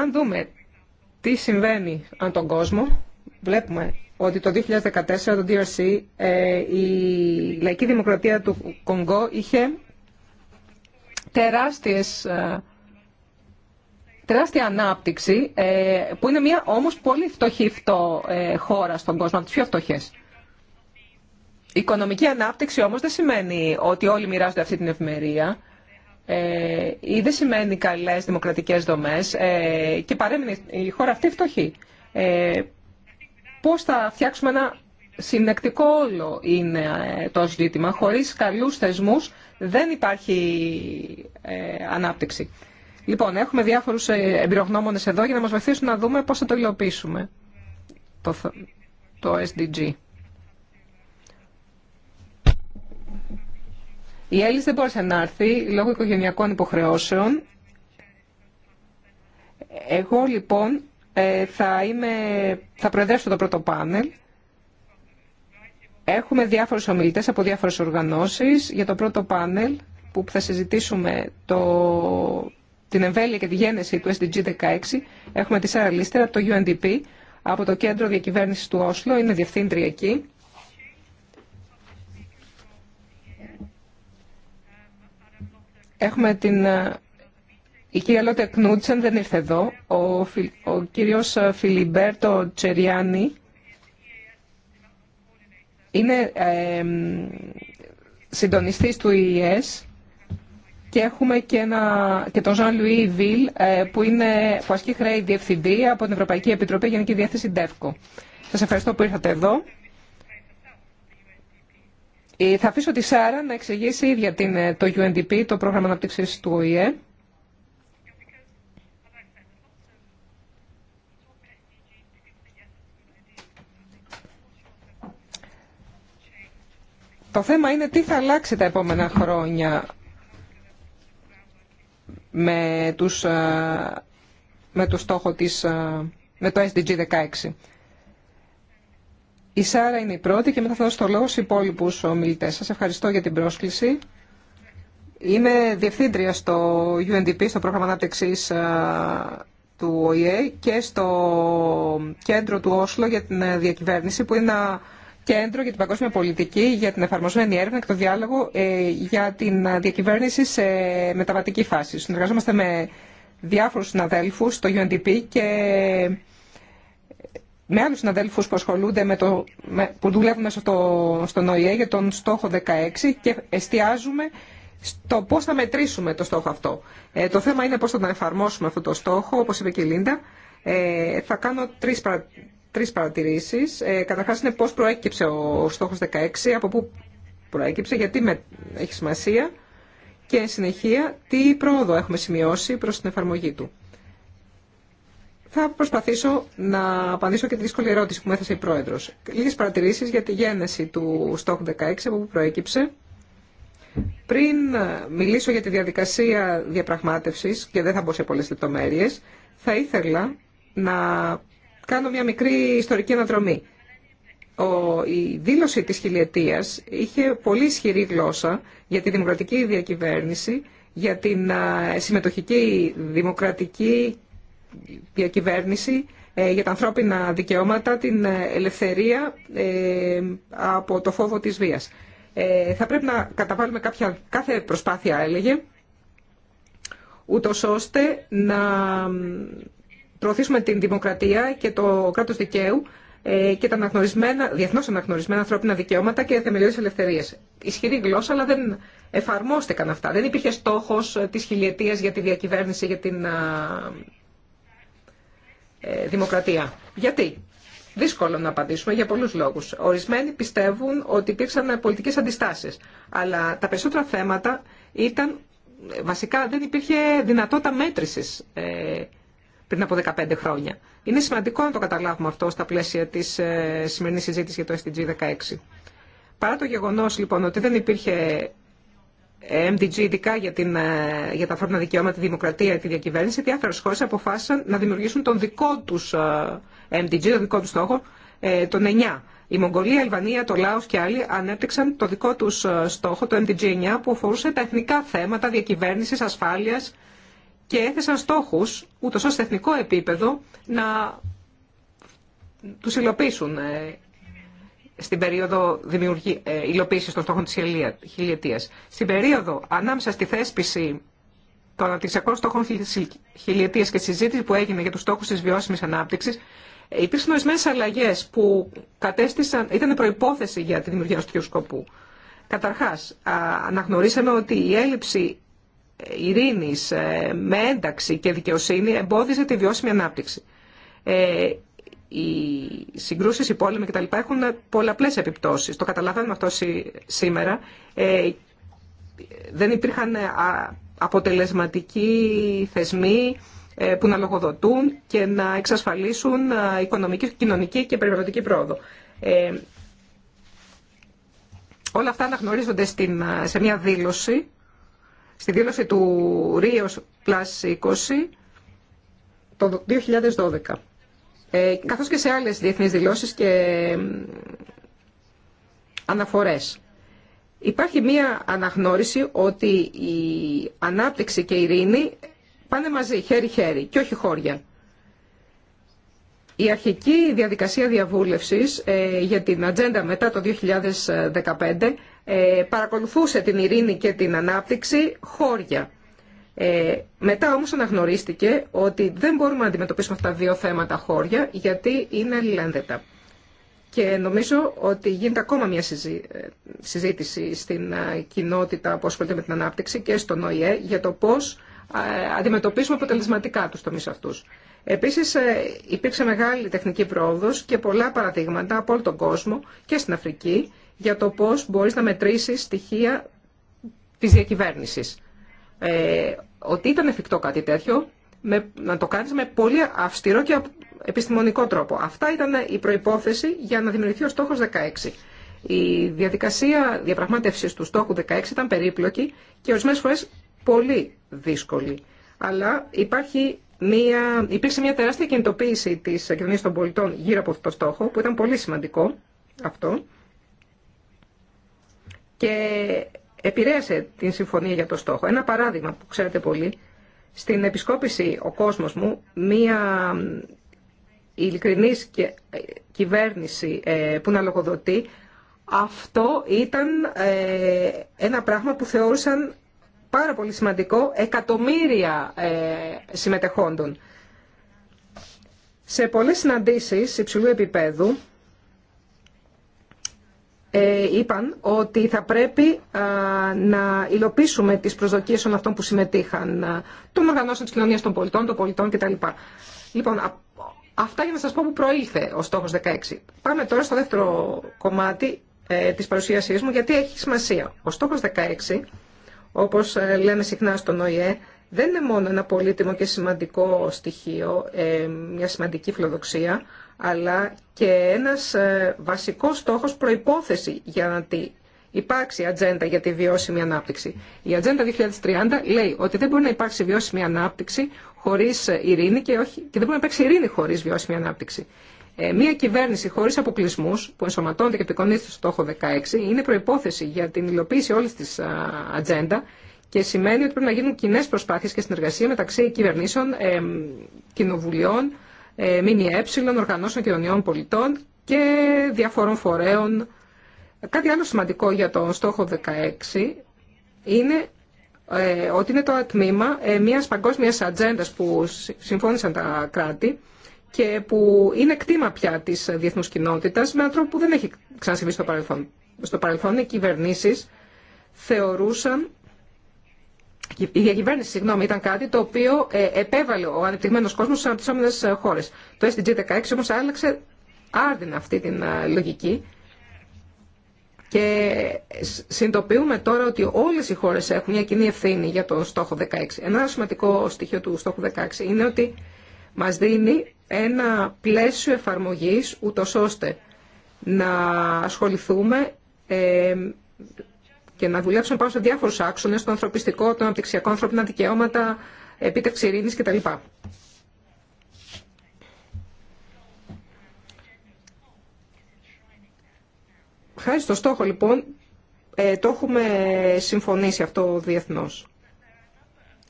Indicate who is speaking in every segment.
Speaker 1: Αν δούμε τι συμβαίνει αν τον κόσμο, βλέπουμε ότι το 2014 το DRC ε, η λαϊκή δημοκρατία του Κονγκό είχε τεράστιες ε, τεράστια ανάπτυξη ε, που είναι μια όμως πολύ φτωχή χώρα στον κόσμο, από τις πιο φτωχές. Η οικονομική ανάπτυξη όμως δεν σημαίνει ότι όλοι μοιράζονται αυτή την ευημερία ε, ή δεν σημαίνει καλές δημοκρατικές δομές ε, και παρέμεινε η χώρα αυτή φτωχή. Ε, πώς θα φτιάξουμε ένα συνεκτικό όλο είναι ε, το ζήτημα. Χωρίς καλούς θεσμου δεν υπάρχει ε, ανάπτυξη. Λοιπόν, έχουμε διάφορους εμπειρογνώμονε εδώ για να μας βοηθήσουν να δούμε πώς θα το υλοποιήσουμε το SDG. Η Έλλης δεν μπόρεσε να έρθει λόγω οικογενειακών υποχρεώσεων. Εγώ λοιπόν ε, θα, είμαι, θα προεδρεύσω το πρώτο πάνελ. Έχουμε διάφορους ομιλητές από διάφορες οργανώσεις για το πρώτο πάνελ που θα συζητήσουμε το, την εμβέλεια και τη γένεση του SDG 16. Έχουμε τη Σάρα Λίστερα από το UNDP, από το Κέντρο Διακυβέρνησης του Όσλο, είναι διευθύντρια εκεί. Έχουμε την... Ε, η κυρία Λότε Κνούτσεν δεν ήρθε εδώ. Ο, ο κύριος ε, Φιλιμπέρτο Τσεριάνι είναι ε, συντονιστής του ΙΕΣ και έχουμε και, ένα, και τον Ζαν Λουί Βιλ ε, που, είναι, που ασκεί χρέη διευθυντή από την Ευρωπαϊκή Επιτροπή Γενική Διεύθυνση Ντεύκο. Σας ευχαριστώ που ήρθατε εδώ. Ε, θα αφήσω τη Σάρα να εξηγήσει ίδια την, ε, το UNDP, το πρόγραμμα αναπτύξή του ΟΗΕ. Το θέμα είναι τι θα αλλάξει τα επόμενα χρόνια με, τους, ε, με, το στόχο της, με το SDG 16. Η Σάρα είναι η πρώτη και μετά θα δώσω το λόγο στους υπόλοιπους ομιλητές. Σας ευχαριστώ για την πρόσκληση. Είμαι διευθύντρια στο UNDP, στο πρόγραμμα ανάπτυξη του ΟΗΕ και στο κέντρο του Όσλο για την ε, διακυβέρνηση που είναι ένα κέντρο για την παγκόσμια πολιτική, για την εφαρμοσμένη έρευνα και το διάλογο ε, για την ε, διακυβέρνηση σε μεταβατική φάση. Συνεργαζόμαστε με διάφορους συναδέλφους στο UNDP και με άλλους συναδέλφους που ασχολούνται με το, που δουλεύουν στο, στον για τον στόχο 16 και εστιάζουμε στο πώς θα μετρήσουμε το στόχο αυτό. Ε, το θέμα είναι πώς θα εφαρμόσουμε αυτό το στόχο, όπως είπε και η Λίντα. Ε, θα κάνω τρεις, παρα, τρεις παρατηρήσεις. Ε, καταρχάς είναι πώς προέκυψε ο, ο στόχος 16, από πού προέκυψε, γιατί με, έχει σημασία και συνεχεία τι πρόοδο έχουμε σημειώσει προς την εφαρμογή του. Θα προσπαθήσω να απαντήσω και τη δύσκολη ερώτηση που μου έθεσε η Πρόεδρος. Λίγες παρατηρήσεις για τη γένεση του στόχ 16 από που προέκυψε. Πριν μιλήσω για τη διαδικασία διαπραγμάτευσης, και δεν θα μπω σε πολλές λεπτομέρειες, θα ήθελα να κάνω μια μικρή ιστορική αναδρομή. Ο, η δήλωση της χιλιετίας είχε πολύ ισχυρή γλώσσα για τη δημοκρατική διακυβέρνηση, για την ε, συμμετοχική, δημοκρατική διακυβέρνηση, ε, για τα ανθρώπινα δικαιώματα, την ε, ελευθερία ε, από το φόβο της βίας. Θα πρέπει να καταβάλουμε κάθε προσπάθεια, έλεγε, ούτω ώστε να προωθήσουμε την δημοκρατία και το κράτος δικαίου και τα αναγνωρισμένα, διεθνώς αναγνωρισμένα ανθρώπινα δικαιώματα και θεμελιώδεις ελευθερίες. Ισχυρή γλώσσα, αλλά δεν εφαρμόστηκαν αυτά. Δεν υπήρχε στόχος της χιλιετίας για τη διακυβέρνηση, για την ε, δημοκρατία. Γιατί. Δύσκολο να απαντήσουμε για πολλούς λόγους. Ορισμένοι πιστεύουν ότι υπήρξαν πολιτικές αντιστάσεις. Αλλά τα περισσότερα θέματα ήταν, ε, βασικά δεν υπήρχε δυνατότητα μέτρησης ε, πριν από 15 χρόνια. Είναι σημαντικό να το καταλάβουμε αυτό στα πλαίσια της σημερινής συζήτησης για το SDG 16. Παρά το γεγονός λοιπόν ότι δεν υπήρχε ε, MDG, ειδικά για, την, ε, για τα φόρμα δικαιώματα, τη δημοκρατία και τη διακυβέρνηση, διάφορε χώρε αποφάσισαν να δημιουργήσουν τον δικό του ε, MDG, τον δικό του στόχο, τον 9. Η Μογγολία, η Αλβανία, το Λάο και άλλοι ανέπτυξαν το δικό του στόχο, το MDG 9, που αφορούσε τα εθνικά θέματα διακυβέρνηση, ασφάλεια και έθεσαν στόχου, ούτω ώστε εθνικό επίπεδο να του υλοποιήσουν στην περίοδο δημιουργή, ε, υλοποίησης των στόχων της χιλιετίας. Στην περίοδο ανάμεσα στη θέσπιση των αναπτυξιακών στόχων χιλιετίας και τη συζήτηση που έγινε για τους στόχους της βιώσιμης ανάπτυξης, ε, υπήρξαν ορισμένε αλλαγέ που κατέστησαν, ήταν προϋπόθεση για τη δημιουργία του σκοπού. Καταρχάς, αναγνωρίσαμε ότι η έλλειψη ε, ειρήνης ε, με ένταξη και δικαιοσύνη εμπόδιζε τη βιώσιμη ανάπτυξη οι συγκρούσεις, οι πόλεμοι κτλ. έχουν πολλαπλές επιπτώσεις. Το καταλαβαίνουμε αυτό σήμερα. Ε, δεν υπήρχαν ε, αποτελεσματικοί θεσμοί ε, που να λογοδοτούν και να εξασφαλίσουν ε, οικονομική, κοινωνική και περιβαλλοντική πρόοδο. όλα αυτά αναγνωρίζονται στην, σε μια δήλωση, στη δήλωση του Ρίος Plus 20 το 2012. Ε, καθώς και σε άλλες διεθνείς δηλώσεις και αναφορές. Υπάρχει μία αναγνώριση ότι η ανάπτυξη και η ειρήνη πάνε μαζί, χέρι-χέρι και όχι χώρια. Η αρχική διαδικασία διαβούλευσης ε, για την ατζέντα μετά το 2015 ε, παρακολουθούσε την ειρήνη και την ανάπτυξη χώρια. Ε, μετά όμως αναγνωρίστηκε ότι δεν μπορούμε να αντιμετωπίσουμε αυτά τα δύο θέματα χώρια γιατί είναι αλληλένδετα. Και νομίζω ότι γίνεται ακόμα μια ε, συζήτηση στην ε, κοινότητα που ασχολείται με την ανάπτυξη και στον ΟΗΕ για το πώς ε, αντιμετωπίσουμε αποτελεσματικά τους τομείς αυτούς. Επίσης υπήρξε μεγάλη τεχνική πρόοδος και πολλά παραδείγματα από όλο τον κόσμο και στην Αφρική για το πώς μπορείς να μετρήσεις στοιχεία της διακυβέρνησης ε, ότι ήταν εφικτό κάτι τέτοιο, με, να το κάνεις με πολύ αυστηρό και επιστημονικό τρόπο. Αυτά ήταν η προϋπόθεση για να δημιουργηθεί ο στόχος 16. Η διαδικασία διαπραγμάτευσης του στόχου 16 ήταν περίπλοκη και ορισμένες φορές πολύ δύσκολη. Αλλά υπάρχει μια, υπήρξε μια τεράστια κινητοποίηση της κοινωνίας των πολιτών γύρω από αυτό το στόχο που ήταν πολύ σημαντικό αυτό. Και επηρέασε την συμφωνία για το στόχο. Ένα παράδειγμα που ξέρετε πολύ, στην επισκόπηση ο κόσμος μου, μία ειλικρινής ε, κυβέρνηση ε, που να λογοδοτεί, αυτό ήταν ε, ένα πράγμα που θεώρησαν πάρα πολύ σημαντικό εκατομμύρια συμμετεχόντων. Σε πολλές συναντήσεις υψηλού επίπεδου ε, είπαν ότι θα πρέπει να υλοποιήσουμε τις προσδοκίες των αυτών που συμμετείχαν, των οργανώσεων της κοινωνίας των πολιτών, των πολιτών κτλ. Λοιπόν, αυτά για να σας πω που προήλθε ο στόχος 16. Πάμε τώρα στο δεύτερο κομμάτι ε, της παρουσίασής μου, γιατί έχει σημασία. Ο στόχος 16, όπως ε, λέμε συχνά στον ΟΗΕ, δεν είναι μόνο ένα πολύτιμο και σημαντικό στοιχείο, μια σημαντική φιλοδοξία, αλλά και ένας ε, βασικός στόχος προϋπόθεση για να τη υπάρξει ατζέντα για τη βιώσιμη ανάπτυξη. Η ατζέντα 2030 λέει ότι δεν μπορεί να υπάρξει βιώσιμη ανάπτυξη χωρίς ε, ειρήνη και, όχι, και δεν μπορεί να υπάρξει ειρήνη χωρίς βιώσιμη ανάπτυξη. Ε, μια κυβέρνηση χωρί αποκλεισμού, που ενσωματώνεται και επικονίζεται στο στόχο 16, είναι προπόθεση για την υλοποίηση όλη τη ατζέντα και σημαίνει ότι πρέπει να γίνουν κοινέ προσπάθειε και συνεργασία μεταξύ κυβερνήσεων, ε, κοινοβουλίων, ε, ΜΜΕ, οργανώσεων κοινωνιών πολιτών και διαφόρων φορέων. Κάτι άλλο σημαντικό για τον στόχο 16 είναι ε, ότι είναι το τμήμα ε, μιας παγκόσμιας ατζέντα που συμφώνησαν τα κράτη και που είναι κτήμα πια της διεθνούς κοινότητας με έναν τρόπο που δεν έχει ξανασυμβεί στο παρελθόν. Στο παρελθόν οι κυβερνήσεις θεωρούσαν η διακυβέρνηση συγγνώμη, ήταν κάτι το οποίο ε, επέβαλε ο ανεπτυγμένος κόσμος στις αναπτυσσόμενες ε, χώρες. Το SDG 16 όμως άλλαξε άρδινα αυτή την ε, λογική και συνειδητοποιούμε τώρα ότι όλες οι χώρες έχουν μια κοινή ευθύνη για το στόχο 16. Ένα σημαντικό στοιχείο του στόχου 16 είναι ότι μας δίνει ένα πλαίσιο εφαρμογής ούτω ώστε να ασχοληθούμε και να δουλέψουν πάνω σε διάφορου άξονε, το ανθρωπιστικό, το αναπτυξιακό, ανθρώπινα δικαιώματα, επίτευξη ειρήνη κτλ. Χάρη στο στόχο λοιπόν, ε, το έχουμε συμφωνήσει αυτό διεθνώς.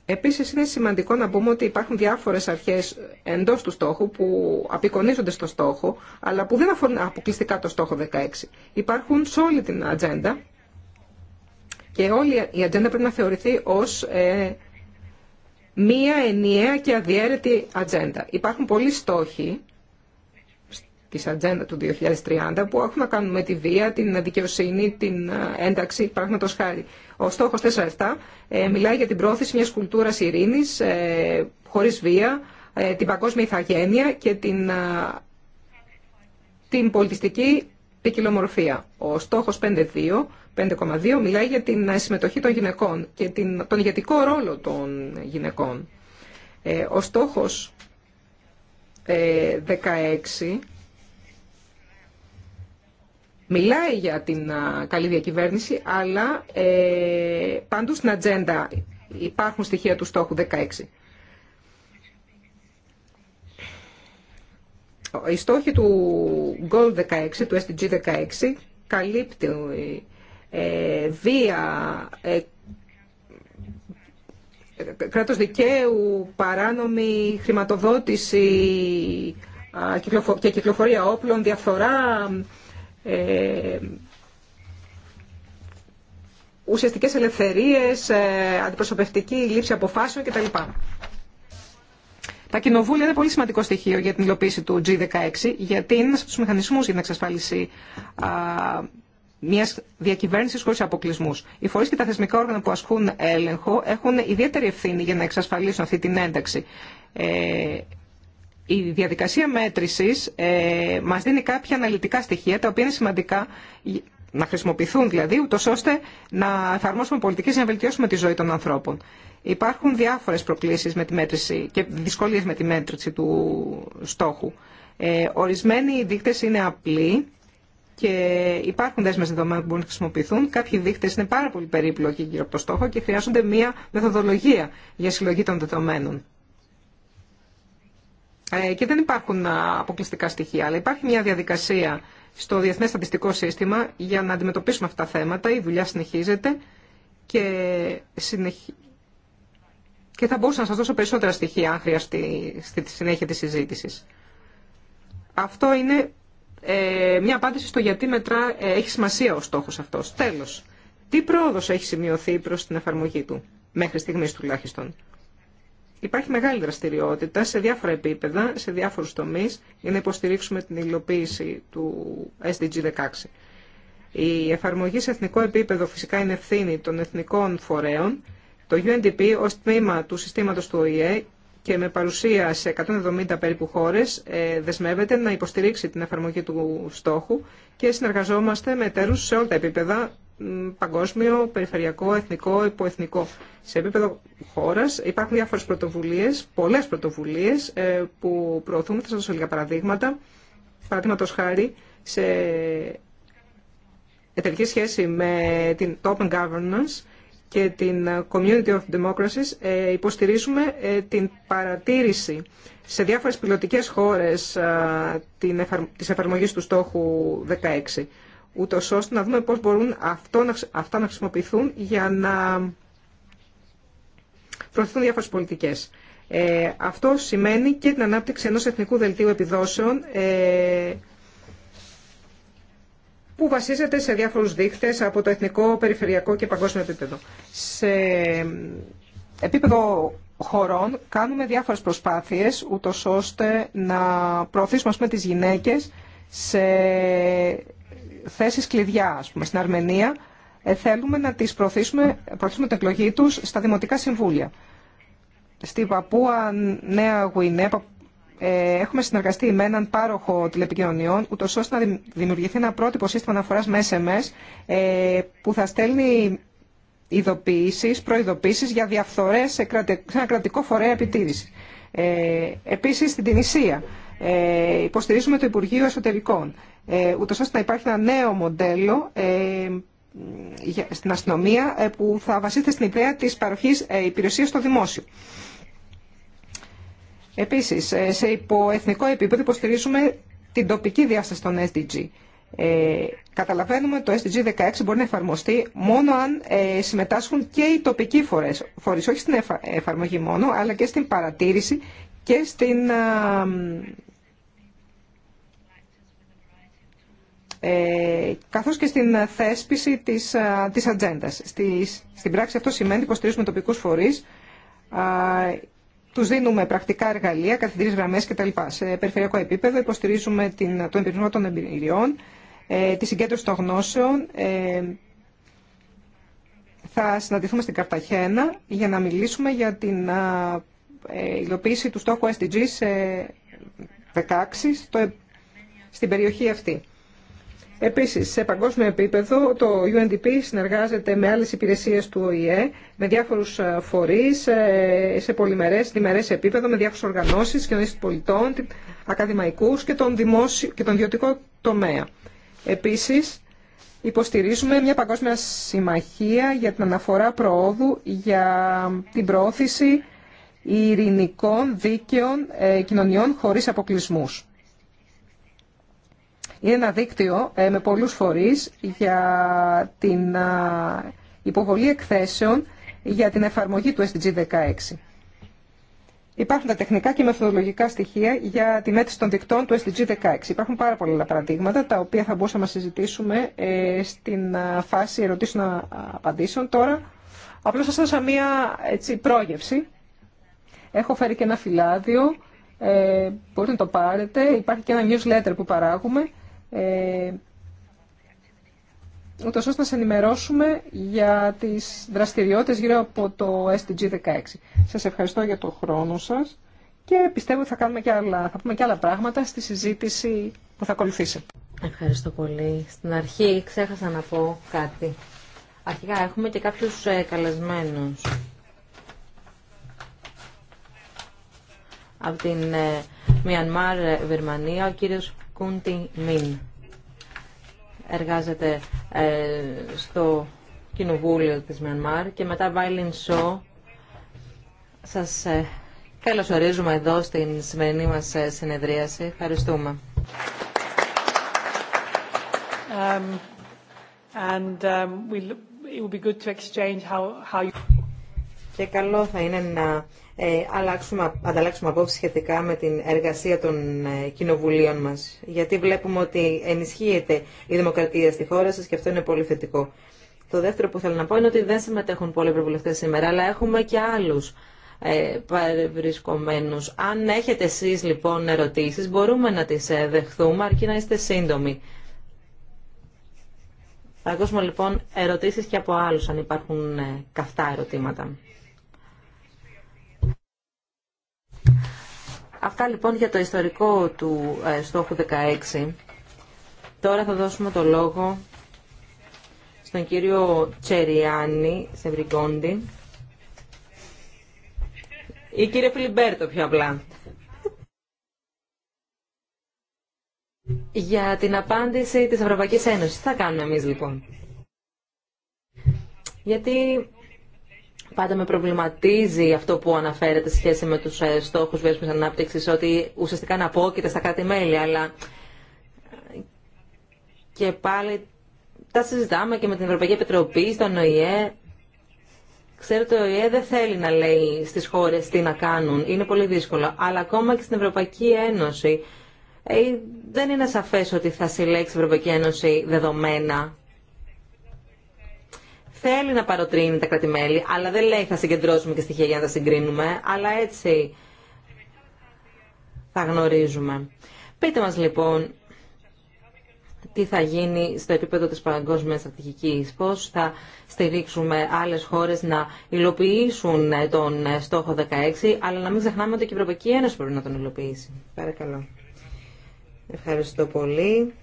Speaker 1: Επίσης είναι σημαντικό να πούμε ότι υπάρχουν διάφορες αρχές εντός του στόχου που απεικονίζονται στο στόχο, αλλά που δεν αφορούν αποκλειστικά το στόχο 16. Υπάρχουν σε όλη την ατζέντα και όλη η ατζέντα πρέπει να θεωρηθεί ως ε, μία ενιαία και αδιέρετη ατζέντα. Υπάρχουν πολλοί στόχοι της ατζέντα του 2030 που έχουν να κάνουν με τη βία, την δικαιοσύνη, την ε, ένταξη, πράγματος χάρη. Ο στόχος 4.7 ε, μιλάει για την πρόθεση μιας κουλτούρας ειρήνης, ε, χωρίς βία, ε, την παγκόσμια ηθαγένεια και την, την πολιτιστική ποικιλομορφία. Ο στόχος 5.2 5,2 μιλάει για την συμμετοχή των γυναικών και την, τον ηγετικό ρόλο των γυναικών. Ε, ο στόχος ε, 16 μιλάει για την καλή διακυβέρνηση, αλλά ε, πάντως στην ατζέντα υπάρχουν στοιχεία του στόχου 16. Οι στόχοι του Goal 16, του SDG 16, καλύπτει ε, βία, ε, κράτος δικαίου, παράνομη χρηματοδότηση και κυκλοφορία όπλων, διαφθορά, ε, ουσιαστικές ελευθερίες, αντιπροσωπευτική λήψη αποφάσεων κτλ. Τα κοινοβούλια είναι πολύ σημαντικό στοιχείο για την υλοποίηση του G16, γιατί είναι ένας από τους μηχανισμούς για την εξασφάλιση μια διακυβέρνηση χωρί αποκλεισμού. Οι φορεί και τα θεσμικά όργανα που ασκούν έλεγχο έχουν ιδιαίτερη ευθύνη για να εξασφαλίσουν αυτή την ένταξη. Ε, η διαδικασία μέτρηση ε, μα δίνει κάποια αναλυτικά στοιχεία τα οποία είναι σημαντικά να χρησιμοποιηθούν δηλαδή, ούτω ώστε να εφαρμόσουμε πολιτικέ για να βελτιώσουμε τη ζωή των ανθρώπων. Υπάρχουν διάφορε προκλήσει με τη μέτρηση και δυσκολίε με τη μέτρηση του στόχου. Ε, ορισμένοι δείκτε είναι απλοί και υπάρχουν δέσμε δεδομένων που μπορούν να χρησιμοποιηθούν. Κάποιοι δείχτες είναι πάρα πολύ περίπλοκοι γύρω από το στόχο και χρειάζονται μία μεθοδολογία για συλλογή των δεδομένων. Ε, και δεν υπάρχουν αποκλειστικά στοιχεία, αλλά υπάρχει μια διαδικασία στο Διεθνές Στατιστικό Σύστημα για να αντιμετωπίσουμε αυτά τα θέματα. Η δουλειά συνεχίζεται και, συνεχι... και θα μπορούσα να σας δώσω περισσότερα στοιχεία αν χρειαστεί στη συνέχεια της συζήτησης. Αυτό είναι ε, μια απάντηση στο γιατί μετρά, ε, έχει σημασία ο στόχο αυτό. Τέλο, τι πρόοδο έχει σημειωθεί προς την εφαρμογή του, μέχρι στιγμής τουλάχιστον. Υπάρχει μεγάλη δραστηριότητα σε διάφορα επίπεδα, σε διάφορους τομείς, για να υποστηρίξουμε την υλοποίηση του SDG 16. Η εφαρμογή σε εθνικό επίπεδο φυσικά είναι ευθύνη των εθνικών φορέων. Το UNDP ως τμήμα του συστήματος του ΟΗΕ και με παρουσία σε 170 περίπου χώρες ε, δεσμεύεται να υποστηρίξει την εφαρμογή του στόχου και συνεργαζόμαστε με εταίρους σε όλα τα επίπεδα, παγκόσμιο, περιφερειακό, εθνικό, υποεθνικό. Σε επίπεδο χώρας υπάρχουν διάφορες πρωτοβουλίες, πολλές πρωτοβουλίες ε, που προωθούμε, θα σας δώσω λίγα παραδείγματα. Παραδείγματος χάρη σε εταιρική σχέση με την Open Governance, και την Community of Democracies ε, υποστηρίζουμε ε, την παρατήρηση σε διάφορες πιλωτικές χώρες ε, της εφαρμογής του στόχου 16, ούτω ώστε να δούμε πώς μπορούν αυτά να χρησιμοποιηθούν για να προωθηθούν διάφορες πολιτικές. αυτό σημαίνει και την ανάπτυξη ενός εθνικού δελτίου επιδόσεων που βασίζεται σε διάφορους δείκτες από το εθνικό, περιφερειακό και παγκόσμιο επίπεδο. Σε επίπεδο χωρών κάνουμε διάφορες προσπάθειες ούτως ώστε να προωθήσουμε πούμε, τις γυναίκες σε θέσεις κλειδιά ας πούμε, στην Αρμενία ε, θέλουμε να τις προωθήσουμε, προωθήσουμε την εκλογή τους στα δημοτικά συμβούλια. Στην Παπούα Νέα Γουινέα, ε, έχουμε συνεργαστεί με έναν πάροχο τηλεπικοινωνιών, ούτω ώστε να δημιουργηθεί ένα πρότυπο σύστημα αναφορά με SMS ε, που θα στέλνει ειδοποιήσεις, προειδοποιήσει για διαφθορέ σε, ένα κρατικό φορέα επιτήρηση. Ε, Επίση, στην Τινησία ε, υποστηρίζουμε το Υπουργείο Εσωτερικών, ε, ούτω ώστε να υπάρχει ένα νέο μοντέλο ε, στην αστυνομία ε, που θα βασίζεται στην ιδέα της παροχής υπηρεσίας στο δημόσιο. Επίσης, ε, σε υποεθνικό επίπεδο υποστηρίζουμε την τοπική διάσταση των SDG. Ε, καταλαβαίνουμε ότι το SDG 16 μπορεί να εφαρμοστεί μόνο αν ε, συμμετάσχουν και οι τοπικοί φορές, φορείς, όχι στην εφαρμογή μόνο, αλλά και στην παρατήρηση και στην ε, καθώς και στην θέσπιση της, α, της ατζέντας. Στη, στην πράξη αυτό σημαίνει υποστηρίζουμε τοπικούς φορείς, α, του δίνουμε πρακτικά εργαλεία, και γραμμέ κτλ. Σε περιφερειακό επίπεδο υποστηρίζουμε την, τον εμπειρισμό των εμπειριών, ε, τη συγκέντρωση των γνώσεων. Ε, θα συναντηθούμε στην Καρταχένα για να μιλήσουμε για την ε, υλοποίηση του στόχου SDG 16 ε, στην περιοχή αυτή. Επίσης, σε παγκόσμιο επίπεδο, το UNDP συνεργάζεται με άλλες υπηρεσίες του ΟΗΕ, με διάφορους ε, φορείς, ε, σε πολυμερέ, διμερέ επίπεδο, με διάφορες οργανώσεις, κοινωνίες πολιτών, ακαδημαϊκούς και τον, δημόσιο, και τον ιδιωτικό τομέα. Επίσης, υποστηρίζουμε μια παγκόσμια συμμαχία για την αναφορά προόδου, για την προώθηση ειρηνικών δίκαιων ε, κοινωνιών χωρί αποκλεισμού. Είναι ένα δίκτυο ε, με πολλούς φορείς για την υποβολή εκθέσεων για την εφαρμογή του SDG 16. Υπάρχουν τα τεχνικά και μεθοδολογικά στοιχεία για τη μέτρηση των δικτών του SDG 16. Υπάρχουν πάρα πολλά παραδείγματα τα οποία θα μπορούσαμε να συζητήσουμε ε, στην φάση ερωτήσεων απαντήσεων. Τώρα απλώς σας έδωσα μία έτσι, πρόγευση. Έχω φέρει και ένα φυλάδιο, ε, μπορείτε να το πάρετε. Υπάρχει και ένα newsletter που παράγουμε ε, ούτως ώστε να σε ενημερώσουμε για τις δραστηριότητες γύρω από το SDG 16. Σας ευχαριστώ για το χρόνο σας και πιστεύω ότι θα, κάνουμε και άλλα, θα πούμε και άλλα πράγματα στη συζήτηση που θα ακολουθήσει.
Speaker 2: Ευχαριστώ πολύ. Στην αρχή ξέχασα να πω κάτι. Αρχικά έχουμε και κάποιους ε, καλεσμένους. Από την Μιανμάρ, ε, Βερμανία, ο κύριος Κούντι Μιν. Εργάζεται ε, στο Κοινοβούλιο της Μιανμάρ και μετά Βάιλιν Σο. Σας ε, καλωσορίζουμε εδώ στην σημερινή μας ε, συνεδρίαση. Ευχαριστούμε.
Speaker 1: Um, and, um, we, it would be good to exchange how, how you
Speaker 2: και καλό θα είναι να ε, αλλάξουμε, ανταλλάξουμε απόψη σχετικά με την εργασία των ε, κοινοβουλίων μας. Γιατί βλέπουμε ότι ενισχύεται η δημοκρατία στη χώρα σας και αυτό είναι πολύ θετικό. Το δεύτερο που θέλω να πω είναι ότι δεν συμμετέχουν πολλοί ευρωβουλευτέ σήμερα, αλλά έχουμε και άλλου ε, παρευρισκομένου. Αν έχετε εσεί λοιπόν ερωτήσει, μπορούμε να τι ε, δεχθούμε, αρκεί να είστε σύντομοι. Θα ακούσουμε λοιπόν ερωτήσει και από άλλου, αν υπάρχουν ε, καυτά ερωτήματα. Αυτά λοιπόν για το ιστορικό του ε, στόχου 16. Τώρα θα δώσουμε το λόγο στον κύριο Τσεριάννη Σεβρικόντι. Ή κύριε Φιλιμπέρτο πιο απλά. Για την απάντηση της Ευρωπαϊκής Ένωσης. Τι θα κάνουμε εμείς λοιπόν. Γιατί Πάντα με προβληματίζει αυτό που αναφέρεται σχέση με τους ε, στόχους βιώσιμης ανάπτυξης, ότι ουσιαστικά αναπόκειται στα κράτη-μέλη, αλλά ε, και πάλι τα συζητάμε και με την Ευρωπαϊκή Επιτροπή, στον ΟΗΕ. Ξέρετε, ο ΟΗΕ δεν θέλει να λέει στις χώρες τι να κάνουν. Είναι πολύ δύσκολο. Αλλά ακόμα και στην Ευρωπαϊκή Ένωση ε, δεν είναι σαφές ότι θα συλλέξει η Ευρωπαϊκή Ένωση δεδομένα θέλει να παροτρύνει τα κρατημέλη, αλλά δεν λέει θα συγκεντρώσουμε και στοιχεία για να τα συγκρίνουμε, αλλά έτσι θα γνωρίζουμε. Πείτε μας λοιπόν τι θα γίνει στο επίπεδο της παγκόσμιας στρατηγικής, πώς θα στηρίξουμε άλλες χώρες να υλοποιήσουν τον στόχο 16, αλλά να μην ξεχνάμε ότι και η Ευρωπαϊκή Ένωση πρέπει να τον υλοποιήσει. Παρακαλώ. Ευχαριστώ πολύ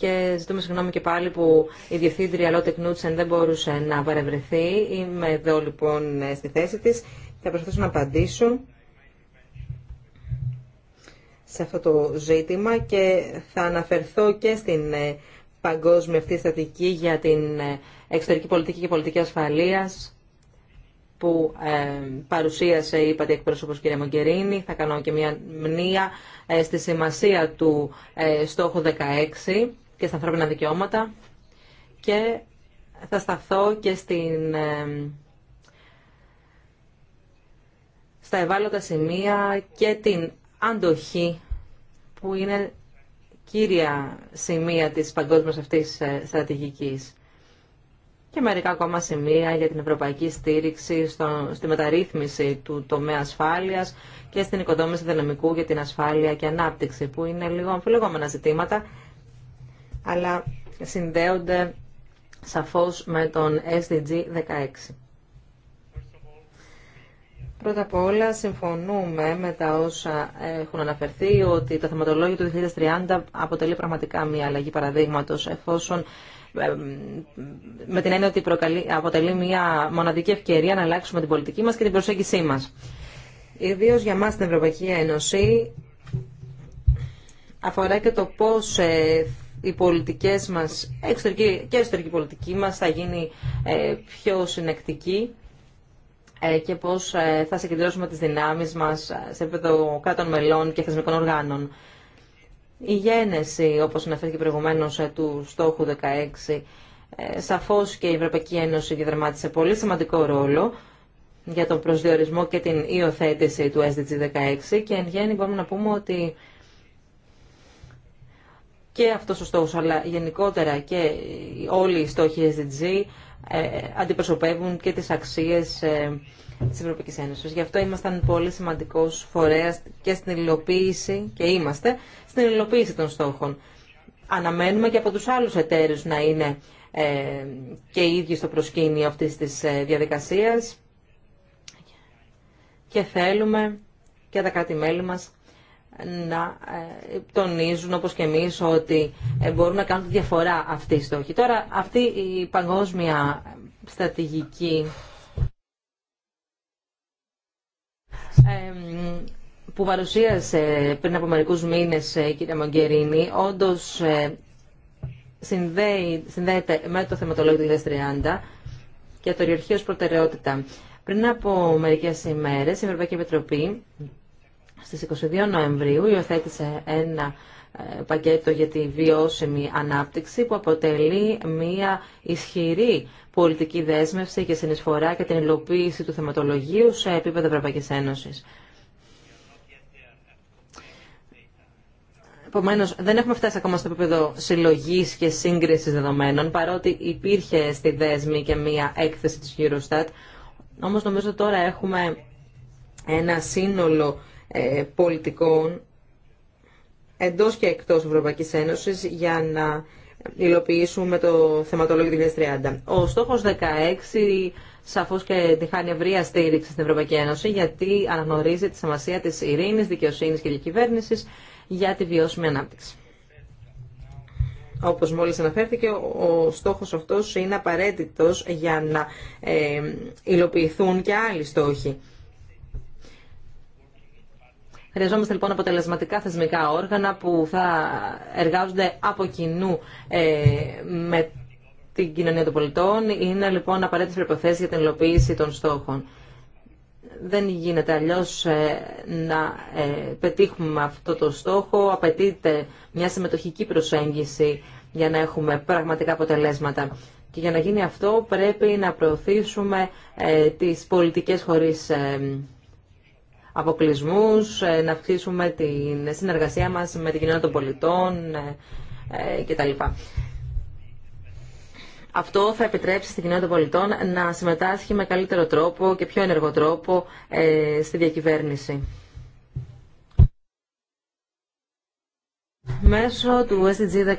Speaker 2: και ζητούμε συγγνώμη και πάλι που η Διευθύντρια Λότε Κνούτσεν δεν μπορούσε να παρευρεθεί. Είμαι εδώ λοιπόν στη θέση της. Θα προσπαθήσω να απαντήσω σε αυτό το ζήτημα και θα αναφερθώ και στην ε, παγκόσμια αυτή στατική για την ε, εξωτερική πολιτική και πολιτική ασφαλείας που ε, παρουσίασε η Πατή Εκπρόσωπος κ. Μογκερίνη. Θα κάνω και μια μνήα στη σημασία του στόχου και στα ανθρώπινα δικαιώματα και θα σταθώ και στην, στα ευάλωτα σημεία και την αντοχή που είναι κύρια σημεία της παγκόσμιας αυτής ε, στρατηγικής και μερικά ακόμα σημεία για την ευρωπαϊκή στήριξη στο, στη μεταρρύθμιση του τομέα ασφάλειας και στην οικοδόμηση δυναμικού για την ασφάλεια και ανάπτυξη, που είναι λίγο αμφιλεγόμενα ζητήματα αλλά συνδέονται σαφώς με τον SDG 16. Πρώτα απ' όλα συμφωνούμε με τα όσα έχουν αναφερθεί ότι το θεματολόγιο του 2030 αποτελεί πραγματικά μια αλλαγή παραδείγματος εφόσον με την έννοια ότι αποτελεί μια μοναδική ευκαιρία να αλλάξουμε την πολιτική μας και την προσέγγισή μας. Ιδίω για μας την Ευρωπαϊκή Ένωση αφορά και το πώς ε, οι πολιτικές μας, εξωτερική και εσωτερική πολιτική μας θα γίνει ε, πιο συνεκτική ε, και πώς ε, θα συγκεντρώσουμε τις δυνάμεις μας σε επίπεδο κράτων μελών και θεσμικών οργάνων. Η γένεση, όπως αναφέρθηκε προηγουμένως, του στόχου 16, σαφώς και η Ευρωπαϊκή Ένωση διαδραμάτισε πολύ σημαντικό ρόλο για τον προσδιορισμό και την υιοθέτηση του SDG 16 και εν γέννη μπορούμε να πούμε ότι και αυτός ο στόχος, αλλά γενικότερα και όλοι οι στόχοι SDG ε, αντιπροσωπεύουν και τις αξίες ε, της Ευρωπαϊκής Ένωσης. Γι' αυτό ήμασταν πολύ σημαντικός φορέας και στην υλοποίηση, και είμαστε, στην υλοποίηση των στόχων. Αναμένουμε και από τους άλλους εταίρους να είναι ε, και οι ίδιοι στο προσκήνιο αυτής της διαδικασίας και θέλουμε και τα κράτη-μέλη μας να ε, τονίζουν όπως και εμείς ότι ε, μπορούν να κάνουν τη διαφορά αυτή η στόχη. Τώρα αυτή η παγκόσμια στρατηγική που παρουσίασε πριν από μερικούς μήνες ε, η κυρία Μογκερίνη όντως συνδέει, συνδέεται με το θεματολόγιο του 2030 και το ω προτεραιότητα. Πριν από μερικές ημέρες η Ευρωπαϊκή Επιτροπή στις 22 Νοεμβρίου υιοθέτησε ένα ε, πακέτο για τη βιώσιμη ανάπτυξη που αποτελεί μια ισχυρή πολιτική δέσμευση και συνεισφορά και την υλοποίηση του θεματολογίου σε επίπεδο Ευρωπαϊκής Ένωσης. Επομένω, δεν έχουμε φτάσει ακόμα στο επίπεδο συλλογή και σύγκριση δεδομένων, παρότι υπήρχε στη δέσμη και μία έκθεση τη Eurostat. Όμω, νομίζω τώρα έχουμε ένα σύνολο ε, πολιτικών εντός και εκτός Ευρωπαϊκής Ένωσης για να υλοποιήσουμε το θεματολόγιο 2030. Ο στόχος 16 σαφώς και τη χάνει ευρεία στήριξη στην Ευρωπαϊκή Ένωση γιατί αναγνωρίζει τη σημασία της ειρήνης, δικαιοσύνης και διακυβέρνηση για τη βιώσιμη ανάπτυξη. Όπως μόλις αναφέρθηκε, ο στόχος αυτός είναι απαραίτητος για να ε, υλοποιηθούν και άλλοι στόχοι. Χρειαζόμαστε λοιπόν αποτελεσματικά θεσμικά όργανα που θα εργάζονται από κοινού ε, με την κοινωνία των πολιτών. Είναι λοιπόν απαραίτητε προποθέσει για την υλοποίηση των στόχων. Δεν γίνεται αλλιώ ε, να ε, πετύχουμε αυτό το στόχο. Απαιτείται μια συμμετοχική προσέγγιση για να έχουμε πραγματικά αποτελέσματα. Και για να γίνει αυτό πρέπει να προωθήσουμε τις πολιτικές χωρίς αποκλισμούς ε, να αυξήσουμε τη συνεργασία μας με την κοινότητα των πολιτών ε, ε, κτλ. Αυτό θα επιτρέψει στην κοινότητα των πολιτών να συμμετάσχει με καλύτερο τρόπο και πιο ενεργό τρόπο στη διακυβέρνηση. Μέσω του SDG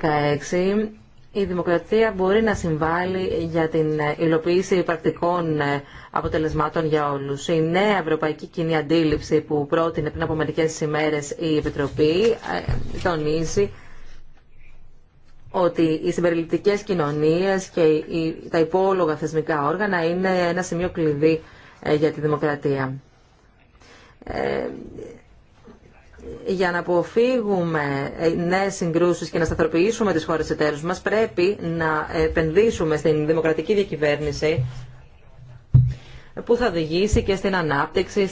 Speaker 2: 16 η δημοκρατία μπορεί να συμβάλλει για την υλοποίηση πρακτικών αποτελεσμάτων για όλους. Η νέα ευρωπαϊκή κοινή αντίληψη που πρότεινε πριν από μερικέ ημέρε η Επιτροπή ε, τονίζει ότι οι συμπεριληπτικές κοινωνίες και τα υπόλογα θεσμικά όργανα είναι ένα σημείο κλειδί ε, για τη δημοκρατία. Ε, για να αποφύγουμε ε, νέε συγκρούσει και να σταθεροποιήσουμε τι χώρε εταίρου μα, πρέπει να επενδύσουμε στην δημοκρατική διακυβέρνηση που θα οδηγήσει και στην ανάπτυξη,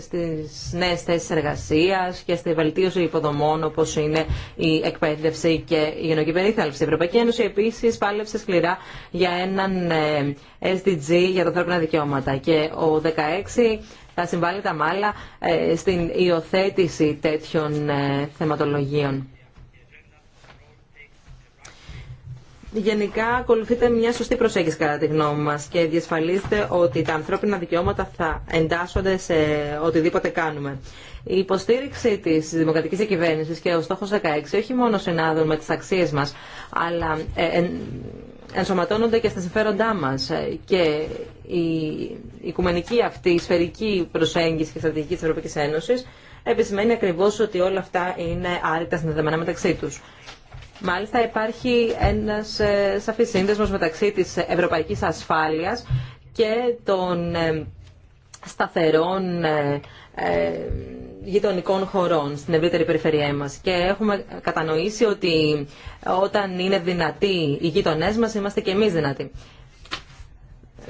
Speaker 2: στις νέες θέσεις εργασίας και στη βελτίωση υποδομών όπως είναι η εκπαίδευση και η γενική περίθαλψη. Η Ευρωπαϊκή Ένωση επίσης πάλεψε σκληρά για έναν ε, SDG για τα ανθρώπινα δικαιώματα και ο 16 θα συμβάλλει τα μάλλα ε, στην υιοθέτηση τέτοιων ε, θεματολογίων. Γενικά ακολουθείτε μια σωστή προσέγγιση κατά τη γνώμη μας και διασφαλίστε ότι τα ανθρώπινα δικαιώματα θα εντάσσονται σε οτιδήποτε κάνουμε. Η υποστήριξη της δημοκρατικής κυβέρνηση και ο στόχος 16 όχι μόνο συνάδουν με τις αξίες μας, αλλά ε, ενσωματώνονται και στα συμφέροντά μας. Και η οικουμενική αυτή, η σφαιρική προσέγγιση και στρατηγική της Ευρωπαϊκής Ένωσης επισημαίνει ακριβώς ότι όλα αυτά είναι άρρητα συνδεδεμένα μεταξύ τους. Μάλιστα υπάρχει ένας ε, σαφής σύνδεσμος μεταξύ της ευρωπαϊκής ασφάλειας και των ε, σταθερών ε, ε, γειτονικών χωρών στην ευρύτερη περιφερειά μας. Και έχουμε κατανοήσει ότι όταν είναι δυνατοί οι γείτονές μας, είμαστε και εμείς δυνατοί.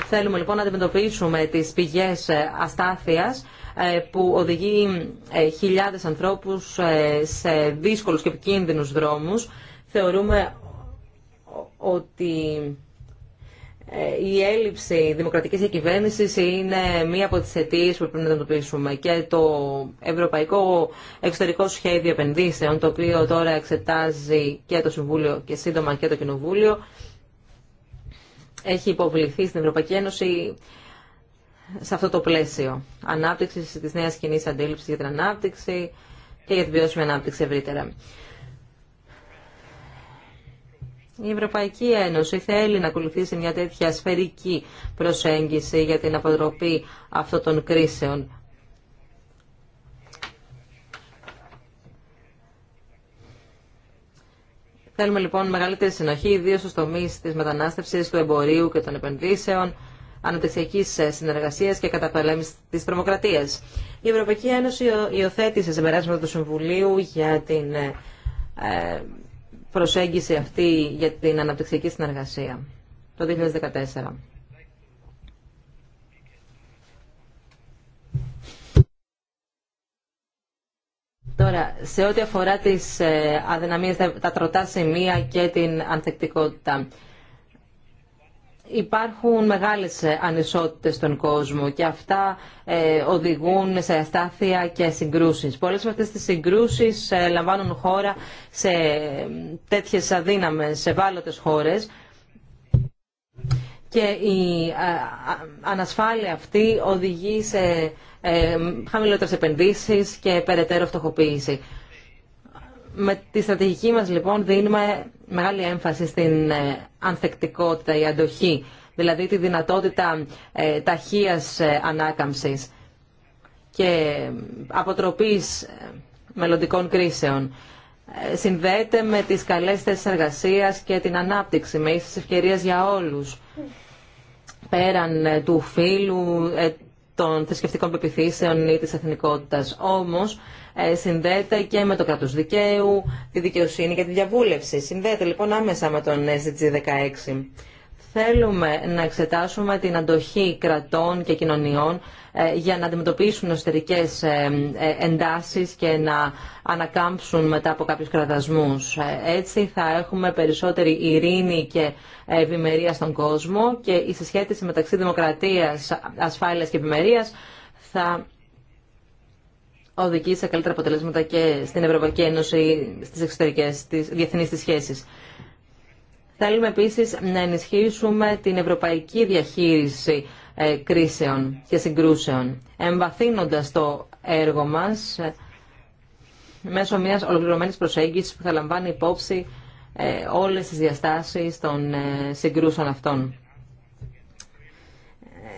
Speaker 2: Θέλουμε λοιπόν να αντιμετωπίσουμε τις πηγές ε, αστάθειας που οδηγεί χιλιάδες ανθρώπους σε δύσκολους και επικίνδυνους δρόμους. Θεωρούμε ότι ε, η έλλειψη δημοκρατικής διακυβέρνηση είναι μία από τις αιτίε που πρέπει να αντιμετωπίσουμε και το Ευρωπαϊκό Εξωτερικό Σχέδιο Επενδύσεων, το οποίο τώρα εξετάζει και το Συμβούλιο και σύντομα και το Κοινοβούλιο, έχει υποβληθεί στην Ευρωπαϊκή Ένωση σε αυτό το πλαίσιο ανάπτυξη τη νέα κοινή αντίληψη για την ανάπτυξη και για την βιώσιμη ανάπτυξη ευρύτερα. Η Ευρωπαϊκή Ένωση θέλει να ακολουθήσει μια τέτοια σφαιρική προσέγγιση για την αποτροπή αυτών των κρίσεων. Θέλουμε λοιπόν μεγαλύτερη συνοχή, ιδίω στου τομεί τη μετανάστευση, του εμπορίου και των επενδύσεων, αναπτυξιακή συνεργασία και καταπολέμηση τη τρομοκρατία. Η Ευρωπαϊκή Ένωση υιοθέτησε περάσματα του Συμβουλίου για την ε, προσέγγιση αυτή για την αναπτυξιακή συνεργασία το 2014. Τώρα, σε ό,τι αφορά τις ε, αδυναμίες, τα τροτά σημεία και την ανθεκτικότητα. Υπάρχουν μεγάλες ε, ανισότητες στον κόσμο και αυτά ε, οδηγούν σε αστάθεια και συγκρούσεις. Πολλές από αυτές τις συγκρούσεις ε, λαμβάνουν χώρα σε τέτοιες αδύναμες, σε βάλλοντες χώρες και η ανασφάλεια αυτή οδηγεί σε χαμηλότερες επενδύσεις και περαιτέρω φτωχοποίηση. Με τη στρατηγική μας λοιπόν δίνουμε μεγάλη έμφαση στην ε, ανθεκτικότητα, η αντοχή, δηλαδή τη δυνατότητα ε, ταχείας ε, ανάκαμψης και αποτροπής μελλοντικών κρίσεων. Συνδέεται με τις καλές θέσεις εργασίας και την ανάπτυξη, με ίσες ευκαιρίες για όλους, πέραν του φύλου, των θρησκευτικών πεπιθήσεων ή της εθνικότητας. Όμως, ε, συνδέεται και με το κράτο δικαίου, τη δικαιοσύνη και τη διαβούλευση. Συνδέεται λοιπόν άμεσα με τον SDG ε, 16. Θέλουμε να εξετάσουμε την αντοχή κρατών και κοινωνιών ε, για να αντιμετωπίσουν εσωτερικές εντάσεις και να ανακάμψουν μετά από κάποιους κρατασμούς. Έτσι θα έχουμε περισσότερη ειρήνη και ευημερία στον κόσμο και η συσχέτιση μεταξύ δημοκρατίας, ασφάλειας και ευημερίας θα οδηγεί σε καλύτερα αποτελέσματα και στην Ευρωπαϊκή Ένωση, στις εξωτερικές, στις διεθνείς τη σχέσεις. Θέλουμε επίσης να ενισχύσουμε την ευρωπαϊκή διαχείριση ε, κρίσεων και συγκρούσεων, εμβαθύνοντα το έργο μας ε, μέσω μιας ολοκληρωμένη προσέγγισης που θα λαμβάνει υπόψη ε, όλες τις διαστάσεις των συγκρούσεων αυτών.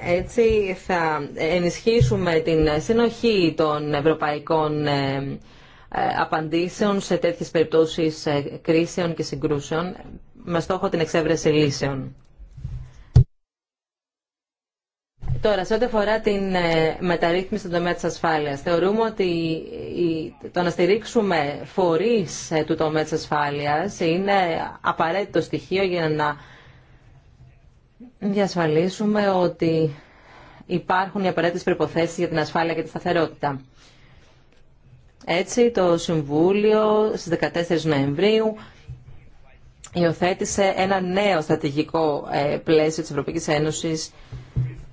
Speaker 2: Έτσι θα ενισχύσουμε την συνοχή των ευρωπαϊκών ε, ε, απαντήσεων σε τέτοιες περιπτώσεις ε, κρίσεων και συγκρούσεων με στόχο την εξέβρεση λύσεων. Τώρα, σε ό,τι αφορά την μεταρρύθμιση στον τομέα της ασφάλειας, θεωρούμε ότι το να στηρίξουμε φορείς του τομέα της ασφάλειας είναι απαραίτητο στοιχείο για να διασφαλίσουμε ότι υπάρχουν οι απαραίτητες προϋποθέσεις για την ασφάλεια και τη σταθερότητα. Έτσι, το Συμβούλιο στις 14 Νοεμβρίου υιοθέτησε ένα νέο στρατηγικό ε, πλαίσιο της Ευρωπαϊκής Ένωσης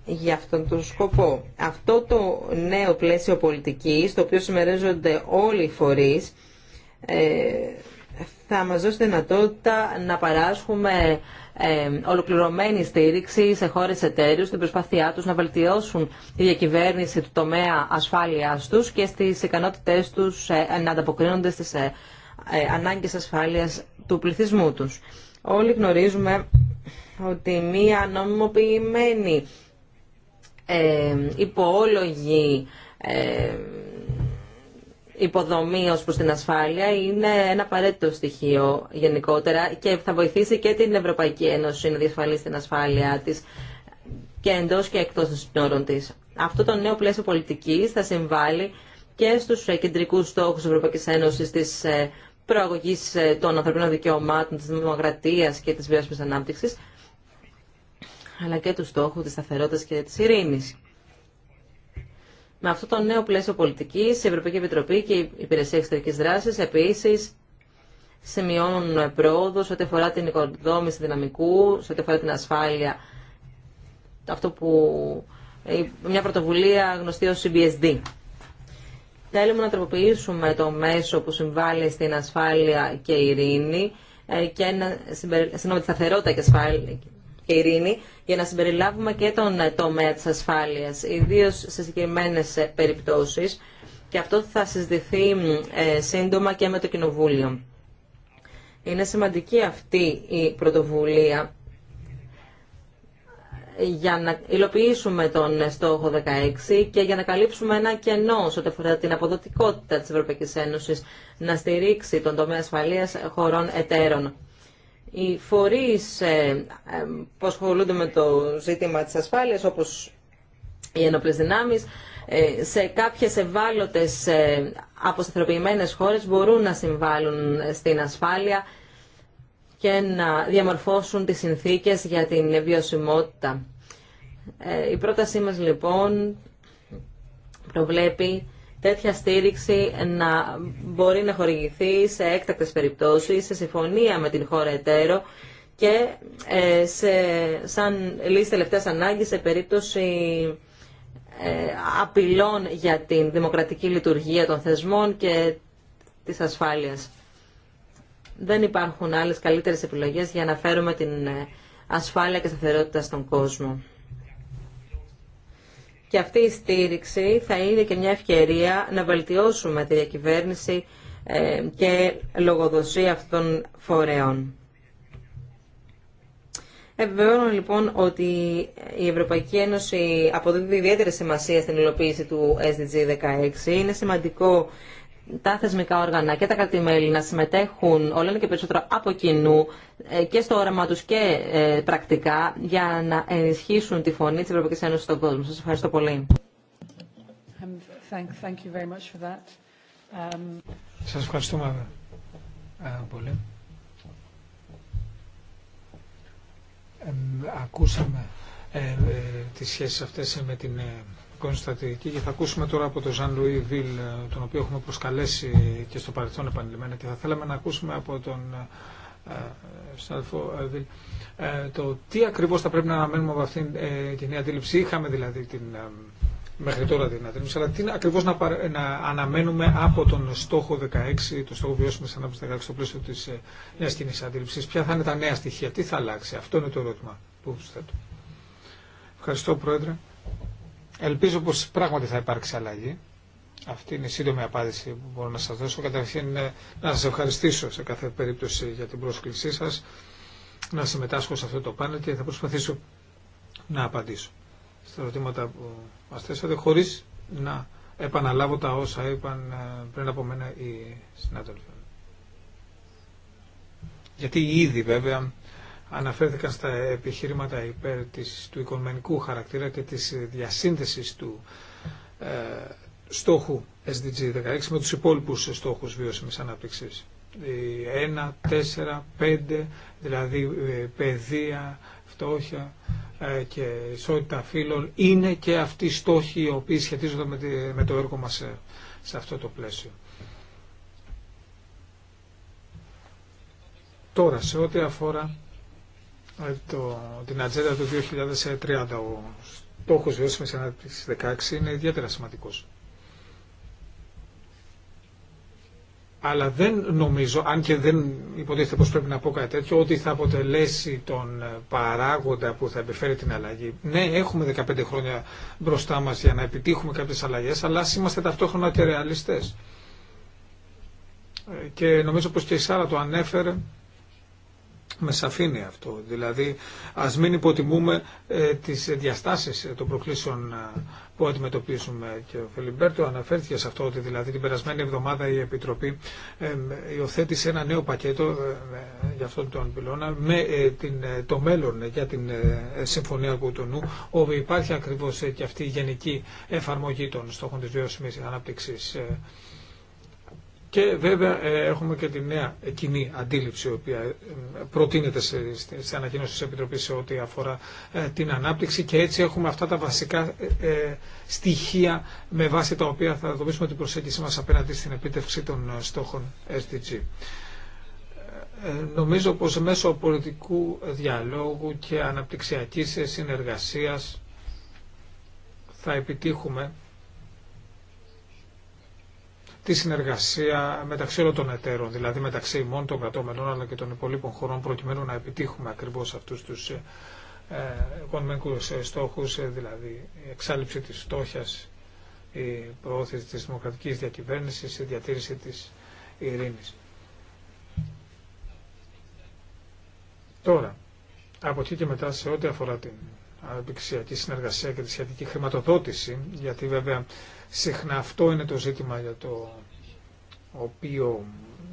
Speaker 2: για αυτόν τον σκοπό. Αυτό το νέο πλαίσιο πολιτικής, το οποίο συμμερίζονται όλοι οι φορείς, ε, θα μας δώσει δυνατότητα να παράσχουμε ολοκληρωμένη στήριξη σε χώρε εταίρου στην προσπάθειά τους να βελτιώσουν τη διακυβέρνηση του τομέα ασφάλειάς τους και στις ικανότητές τους ε, να ανταποκρίνονται στις ε, ε, ανάγκες ασφάλειας του πληθυσμού τους. Όλοι γνωρίζουμε ότι μία νομιμοποιημένη ε, υπόλογη υποδομή ω προ την ασφάλεια είναι ένα απαραίτητο στοιχείο γενικότερα και θα βοηθήσει και την Ευρωπαϊκή Ένωση να διασφαλίσει την ασφάλειά τη και εντό και εκτό των συνόρων τη. Αυτό το νέο πλαίσιο πολιτική θα συμβάλλει και στου ε, κεντρικού στόχου της Ευρωπαϊκής Ένωσης τη ε, προαγωγή ε, των ανθρωπίνων δικαιωμάτων, τη δημοκρατία και της βιώσιμης ανάπτυξη, αλλά και του στόχου της σταθερότητας και της ειρήνης. Με αυτό το νέο πλαίσιο πολιτική, η Ευρωπαϊκή Επιτροπή και η Υπηρεσία Εξωτερική Δράσης επίσης σημειώνουν πρόοδο σε ό,τι αφορά την οικοδόμηση δυναμικού, σε ό,τι αφορά την ασφάλεια. Αυτό που ε, μια πρωτοβουλία γνωστή ως CBSD. Θέλουμε να τροποποιήσουμε το μέσο που συμβάλλει στην ασφάλεια και ειρήνη ε, και να συμπερι... σταθερότητα και ασφάλεια και για να συμπεριλάβουμε και τον ε, τομέα της ασφάλειας, ιδίως σε συγκεκριμένε ε, περιπτώσεις. Και αυτό θα συζητηθεί ε, σύντομα και με το Κοινοβούλιο. Είναι σημαντική αυτή η πρωτοβουλία για να υλοποιήσουμε τον στόχο 16 και για να καλύψουμε ένα κενό σε ό,τι αφορά την αποδοτικότητα της Ευρωπαϊκής Ένωσης να στηρίξει τον τομέα ασφαλείας χωρών εταίρων. Οι φορείς ε, ε, που ασχολούνται με το ζήτημα της ασφάλειας, όπως οι ενόπλες δυνάμεις, ε, σε κάποιες ευάλωτες αποσταθεροποιημένες χώρες μπορούν να συμβάλλουν στην ασφάλεια και να διαμορφώσουν τις συνθήκες για την βιωσιμότητα. Η πρότασή μας λοιπόν προβλέπει τέτοια στήριξη να μπορεί να χορηγηθεί σε έκτακτες περιπτώσεις, σε συμφωνία με την χώρα εταίρο και ε, σαν λύση τελευταίας ανάγκης σε περίπτωση ε, απειλών για την δημοκρατική λειτουργία των θεσμών και της ασφάλειας. Δεν υπάρχουν άλλες καλύτερες επιλογές για να φέρουμε την ε, ασφάλεια και σταθερότητα στον κόσμο. Και αυτή η στήριξη θα είναι και μια ευκαιρία να βελτιώσουμε τη διακυβέρνηση ε, και λογοδοσία αυτών των φορέων. Επιβεβαιώνω λοιπόν ότι η Ευρωπαϊκή Ένωση αποδίδει ιδιαίτερη σημασία στην υλοποίηση του SDG 16. Είναι σημαντικό τα θεσμικά όργανα και τα κρατημέλη να συμμετέχουν όλο και περισσότερο από κοινού ε, και στο όραμα τους και ε, πρακτικά για να ενισχύσουν τη φωνή της Ευρωπαϊκής Ένωσης στον κόσμο. Σας ευχαριστώ πολύ.
Speaker 1: Um, um,
Speaker 2: Σας ευχαριστούμε
Speaker 3: ε, πολύ. ακούσαμε τις σχέσεις αυτές με την και θα ακούσουμε τώρα από τον Ζαν Λουί Βιλ, τον οποίο έχουμε προσκαλέσει και στο παρελθόν επανειλημμένα και θα θέλαμε να ακούσουμε από τον ε, συνάδελφο Βιλ ε, ε, το τι ακριβώ θα πρέπει να αναμένουμε από αυτήν την αντίληψη. Είχαμε δηλαδή την μέχρι τώρα την αντίληψη, αλλά τι ακριβώς να, να αναμένουμε από τον στόχο 16, το στόχο βιώσιμη ανάπτυξη 16 στο πλαίσιο της νέα κοινή αντίληψη. Ποια θα είναι τα νέα στοιχεία, τι θα αλλάξει. Αυτό είναι το ερώτημα που θέτω. Ευχαριστώ Πρόεδρε. Ελπίζω πως πράγματι θα υπάρξει αλλαγή. Αυτή είναι η σύντομη απάντηση που μπορώ να σας δώσω. Καταρχήν ε, να σας ευχαριστήσω σε κάθε περίπτωση για την πρόσκλησή σας να συμμετάσχω σε αυτό το πάνελ και θα προσπαθήσω να απαντήσω στα ερωτήματα που μας θέσατε χωρίς να επαναλάβω τα όσα είπαν ε, πριν από μένα οι συνάδελφοι. Γιατί ήδη βέβαια αναφέρθηκαν στα επιχείρηματα υπέρ της, του οικονομικού χαρακτήρα και της διασύνδεσης του ε, στόχου SDG 16 με τους υπόλοιπους στόχους βιώσιμης ανάπτυξης. 1, 4, 5, δηλαδή ε, παιδεία, φτώχεια ε, και ισότητα φύλων είναι και αυτοί οι στόχοι οι οποίοι σχετίζονται με, το έργο μας ε, σε αυτό το πλαίσιο. Τώρα, σε ό,τι αφορά ε, το, την ατζέντα του 2030. Ο στόχος βιώσιμης ανάπτυξης 16 είναι ιδιαίτερα σημαντικός. αλλά δεν νομίζω, αν και δεν υποτίθεται πως πρέπει να πω κάτι τέτοιο, ότι θα αποτελέσει τον παράγοντα που θα επιφέρει την αλλαγή. Ναι, έχουμε 15 χρόνια μπροστά μας για να επιτύχουμε κάποιες αλλαγές, αλλά είμαστε ταυτόχρονα και ρεαλιστές. Ε, και νομίζω πως και η Σάρα το ανέφερε, με σαφήνει αυτό. Δηλαδή, ας μην υποτιμούμε ε, τις διαστάσεις ε, των προκλήσεων ε, που αντιμετωπίζουμε. Και ο Φελιμπέρτο αναφέρθηκε σε αυτό ότι δηλαδή την περασμένη εβδομάδα η Επιτροπή ε, υιοθέτησε ένα νέο πακέτο ε, για αυτόν τον πυλώνα με την, το μέλλον για την Συμφωνία Κουτουνού όπου υπάρχει ακριβώς και αυτή η γενική εφαρμογή των στόχων της βιώσιμης ανάπτυξης. Και βέβαια ε, έχουμε και τη νέα κοινή αντίληψη η οποία ε, προτείνεται σε ανακοίνωση της Επιτροπής σε ό,τι αφορά ε, την ανάπτυξη και έτσι έχουμε αυτά τα βασικά στοιχεία με βάση τα οποία θα δομήσουμε την προσέγγιση μας απέναντι στην επίτευξη των στόχων SDG. Νομίζω πως μέσω πολιτικού διαλόγου και αναπτυξιακής συνεργασίας θα επιτύχουμε τη συνεργασία μεταξύ όλων των εταίρων, δηλαδή μεταξύ μόνο των κρατώμενων αλλά και των υπολείπων χωρών προκειμένου να επιτύχουμε ακριβώς αυτούς τους ε, οικονομικούς ε, στόχους, ε, δηλαδή η εξάλληψη τη φτώχεια, η προώθηση της δημοκρατική διακυβέρνησης, η διατήρηση της ειρήνης. Τώρα, από εκεί και μετά σε ό,τι αφορά την αναπτυξιακή συνεργασία και τη σχετική χρηματοδότηση, γιατί βέβαια συχνά αυτό είναι το ζήτημα για το οποίο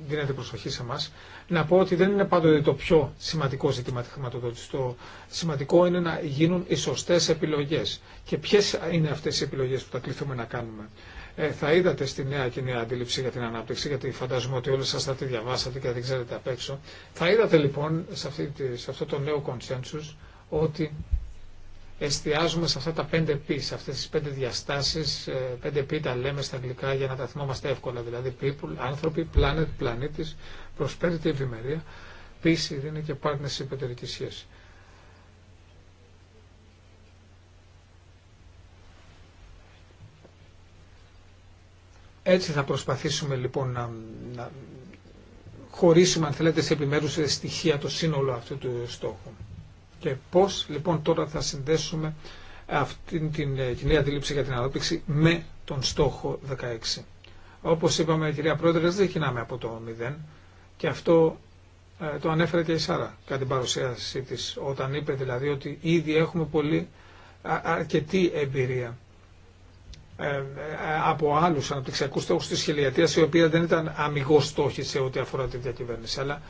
Speaker 3: δίνεται προσοχή σε εμά. Να πω ότι δεν είναι πάντοτε το πιο σημαντικό ζήτημα τη χρηματοδότηση. Το σημαντικό είναι να γίνουν οι σωστέ επιλογέ. Και ποιε είναι αυτέ οι επιλογέ που θα κληθούμε να κάνουμε. Ε, θα είδατε στη νέα κοινή αντίληψη για την ανάπτυξη, γιατί φαντάζομαι ότι όλοι σα θα τη διαβάσατε και θα ξέρετε απ' έξω. Θα είδατε λοιπόν σε, σε αυτό το νέο consensus ότι εστιάζουμε σε αυτά τα 5P, σε αυτές τις 5 διαστάσεις, 5P ε, τα λέμε στα αγγλικά για να τα θυμόμαστε εύκολα, δηλαδή people, άνθρωποι, planet, πλανήτης, prosperity, ευημερία, peace, ειρήνη και partnership, εταιρική σχέση. Έτσι θα προσπαθήσουμε λοιπόν να, να χωρίσουμε αν θέλετε σε επιμέρους στοιχεία το σύνολο αυτού του στόχου. Και πώς λοιπόν τώρα θα συνδέσουμε αυτή την κοινή ε, αντίληψη για την ανάπτυξη με τον στόχο 16. Όπως είπαμε κυρία Πρόεδρε, δεν ξεκινάμε από το 0 και αυτό ε, το ανέφερε και η Σάρα κατά την παρουσίασή της όταν είπε δηλαδή ότι ήδη έχουμε πολύ αρκετή εμπειρία ε, από άλλους αναπτυξιακού στόχου τη χιλιατίας η οποία δεν ήταν αμυγός στόχη σε ό,τι αφορά την διακυβέρνηση. Αλλά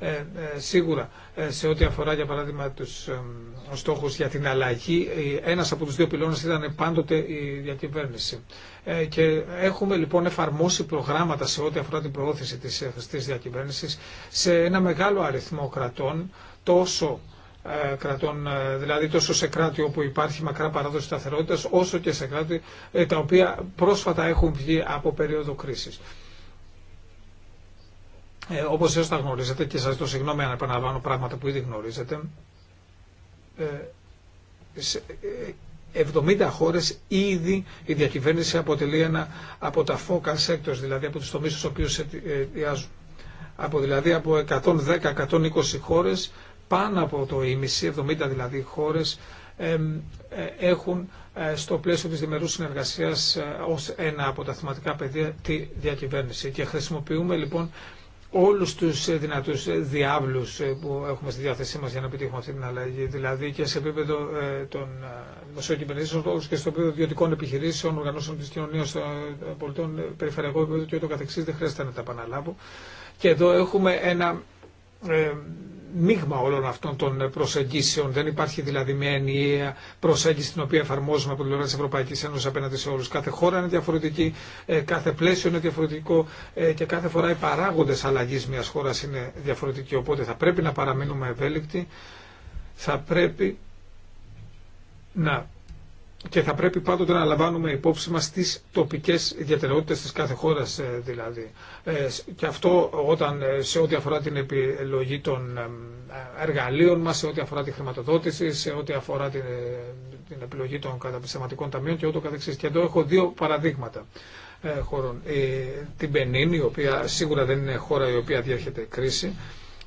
Speaker 3: ε, ε, σίγουρα ε, σε ό,τι αφορά για παράδειγμα τους στόχους για την αλλαγή ένας από τους δύο πυλώνες ήταν πάντοτε η διακυβέρνηση και έχουμε λοιπόν εφαρμόσει προγράμματα σε ό,τι αφορά την προώθηση της χρηστή διακυβέρνησης σε ένα μεγάλο αριθμό κρατών τόσο κρατών, δηλαδή τόσο σε κράτη όπου υπάρχει μακρά παράδοση σταθερότητας όσο και σε κράτη τα οποία πρόσφατα έχουν βγει από περίοδο κρίσης ε, όπως εσείς τα γνωρίζετε και σας το συγγνώμη αν επαναλαμβάνω πράγματα που ήδη γνωρίζετε, ε, σε 70 ε, χώρες ήδη η διακυβέρνηση αποτελεί ένα από τα focal sectors, δηλαδή από τους τομείς στους οποίους ε, εστιάζουν. Από δηλαδή από 110-120 χώρες, πάνω από το ίμιση, 70 δηλαδή χώρες, έχουν στο πλαίσιο της διμερούς συνεργασίας ως ένα από τα θεματικά πεδία τη διακυβέρνηση. Και χρησιμοποιούμε λοιπόν όλους τους ε, δυνατούς ε, διάβλους ε, που έχουμε στη διάθεσή μας για να επιτύχουμε αυτή την αλλαγή, δηλαδή και σε επίπεδο των δημοσιοκυβερνήσεων όπως και στο επίπεδο ιδιωτικών επιχειρήσεων, οργανώσεων της κοινωνίας των πολιτών, περιφερειακό επίπεδο και ούτω καθεξής, δεν χρειάζεται να τα επαναλάβω. Και εδώ έχουμε ένα μείγμα όλων αυτών των προσεγγίσεων. Δεν υπάρχει δηλαδή μια ενιαία προσέγγιση την οποία εφαρμόζουμε από την πλευρά τη Ευρωπαϊκή Ένωση απέναντι σε όλου. Κάθε χώρα είναι διαφορετική, ε, κάθε πλαίσιο είναι διαφορετικό ε, και κάθε φορά οι παράγοντε αλλαγή μια χώρα είναι διαφορετικοί. Οπότε θα πρέπει να παραμείνουμε ευέλικτοι, θα πρέπει να και θα πρέπει πάντοτε να λαμβάνουμε υπόψη μας τις τοπικές ιδιαιτερότητες της κάθε χώρας ε, δηλαδή. Ε, και αυτό όταν, ε, σε ό,τι αφορά την επιλογή των εργαλείων μας, σε ό,τι αφορά τη χρηματοδότηση, σε ό,τι αφορά την, την επιλογή των καταπιστευματικών ταμείων και ούτω καθεξής. Και εδώ έχω δύο παραδείγματα χωρών. Την Πενίνη, η οποία σίγουρα δεν είναι χώρα η οποία διέρχεται κρίση,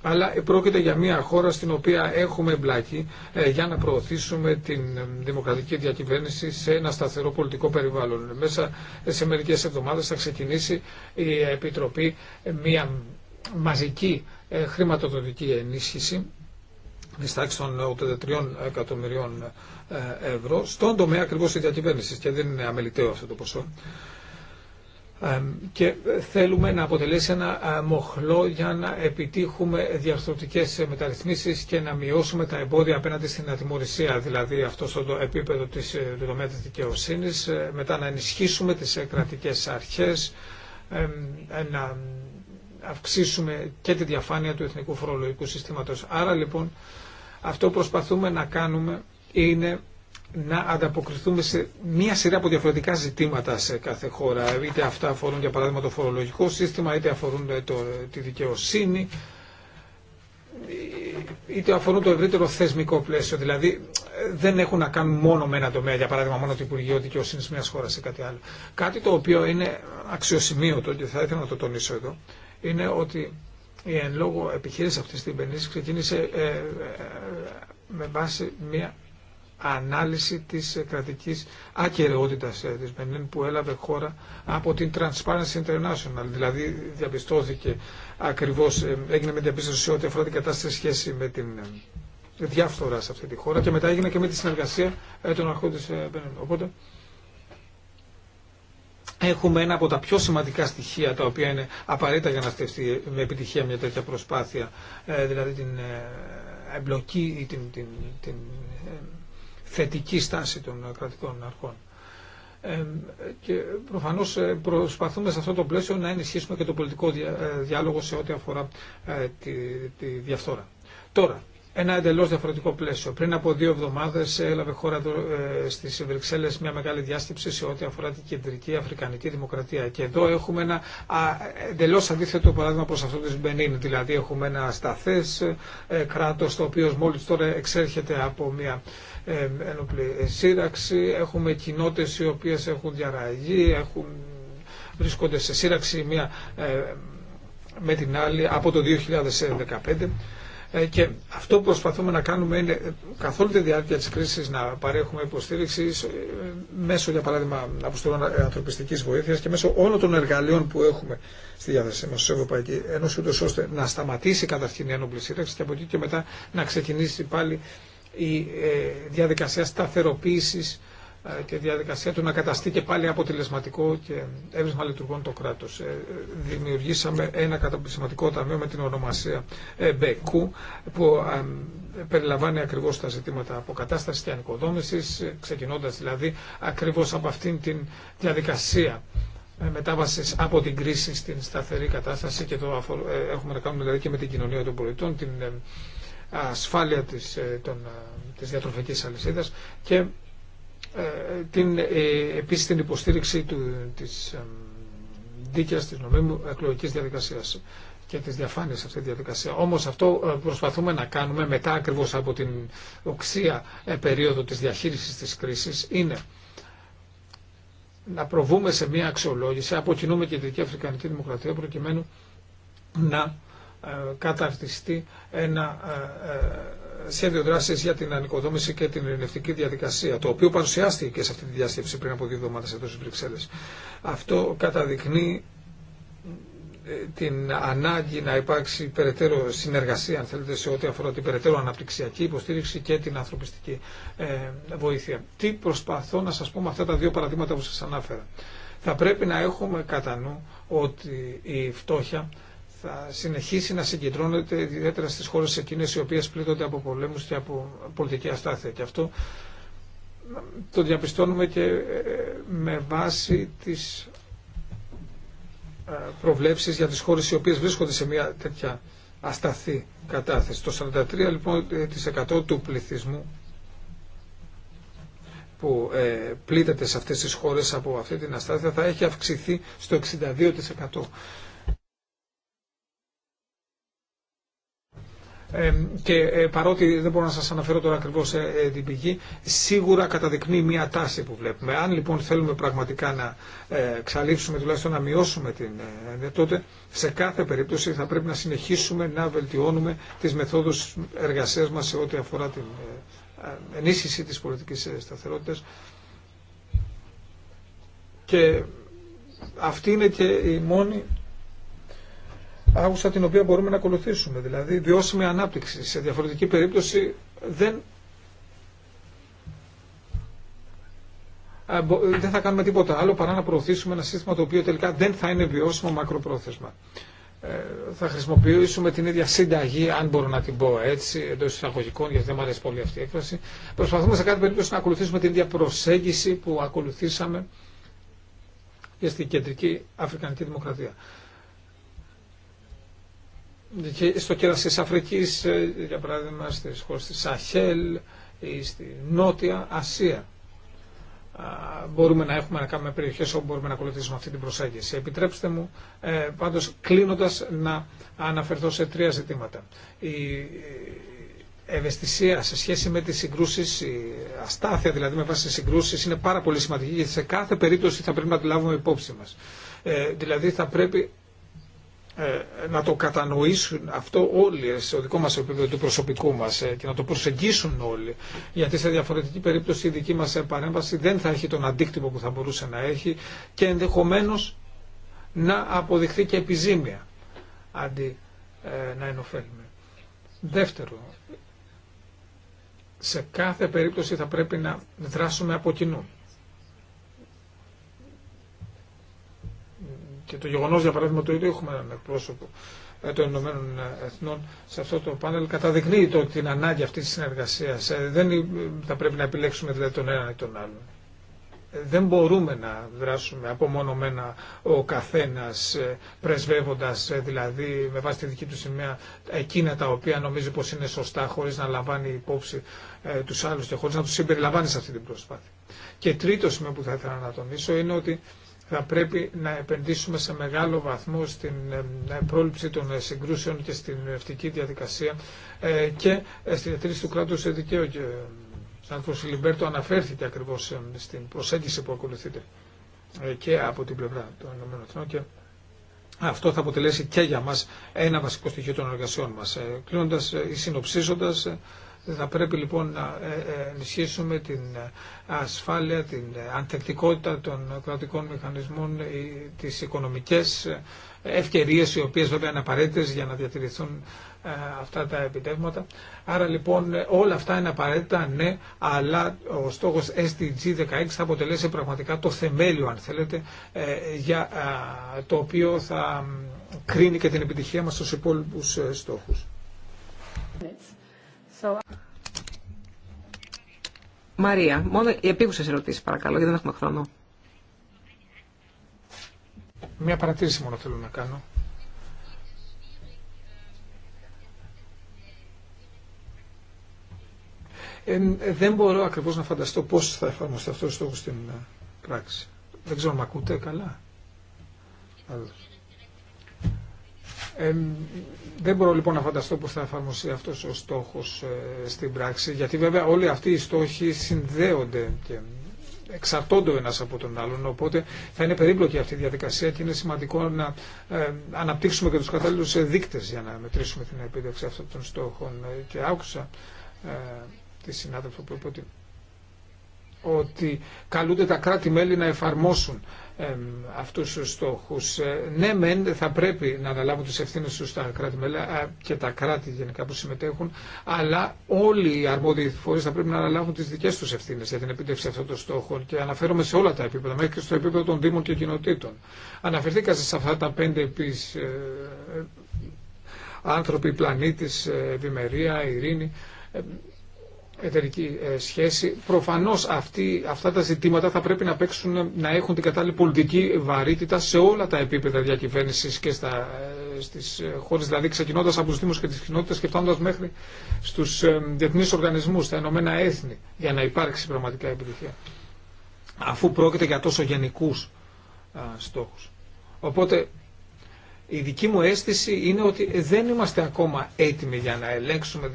Speaker 3: αλλά πρόκειται για μια χώρα στην οποία έχουμε εμπλάκει ε, για να προωθήσουμε την ε, δημοκρατική διακυβέρνηση σε ένα σταθερό πολιτικό περιβάλλον. Μέσα σε μερικές εβδομάδες θα ξεκινήσει η Επιτροπή ε, μια μαζική χρηματοδοτική ενίσχυση της τάξης των 83 εκατομμυρίων ευρώ στον τομέα ακριβώ τη διακυβέρνηση και δεν είναι αμεληταίο αυτό το ποσό και θέλουμε να αποτελέσει ένα μοχλό για να επιτύχουμε διαρθρωτικές μεταρρυθμίσεις και να μειώσουμε τα εμπόδια απέναντι στην ατιμορρησία, δηλαδή αυτό στο επίπεδο της ε, δεδομένης της ε, μετά να ενισχύσουμε τις ε, κρατικές αρχές, να αυξήσουμε και τη διαφάνεια του εθνικού φορολογικού συστήματος. Άρα λοιπόν αυτό που προσπαθούμε να κάνουμε είναι να ανταποκριθούμε σε μία σειρά από διαφορετικά ζητήματα σε κάθε χώρα. Είτε αυτά αφορούν για παράδειγμα το φορολογικό σύστημα, είτε αφορούν ε, το, τη δικαιοσύνη, είτε αφορούν το ευρύτερο θεσμικό πλαίσιο. Δηλαδή δεν έχουν να κάνουν μόνο με ένα τομέα, για παράδειγμα μόνο το Υπουργείο Δικαιοσύνη μια χώρα ή κάτι άλλο. Κάτι το οποίο είναι αξιοσημείωτο και θα ήθελα να το τονίσω εδώ, είναι ότι η εν λόγω επιχείρηση αυτή τη στιγμή ξεκίνησε ε, ε, ε, με βάση μια ανάλυση της κρατικής ακαιρεότητας ε, της Μενλίν που έλαβε χώρα από την Transparency International. Δηλαδή διαπιστώθηκε ακριβώς, ε, έγινε με διαπίστωση ό,τι αφορά την κατάσταση σχέση με την ε, διάφθορα σε αυτή τη χώρα και μετά έγινε και με τη συνεργασία των αρχών της Μενλίν. Οπότε έχουμε ένα από τα πιο σημαντικά στοιχεία τα οποία είναι απαραίτητα για να στεφτεί με επιτυχία μια τέτοια προσπάθεια, δηλαδή την εμπλοκή ή την, την, την θετική στάση των ε, κρατικών αρχών. Ε, και προφανώς ε, προσπαθούμε σε αυτό το πλαίσιο να ενισχύσουμε και το πολιτικό διάλογο σε ό,τι αφορά τη, τη διαφθόρα. Τώρα, ένα εντελώ διαφορετικό πλαίσιο. Πριν από δύο εβδομάδε έλαβε χώρα εδώ στι Βρυξέλλε μια μεγάλη διάσκεψη σε ό,τι αφορά την κεντρική Αφρικανική Δημοκρατία. Και εδώ έχουμε ένα εντελώ αντίθετο παράδειγμα προ αυτό τη Μπενίν. Δηλαδή έχουμε ένα σταθέ κράτο το οποίο μόλι τώρα εξέρχεται από μια ένοπλη σύραξη, έχουμε κοινότητες οι οποίες έχουν διαραγεί, έχουν, βρίσκονται σε σύραξη μία ε, με την άλλη από το 2015 ε, και αυτό που προσπαθούμε να κάνουμε είναι καθ' όλη τη διάρκεια της κρίσης να παρέχουμε υποστήριξη ε, μέσω για παράδειγμα αποστολών ανθρωπιστικής βοήθειας και μέσω όλων των εργαλείων που έχουμε στη διάθεσή μας στην Ευρωπαϊκή Ένωση ώστε να σταματήσει καταρχήν η ένοπλη σύραξη και από εκεί και μετά να ξεκινήσει πάλι η ε, διαδικασία σταθεροποίησης ε, και διαδικασία του να καταστεί και πάλι αποτελεσματικό και έβρισμα λειτουργών το κράτο. Ε, δημιουργήσαμε ένα καταπληκτικό ταμείο με την ονομασία Μπεκού που περιλαμβάνει ακριβώς τα ζητήματα αποκατάστασης και ανοικοδόμησης, ξεκινώντας δηλαδή ακριβώς από αυτήν την διαδικασία μετάβαση από την κρίση στην σταθερή κατάσταση και εδώ έχουμε να κάνουμε δηλαδή και με την κοινωνία των πολιτών, την ασφάλεια της, ε, των, ε, της διατροφικής αλυσίδας και ε, την, επίσης την υποστήριξη του, της δίκαιας της νομίμου εκλογικής διαδικασίας και της διαφάνειας αυτή τη διαδικασία. Όμως αυτό προσπαθούμε να κάνουμε μετά ακριβώς από την οξία περίοδο της διαχείρισης της κρίσης είναι να προβούμε σε μια αξιολόγηση, αποκοινούμε και τη Δυτική Αφρικανική Δημοκρατία προκειμένου να ε, καταρτιστεί ένα ε, ε, σχέδιο δράση για την ανοικοδόμηση και την ειρηνευτική διαδικασία, το οποίο παρουσιάστηκε σε αυτή τη διάσκεψη πριν από δύο εβδομάδε εδώ στι Βρυξέλλε. Αυτό καταδεικνύει την ανάγκη να υπάρξει περαιτέρω συνεργασία, αν θέλετε, σε ό,τι αφορά την περαιτέρω αναπτυξιακή υποστήριξη και την ανθρωπιστική βοήθεια. Τι προσπαθώ να σας πω με αυτά τα δύο παραδείγματα που σας ανάφερα. Θα πρέπει να έχουμε κατά νου ότι η φτώχεια θα συνεχίσει να συγκεντρώνεται ιδιαίτερα στις χώρες εκείνες οι οποίες πλήττονται από πολέμους και από πολιτική αστάθεια. Και αυτό το διαπιστώνουμε και ε, με βάση τις ε, προβλέψεις για τις χώρες οι οποίες βρίσκονται σε μια τέτοια ασταθή κατάθεση. Το 43% λοιπόν, ε, του πληθυσμού που πλήττεται σε αυτές τις χώρες από αυτή την αστάθεια θα έχει αυξηθεί στο 62%. και ε, παρότι δεν μπορώ να σας αναφέρω τώρα ακριβώς ε, ε, την πηγή, σίγουρα καταδεικνύει μια τάση που βλέπουμε. Αν λοιπόν θέλουμε πραγματικά να ξαλείψουμε, τουλάχιστον να μειώσουμε την τότε σε κάθε περίπτωση θα πρέπει να συνεχίσουμε να βελτιώνουμε τις μεθόδους εργασίας μας σε ό,τι αφορά την ενίσχυση της πολιτικής σταθερότητας και αυτή είναι και η μόνη άγουσα την οποία μπορούμε να ακολουθήσουμε. Δηλαδή βιώσιμη ανάπτυξη. Σε διαφορετική περίπτωση δεν δεν θα κάνουμε τίποτα άλλο παρά να προωθήσουμε ένα σύστημα το οποίο τελικά δεν θα είναι βιώσιμο μακροπρόθεσμα. Ε, θα χρησιμοποιήσουμε την ίδια συνταγή, αν μπορώ να την πω έτσι, εντό εισαγωγικών, γιατί δεν μου αρέσει πολύ αυτή η έκφραση. Προσπαθούμε σε κάθε περίπτωση να ακολουθήσουμε την ίδια προσέγγιση που ακολουθήσαμε και στην κεντρική Αφρικανική Δημοκρατία στο κέρα της Αφρικής, ε, για παράδειγμα στις χώρες της Σαχέλ ή στη Νότια Ασία. Μπορούμε να έχουμε να κάνουμε περιοχές όπου μπορούμε να ακολουθήσουμε αυτή την προσέγγιση. Επιτρέψτε μου ε, πάντως κλείνοντας να αναφερθώ σε τρία ζητήματα. Η ε, ευαισθησία σε σχέση με τις συγκρούσεις, η αστάθεια δηλαδή με βάση τις συγκρούσεις είναι πάρα πολύ σημαντική και σε κάθε περίπτωση θα πρέπει να τη λάβουμε υπόψη μας. Ε, δηλαδή θα πρέπει ε, να το κατανοήσουν αυτό όλοι στο δικό μας επίπεδο του προσωπικού μας ε, και να το προσεγγίσουν όλοι γιατί σε διαφορετική περίπτωση η δική μας παρέμβαση δεν θα έχει τον αντίκτυπο που θα μπορούσε να έχει και ενδεχομένως να αποδειχθεί και επιζήμια αντί ε, να ενοφέλουμε. Δεύτερο, σε κάθε περίπτωση θα πρέπει να δράσουμε από κοινού. Και το γεγονό, για παράδειγμα, το ότι έχουμε έναν εκπρόσωπο ε, των Ηνωμένων Εθνών σε αυτό το πάνελ καταδεικνύει το, την ανάγκη αυτή τη συνεργασία. Ε, δεν θα πρέπει να επιλέξουμε δηλαδή τον έναν ή τον άλλον. Ε, δεν μπορούμε να δράσουμε απομονωμένα ο καθένας πρεσβεύοντας δηλαδή με βάση τη δική του σημαία εκείνα τα οποία νομίζει πως είναι σωστά χωρίς να λαμβάνει υπόψη ε, τους άλλους και χωρίς να τους συμπεριλαμβάνει σε αυτή την προσπάθεια. Και τρίτο σημείο που θα ήθελα να τονίσω είναι ότι θα πρέπει να επενδύσουμε σε μεγάλο βαθμό στην ε, ε, πρόληψη των ε, συγκρούσεων και στην ευτική διαδικασία και στην διατήρηση του κράτους σε δικαίου. Και ο Λιμπέρτο αναφέρθηκε ακριβώς στην προσέγγιση που ακολουθείται και από την πλευρά των ΗΠΑ και αυτό θα αποτελέσει και για μας ένα βασικό στοιχείο των εργασιών μας. Κλείνοντας ή συνοψίζοντας, θα πρέπει λοιπόν να ε, ε, ενισχύσουμε την ε, ασφάλεια, την ανθεκτικότητα των κρατικών μηχανισμών, τις οικονομικές ευκαιρίες οι οποίες βέβαια είναι απαραίτητες για να διατηρηθούν αυτά τα επιτεύγματα. Άρα λοιπόν όλα αυτά είναι απαραίτητα, ναι, αλλά ο στόχος SDG 16 θα αποτελέσει πραγματικά το θεμέλιο, αν θέλετε, για το οποίο θα κρίνει και την επιτυχία μας στους υπόλοιπους στόχους.
Speaker 1: Μαρία, μόνο οι επίγουσες ερωτήσεις παρακαλώ, γιατί δεν έχουμε χρόνο. Μία παρατήρηση
Speaker 3: μόνο θέλω να κάνω. δεν μπορώ ακριβώς να φανταστώ πώς θα εφαρμοστεί αυτό το στόχο στην ε, πράξη. Δεν ξέρω αν ακούτε καλά. Άλλος δεν μπορώ λοιπόν να φανταστώ πώς θα εφαρμοστεί αυτός ο στόχος ε, στην πράξη, γιατί βέβαια όλοι αυτοί οι στόχοι συνδέονται και εξαρτώνται ο ένας από τον άλλον, οπότε θα είναι περίπλοκη αυτή η διαδικασία και είναι σημαντικό να ε, αναπτύξουμε και τους κατάλληλους δείκτες για να μετρήσουμε την επίδευξη αυτών των στόχων. Ε, και άκουσα τη συνάδελφο που είπε ότι, ότι καλούνται τα κράτη-μέλη να εφαρμόσουν αυτούς τους στόχους. Ε, ναι, μεν θα πρέπει να αναλάβουν τις ευθύνες τους τα κράτη μελά και τα κράτη γενικά που συμμετέχουν, αλλά όλοι οι αρμόδιοι φορείς θα πρέπει να αναλάβουν τις δικές τους ευθύνες για την επίτευξη αυτών των στόχων και αναφέρομαι σε όλα τα επίπεδα, μέχρι και στο επίπεδο των Δήμων και Κοινοτήτων. αναφερθήκα σε αυτά τα πέντε ε, άνθρωποι, πλανήτης, ε, ευημερία, ειρήνη εταιρική ε, σχέση. Προφανώς αυτά τα ζητήματα θα πρέπει να, παίξουν, να έχουν την κατάλληλη πολιτική βαρύτητα σε όλα τα επίπεδα διακυβέρνηση και στα, ε, στις ε, χώρες, δηλαδή ξεκινώντας από τους Δήμους και τις κοινότητες και φτάνοντας μέχρι στους διεθνείς οργανισμούς, στα Ενωμένα Έθνη, για να υπάρξει πραγματικά επιτυχία. Αφού πρόκειται για τόσο γενικούς στόχους. Οπότε η δική μου αίσθηση είναι ότι δεν είμαστε ακόμα έτοιμοι για να ελέγξουμε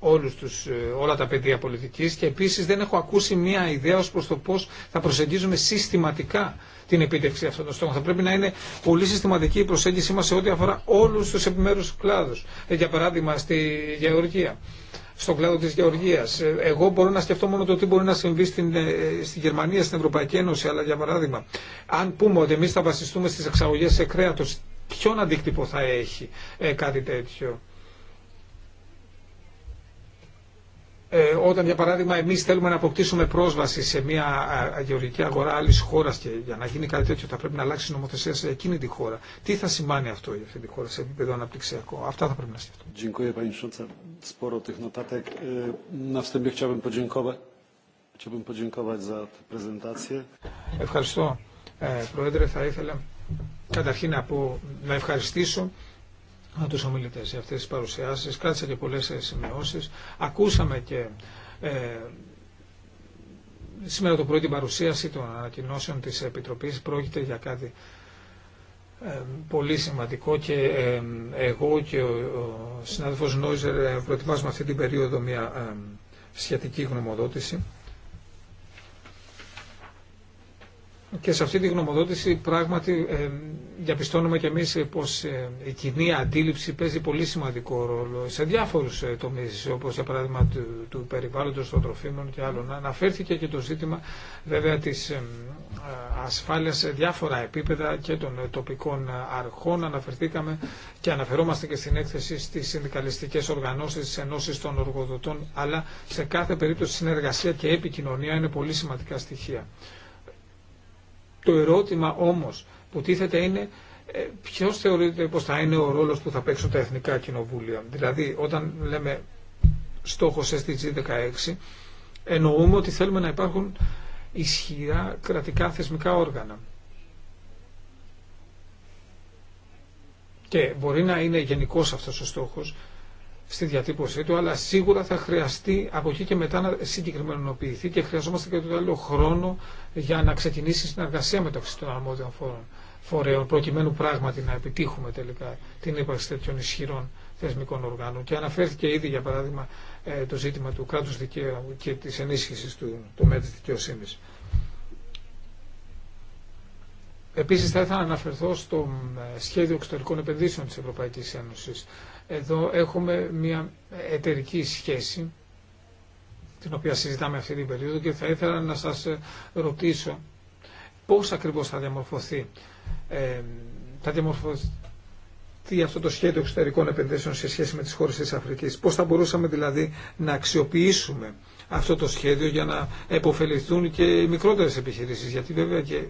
Speaker 3: όλους τους, ε, όλα τα πεδία πολιτικής και επίσης δεν έχω ακούσει μια ιδέα ως προς το πώς θα προσεγγίζουμε συστηματικά την επίτευξη αυτών των στόχων. Θα πρέπει να είναι πολύ συστηματική η προσέγγιση μας σε ό,τι αφορά όλους τους επιμέρους κλάδους. Ε, για παράδειγμα στη Γεωργία στον κλάδο τη γεωργία. Ε, εγώ μπορώ να σκεφτώ μόνο το τι μπορεί να συμβεί στην, στην Γερμανία, στην Ευρωπαϊκή Ένωση, αλλά για παράδειγμα, αν πούμε ότι εμεί θα βασιστούμε στι εξαγωγέ σε κρέατο ποιον αντίκτυπο θα έχει ε, κάτι τέτοιο. Ε, όταν για παράδειγμα εμείς θέλουμε να αποκτήσουμε πρόσβαση σε μια γεωργική αγορά άλλη χώρα και για να γίνει κάτι τέτοιο θα πρέπει να αλλάξει η νομοθεσία σε εκείνη τη χώρα. Τι θα σημάνει αυτό για αυτή τη χώρα σε επίπεδο αναπτυξιακό. Αυτά θα πρέπει να σκεφτούμε. Ευχαριστώ. Πρόεδρε, θα ήθελα καταρχήν να, να ευχαριστήσω τους ομιλητές για αυτές τις παρουσιάσεις. Κράτησα και πολλές ε, σημειώσεις. Ακούσαμε και ε, σήμερα το πρωί την παρουσίαση των ανακοινώσεων της Επιτροπής. Πρόκειται για κάτι ε, πολύ σημαντικό και ε, εγώ και ο, ο συνάδελφος Νόιζερ ε, προετοιμάζουμε αυτή την περίοδο μια σχετική γνωμοδότηση Και σε αυτή τη γνωμοδότηση πράγματι ε, διαπιστώνουμε και εμείς ε, πως ε, η κοινή αντίληψη παίζει πολύ σημαντικό ρόλο σε διάφορους ε, τομείς όπως για παράδειγμα του, του περιβάλλοντος των τροφίμων και άλλων. Αναφέρθηκε και το ζήτημα βέβαια της ε, ασφάλειας σε διάφορα επίπεδα και των τοπικών αρχών. Αναφερθήκαμε και αναφερόμαστε και στην έκθεση στις συνδικαλιστικές οργανώσεις, στις ενώσεις των οργοδοτών αλλά σε κάθε περίπτωση συνεργασία και επικοινωνία είναι πολύ σημαντικά στοιχεία. Το ερώτημα όμως που τίθεται είναι ε, ποιο θεωρείται πως θα είναι ο ρόλος που θα παίξουν τα εθνικά κοινοβούλια. Δηλαδή όταν λέμε στόχος SDG 16 εννοούμε ότι θέλουμε να υπάρχουν ισχυρά κρατικά θεσμικά όργανα. Και μπορεί να είναι γενικός αυτός ο στόχος, στη διατύπωσή του, αλλά σίγουρα θα χρειαστεί από εκεί και μετά να συγκεκριμενοποιηθεί και χρειαζόμαστε και το άλλο χρόνο για να ξεκινήσει η συνεργασία μεταξύ των αρμόδιων φορέων, προκειμένου πράγματι να επιτύχουμε τελικά την ύπαρξη τέτοιων ισχυρών θεσμικών οργάνων. Και αναφέρθηκε ήδη, για παράδειγμα, ε, το ζήτημα του κράτου δικαίου και τη ενίσχυση του τομέα τη δικαιοσύνη. Επίση, θα ήθελα να αναφερθώ στο ε, σχέδιο εξωτερικών επενδύσεων τη Ευρωπαϊκή Ένωση εδώ έχουμε μια εταιρική σχέση την οποία συζητάμε αυτή την περίοδο και θα ήθελα να σας ρωτήσω πώς ακριβώς θα διαμορφωθεί ε, θα διαμορφωθεί αυτό το σχέδιο εξωτερικών επενδύσεων σε σχέση με τις χώρες της Αφρικής. Πώς θα μπορούσαμε δηλαδή να αξιοποιήσουμε αυτό το σχέδιο για να επωφεληθούν και οι μικρότερες επιχειρήσεις. Γιατί βέβαια και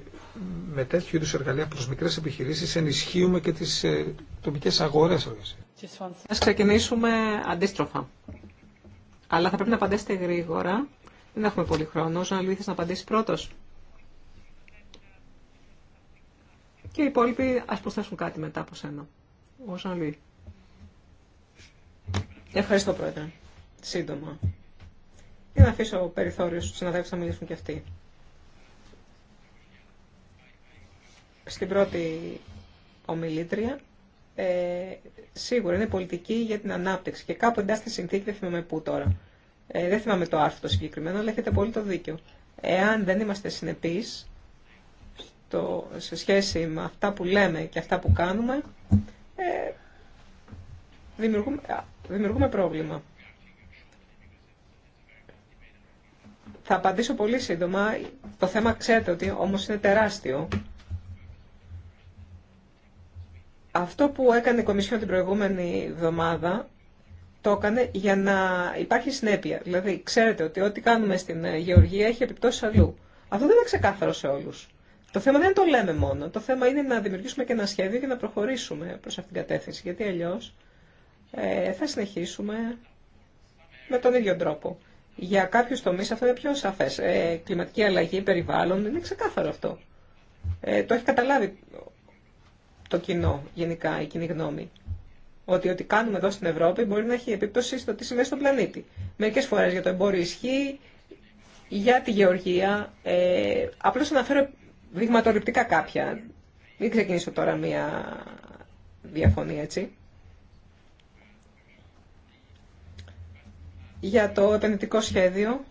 Speaker 3: με τέτοιου είδους εργαλεία προς μικρές επιχειρήσεις ενισχύουμε
Speaker 1: και τις ε, τοπικές αγορές. Εργασίας. Ας ξεκινήσουμε αντίστροφα. Αλλά θα πρέπει να απαντήσετε γρήγορα. Δεν έχουμε πολύ χρόνο. Ζωνα Λουί, να απαντήσει πρώτος. Και οι υπόλοιποι ας προσθέσουν κάτι μετά από σένα. Ο Ζωνα Ευχαριστώ, Πρόεδρε. Σύντομα. Για να αφήσω περιθώριο στου συναδέλφου να μιλήσουν κι αυτοί. Στην πρώτη ομιλήτρια ε, σίγουρα είναι πολιτική για την ανάπτυξη και κάπου εντάξει συνθήκη, δεν θυμάμαι πού τώρα. Ε, δεν θυμάμαι το άρθρο το συγκεκριμένο, αλλά έχετε πολύ το δίκιο. Εάν δεν είμαστε συνεπείς σε σχέση με αυτά που λέμε και αυτά που κάνουμε, ε, δημιουργούμε, δημιουργούμε πρόβλημα. Θα απαντήσω πολύ σύντομα. Το θέμα ξέρετε ότι όμως είναι τεράστιο αυτό που έκανε η Κομισιόν την προηγούμενη εβδομάδα το έκανε για να υπάρχει συνέπεια. Δηλαδή, ξέρετε ότι ό,τι κάνουμε στην ε, γεωργία έχει επιπτώσει αλλού. Αυτό δεν είναι ξεκάθαρο σε όλου. Το θέμα δεν το λέμε μόνο. Το θέμα είναι να δημιουργήσουμε και ένα σχέδιο και να προχωρήσουμε προ αυτήν την κατεύθυνση. Γιατί αλλιώ ε, θα συνεχίσουμε με τον ίδιο τρόπο. Για κάποιου τομεί αυτό είναι πιο σαφέ. Ε, κλιματική αλλαγή, περιβάλλον, είναι ξεκάθαρο αυτό. Ε, το έχει καταλάβει το κοινό γενικά, η κοινή γνώμη. Ότι ό,τι κάνουμε εδώ στην Ευρώπη μπορεί να έχει επίπτωση στο τι συμβαίνει στον πλανήτη. Μερικές φορές για το εμπόριο ισχύει, για τη γεωργία. Ε, απλώς αναφέρω δειγματοληπτικά κάποια. Μην ξεκινήσω τώρα μία διαφωνία έτσι. Για το επενδυτικό σχέδιο,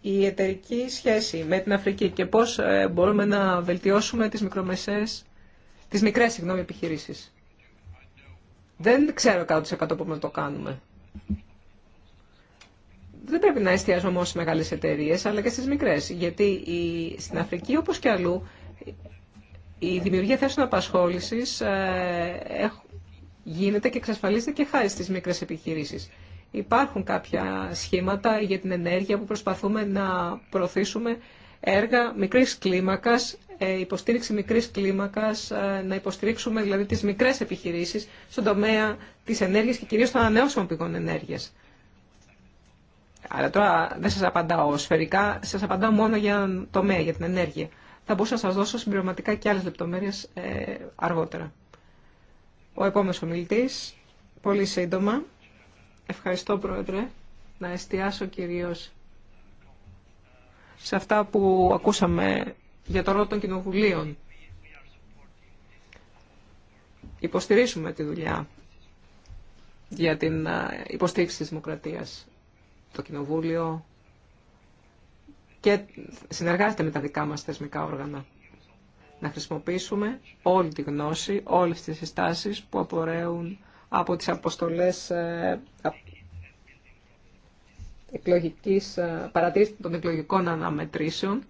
Speaker 1: η εταιρική σχέση με την Αφρική και πώς ε, μπορούμε να βελτιώσουμε τις μικρομεσαίες τις μικρές συγγνώμη, επιχειρήσεις. Δεν ξέρω 100% πώς να το κάνουμε. Δεν πρέπει να εστιάζουμε μόνο στις μεγάλες εταιρείες, αλλά και στις μικρές. Γιατί η, στην Αφρική, όπως και αλλού, η δημιουργία θέσεων απασχόλησης ε, γίνεται και εξασφαλίζεται και χάρη στις μικρές επιχειρήσεις. Υπάρχουν κάποια σχήματα για την ενέργεια που προσπαθούμε να προωθήσουμε έργα μικρής κλίμακας ε, υποστήριξη μικρής κλίμακας, ε, να υποστηρίξουμε δηλαδή τις μικρές επιχειρήσεις στον τομέα της ενέργειας και κυρίως των ανανεώσιμων πηγών ενέργειας. Αλλά τώρα δεν σας απαντάω σφαιρικά, σας απαντάω μόνο για τον τομέα, για την ενέργεια. Θα μπορούσα να σας δώσω συμπληρωματικά και άλλες λεπτομέρειες ε, αργότερα. Ο επόμενος ομιλητής, πολύ σύντομα. Ευχαριστώ Πρόεδρε, να εστιάσω κυρίως σε αυτά που ακούσαμε για το ρόλο των κοινοβουλίων. Υποστηρίζουμε τη δουλειά για την ε, υποστήριξη της δημοκρατίας. Το Κοινοβούλιο και συνεργάζεται με τα δικά μας θεσμικά όργανα. Να χρησιμοποιήσουμε όλη τη γνώση, όλες τις συστάσεις που απορρέουν από τις αποστολές ε, εκλογικής, ε, παρατήρηση των εκλογικών αναμετρήσεων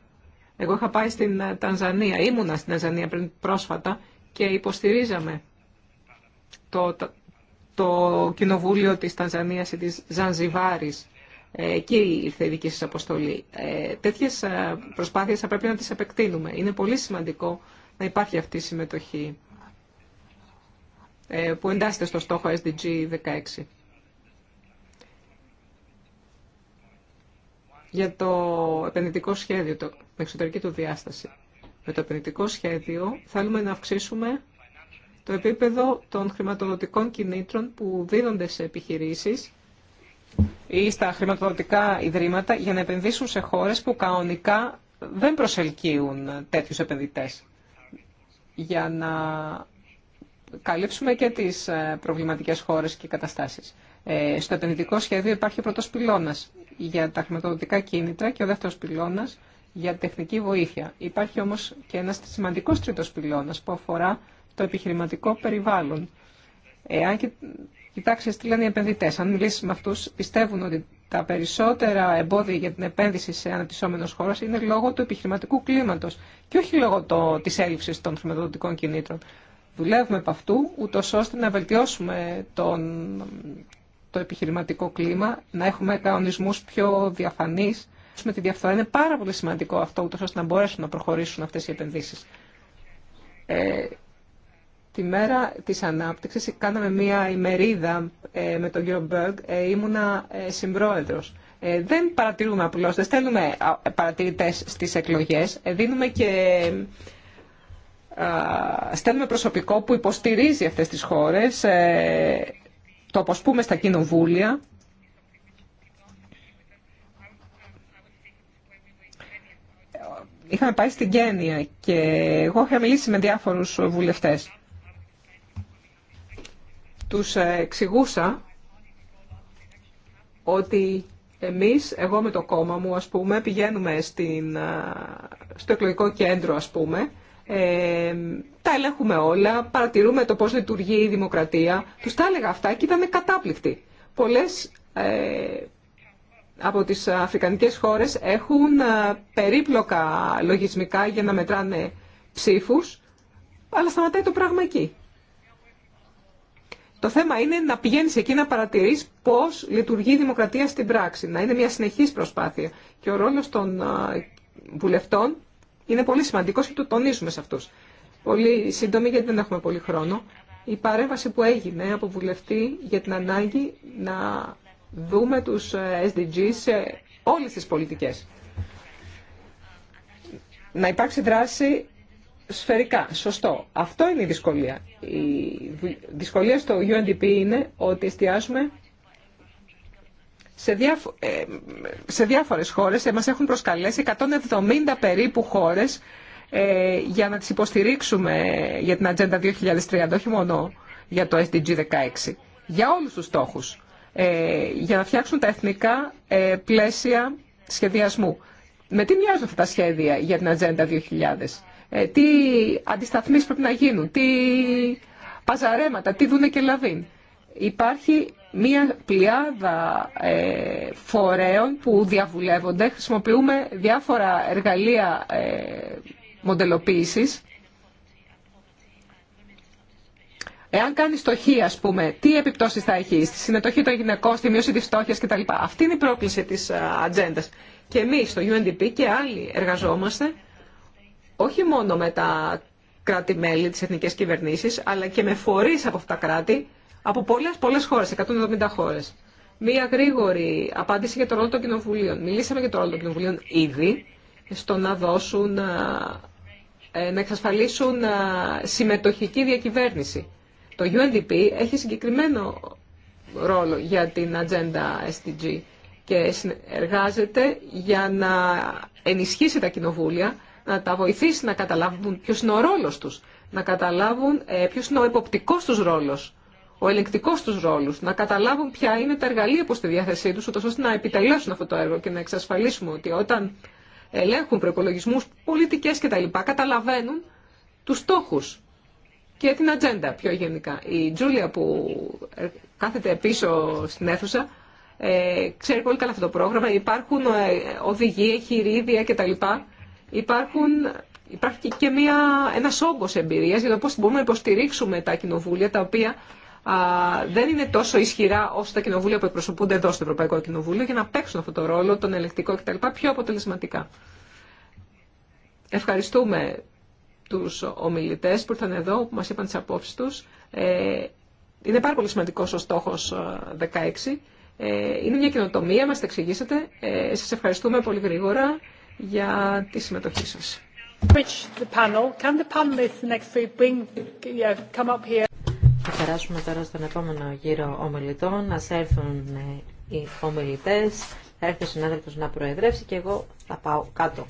Speaker 1: εγώ είχα πάει στην ε, Τανζανία, ήμουνα στην Τανζανία πριν πρόσφατα και υποστηρίζαμε το, το, κοινοβούλιο της Τανζανίας ή της Ζανζιβάρης. Ε, εκεί ήρθε η δική σας αποστολή. Ε, τέτοιες ε, προσπάθειες θα πρέπει να τις επεκτείνουμε. Είναι πολύ σημαντικό να υπάρχει αυτή η συμμετοχή ε, που εντάσσεται στο στόχο SDG 16. Για το επενδυτικό σχέδιο, το εξωτερική του διάσταση. Με το επενδυτικό σχέδιο θέλουμε να αυξήσουμε το επίπεδο των χρηματοδοτικών κινήτρων που δίνονται σε επιχειρήσεις ή στα χρηματοδοτικά ιδρύματα για να επενδύσουν σε χώρες που κανονικά δεν προσελκύουν τέτοιους επενδυτές. Για να καλύψουμε και τις ε, προβληματικές χώρες και καταστάσεις. Ε, στο επενδυτικό σχέδιο υπάρχει ο πρώτος πυλώνας για τα χρηματοδοτικά κίνητρα και ο δεύτερος πυλώνας για τεχνική βοήθεια. Υπάρχει όμως και ένας σημαντικός τρίτος πυλώνας που αφορά το επιχειρηματικό περιβάλλον. Εάν και, τι λένε οι επενδυτές, αν μιλήσεις με αυτούς, πιστεύουν ότι τα περισσότερα εμπόδια για την επένδυση σε αναπτυσσόμενος χώρος είναι λόγω του επιχειρηματικού κλίματος και όχι λόγω το, της έλλειψης των χρηματοδοτικών κινήτρων. Δουλεύουμε από αυτού, ούτω ώστε να βελτιώσουμε τον, το επιχειρηματικό κλίμα, να έχουμε κανονισμούς πιο διαφανείς, με τη διαφθορά. Είναι πάρα πολύ σημαντικό αυτό, ούτως ώστε να μπορέσουν να προχωρήσουν αυτές οι επενδύσεις. Ε, τη μέρα της ανάπτυξης κάναμε μία ημερίδα ε, με τον κύριο Μπέργκ. Ε, ήμουνα ε, συμπρόεδρος. Ε, δεν παρατηρούμε απλώς, δεν στέλνουμε παρατηρητές στις εκλογές. Ε, δίνουμε και... στέλνουμε προσωπικό που υποστηρίζει αυτές τις χώρες, το αποσπούμε στα κοινοβούλια Είχαμε πάει στην Κένια και εγώ είχα μιλήσει με διάφορους βουλευτές. Τους εξηγούσα ότι εμείς, εγώ με το κόμμα μου, ας πούμε, πηγαίνουμε στην, στο εκλογικό κέντρο, ας πούμε, ε, τα ελέγχουμε όλα, παρατηρούμε το πώς λειτουργεί η δημοκρατία. Τους τα έλεγα αυτά και ήταν κατάπληκτοι. Πολλές ε, από τις αφρικανικές χώρες έχουν ε, περίπλοκα λογισμικά για να μετράνε ψήφους, αλλά σταματάει το πράγμα εκεί. Το θέμα είναι να πηγαίνεις εκεί να παρατηρείς πώς λειτουργεί η δημοκρατία στην πράξη, να είναι μια συνεχής προσπάθεια. Και ο ρόλος των ε, βουλευτών είναι πολύ σημαντικός και το τονίζουμε σε αυτούς. Πολύ σύντομη γιατί δεν έχουμε πολύ χρόνο. Η παρέμβαση που έγινε από βουλευτή για την ανάγκη να δούμε τους ε, SDGs σε όλες τις πολιτικές. Να υπάρξει δράση σφαιρικά, σωστό. Αυτό είναι η δυσκολία. Η δυσκολία στο UNDP είναι ότι εστιάζουμε σε, διάφο ε, σε διάφορες χώρες. Μας έχουν προσκαλέσει 170 περίπου χώρες ε, για να τις υποστηρίξουμε για την Ατζέντα 2030, όχι μόνο για το SDG 16, για όλους τους στόχους. Ε, για να φτιάξουν τα εθνικά ε, πλαίσια σχεδιασμού. Με τι μοιάζουν αυτά τα σχέδια για την Ατζέντα 2000. Ε, τι αντισταθμίσεις πρέπει να γίνουν, τι παζαρέματα, τι δούνε και λαβίν. Υπάρχει μία πλειάδα φορέων που διαβουλεύονται, χρησιμοποιούμε διάφορα εργαλεία μοντελοποίησης Εάν κάνει στοχή, α πούμε, τι επιπτώσει θα έχει στη συμμετοχή των γυναικών, στη μείωση τη φτώχεια κτλ. Αυτή είναι η πρόκληση τη ατζέντα. Και εμεί στο UNDP και άλλοι εργαζόμαστε όχι μόνο με τα κράτη-μέλη, τι εθνικέ κυβερνήσει, αλλά και με φορεί από αυτά τα κράτη, από πολλέ πολλές χώρε, 170 χώρε. Μία γρήγορη απάντηση για το ρόλο των κοινοβουλίων. Μιλήσαμε για το ρόλο των κοινοβουλίων ήδη στο να δώσουν ε, να εξασφαλίσουν συμμετοχική διακυβέρνηση το UNDP έχει συγκεκριμένο ρόλο για την ατζέντα SDG και εργάζεται για να ενισχύσει τα κοινοβούλια, να τα βοηθήσει να καταλάβουν ποιο είναι ο ρόλος τους, να καταλάβουν ε, ποιο είναι ο υποπτικός τους ρόλος, ο ελεγκτικός τους ρόλος, να καταλάβουν ποια είναι τα εργαλεία που στη διάθεσή τους, ώστε να επιτελέσουν αυτό το έργο και να εξασφαλίσουμε ότι όταν ελέγχουν προπολογισμού, πολιτικές κτλ. καταλαβαίνουν τους στόχους και την ατζέντα πιο γενικά. Η Τζούλια που ε, κάθεται πίσω στην αίθουσα ε, ξέρει πολύ καλά αυτό το πρόγραμμα. Υπάρχουν ε, οδηγία, χειρίδια κτλ. Υπάρχουν, υπάρχει και μια, ένας όγκος εμπειρίας για το πώς μπορούμε να υποστηρίξουμε τα κοινοβούλια τα οποία α, δεν είναι τόσο ισχυρά όσο τα κοινοβούλια που εκπροσωπούνται εδώ στο Ευρωπαϊκό Κοινοβούλιο για να παίξουν αυτό τον ρόλο, τον ελεκτικό κτλ. πιο αποτελεσματικά. Ευχαριστούμε τους ομιλητές που ήρθαν εδώ, που μας είπαν τις απόψεις τους. Ε, είναι πάρα πολύ σημαντικός ο στόχος 16. Ε, ε, είναι μια κοινοτομία, μας τα εξηγήσατε. Ε, σας ευχαριστούμε πολύ γρήγορα για τη συμμετοχή σας.
Speaker 2: Θα περάσουμε τώρα στον επόμενο γύρο ομιλητών. Να έρθουν οι ομιλητές. Θα έρθει ο συνάδελφος να προεδρεύσει και εγώ θα πάω κάτω.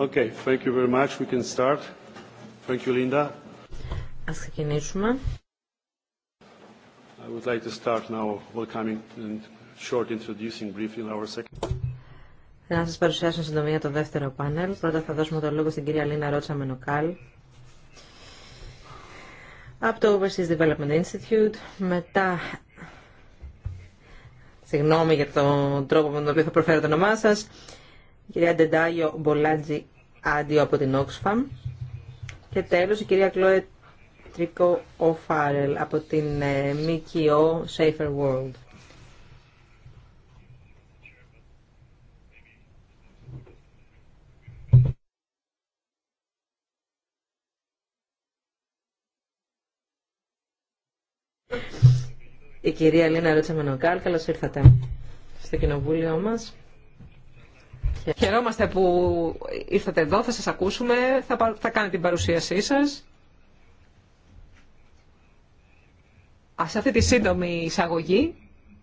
Speaker 2: Okay, thank you very much. We can start. Thank you, Linda. Ας ξεκινήσουμε. I would like to start now welcoming and short
Speaker 1: introducing briefly our second.
Speaker 2: Να σας παρουσιάσω συντομία το δεύτερο πάνελ. Πρώτα θα δώσουμε το λόγο στην κυρία Λίνα Ρότσα Μενοκάλ από το Overseas Development Institute. Μετά Συγγνώμη για τον τρόπο με τον οποίο θα προφέρω το όνομά σας η κυρία Ντεντάγιο Μπολάτζη Άντιο από την Oxfam και τέλος η κυρία Κλώε Τρίκο Οφάρελ από την ε, ΜΚΟ Safer World. Η κυρία Λίνα Ρότσα Μενοκάλ, καλώς ήρθατε
Speaker 1: στο κοινοβούλιο μας. Χαιρόμαστε που ήρθατε εδώ, θα σας ακούσουμε, θα, θα κάνετε την παρουσίασή σας. Σε αυτή τη σύντομη εισαγωγή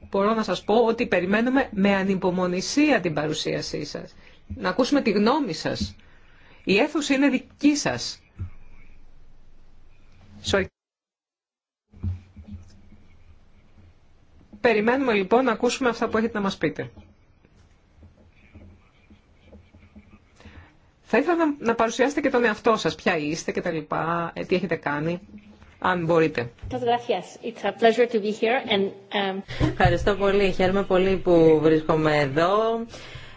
Speaker 1: μπορώ να σας πω ότι περιμένουμε με ανυπομονησία την παρουσίασή σας. Να ακούσουμε τη γνώμη σας. Η αίθουσα είναι δική σας. Περιμένουμε λοιπόν να ακούσουμε αυτά που έχετε να μας πείτε. Θα ήθελα να παρουσιάσετε και τον εαυτό σα. ποια είστε και τα λοιπά, ε, τι έχετε κάνει, αν μπορείτε. Um,
Speaker 2: Ευχαριστώ πολύ, χαίρομαι πολύ που βρίσκομαι εδώ.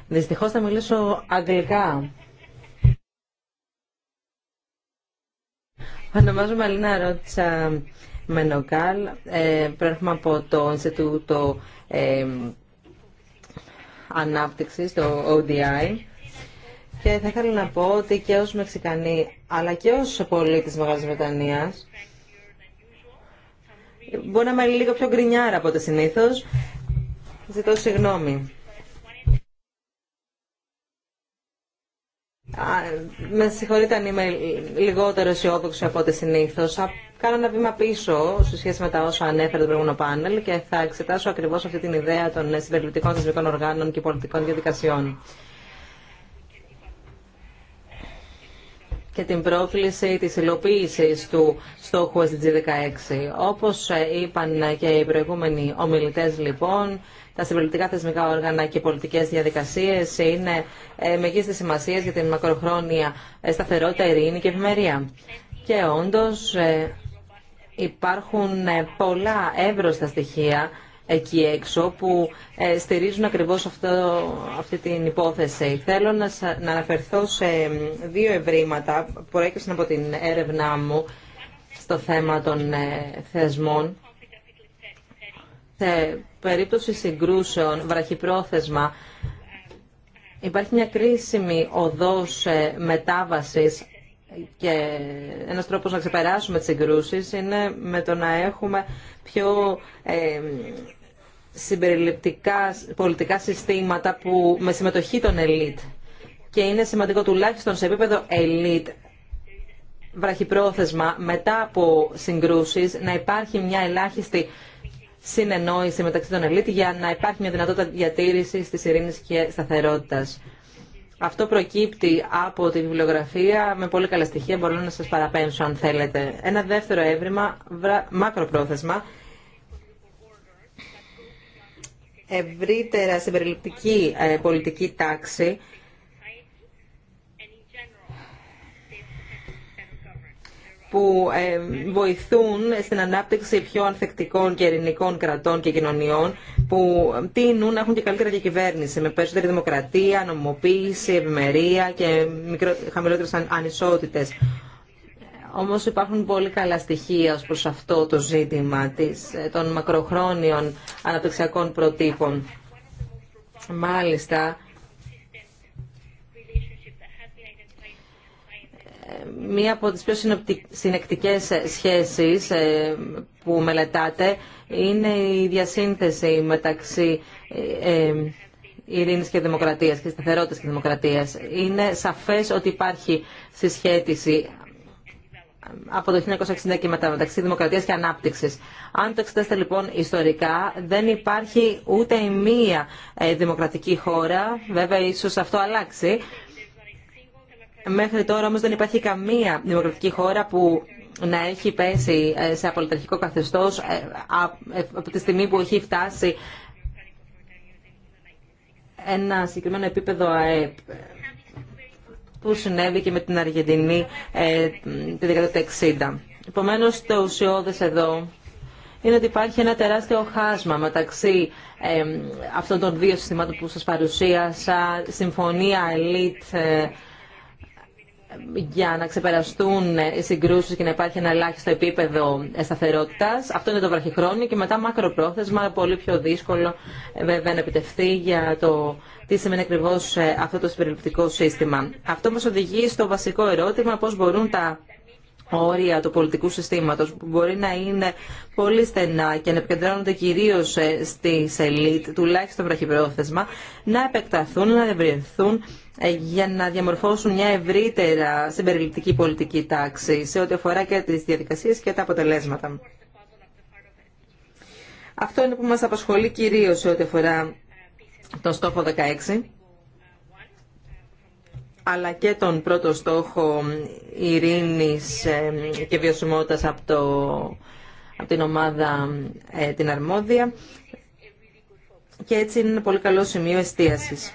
Speaker 2: Δυστυχώς θα μιλήσω αγγλικά. Ονομάζομαι Αλίνα Ρότσα Μενοκάλ. Ε, από το Ινστιτούτο ε, Ανάπτυξης, το ODI. Και θα ήθελα να πω ότι και ως Μεξικανοί, αλλά και ως πολίτης Μεγάλης Βρετανίας, μπορεί να είμαι λίγο πιο γκρινιάρα από ό,τι συνήθως, ζητώ συγγνώμη. Με συγχωρείτε αν είμαι λιγότερο αισιόδοξη από ό,τι συνήθω. κάνω ένα βήμα πίσω σε σχέση με τα όσα ανέφερε το προηγούμενο πάνελ και θα εξετάσω ακριβώ αυτή την ιδέα των συμπεριληπτικών θεσμικών οργάνων και πολιτικών διαδικασιών. και την πρόκληση της υλοποίηση του στόχου SDG16. Όπως ε, είπαν και οι προηγούμενοι ομιλητές λοιπόν, τα συμπληρωτικά θεσμικά όργανα και οι πολιτικές διαδικασίες είναι ε, μεγίστη σημασίας για την μακροχρόνια ε, σταθερότητα, ειρήνη και ευημερία. Και όντως υπάρχουν πολλά εύρωστα στοιχεία εκεί έξω που ε, στηρίζουν ακριβώς αυτό, αυτή την υπόθεση. Θέλω να, να αναφερθώ σε δύο ευρήματα που προέκυψαν από την έρευνά μου στο θέμα των ε, θεσμών. Σε περίπτωση συγκρούσεων, βραχυπρόθεσμα, υπάρχει μια κρίσιμη οδός ε, μετάβασης και ένας τρόπος να ξεπεράσουμε τις συγκρούσεις είναι με το να έχουμε πιο συμπεριληπτικά πολιτικά συστήματα που, με συμμετοχή των ελίτ. Και είναι σημαντικό τουλάχιστον σε επίπεδο ελίτ βραχυπρόθεσμα μετά από συγκρούσεις να υπάρχει μια ελάχιστη συνεννόηση μεταξύ των ελίτ για να υπάρχει μια δυνατότητα διατήρηση της ειρήνης και σταθερότητας. Αυτό προκύπτει από τη βιβλιογραφία με πολύ καλά στοιχεία. Μπορώ να σας παραπέμψω αν θέλετε. Ένα δεύτερο έβριμα, μακροπρόθεσμα, ευρύτερα συμπεριληπτική ε, πολιτική τάξη που ε, βοηθούν στην ανάπτυξη πιο ανθεκτικών και ειρηνικών κρατών και κοινωνιών που τείνουν να έχουν και καλύτερη διακυβέρνηση, κυβέρνηση με περισσότερη δημοκρατία, νομοποίηση, ευημερία και χαμηλότερες ανισότητες. Όμως υπάρχουν πολύ καλά στοιχεία ως προς αυτό το ζήτημα της, ε, των μακροχρόνιων αναπτυξιακών προτύπων. Μάλιστα, ε, μία από τις πιο συνεκτικές ε, σχέσεις που μελετάτε είναι η διασύνθεση μεταξύ ειρήνης και δημοκρατίας και σταθερότητα και δημοκρατίας. Είναι σαφές ότι υπάρχει συσχέτιση από το 1960 και μετά μεταξύ δημοκρατίας και ανάπτυξης. Αν το εξετάσετε λοιπόν ιστορικά, δεν υπάρχει ούτε η μία ε, δημοκρατική χώρα, βέβαια ίσως αυτό αλλάξει. Μέχρι τώρα όμως δεν υπάρχει καμία δημοκρατική χώρα που να έχει πέσει ε, σε απολυταρχικό καθεστώς ε, από τη στιγμή που έχει φτάσει ένα συγκεκριμένο επίπεδο ΑΕΠ που συνέβη και με την Αργεντινή ε, τη δεκαετία του 1960. Επομένως, το ουσιώδες εδώ είναι ότι υπάρχει ένα τεράστιο χάσμα μεταξύ ε, αυτών των δύο συστημάτων που σας παρουσίασα, συμφωνία ελίτ ε, για να ξεπεραστούν οι συγκρούσει και να υπάρχει ένα ελάχιστο επίπεδο σταθερότητα. Αυτό είναι το βραχυχρόνιο και μετά μακροπρόθεσμα, πολύ πιο δύσκολο βέβαια να επιτευχθεί για το τι σημαίνει ακριβώ ε, αυτό το συμπεριληπτικό σύστημα. Αυτό μας οδηγεί στο βασικό ερώτημα πώς μπορούν τα όρια του πολιτικού συστήματος που μπορεί να είναι πολύ στενά και να επικεντρώνονται κυρίως ε, στη ελίτ, τουλάχιστον βραχυπρόθεσμα, να επεκταθούν, να ευρυνθούν ε, για να διαμορφώσουν μια ευρύτερα συμπεριληπτική πολιτική τάξη σε ό,τι αφορά και τις διαδικασίες και τα αποτελέσματα. Αυτό είναι που μας απασχολεί κυρίως σε ό,τι αφορά τον στόχο 16 αλλά και τον πρώτο στόχο ειρήνης ε, και βιωσιμότητας από, το, την ομάδα ε, την αρμόδια και έτσι είναι ένα πολύ καλό σημείο εστίασης.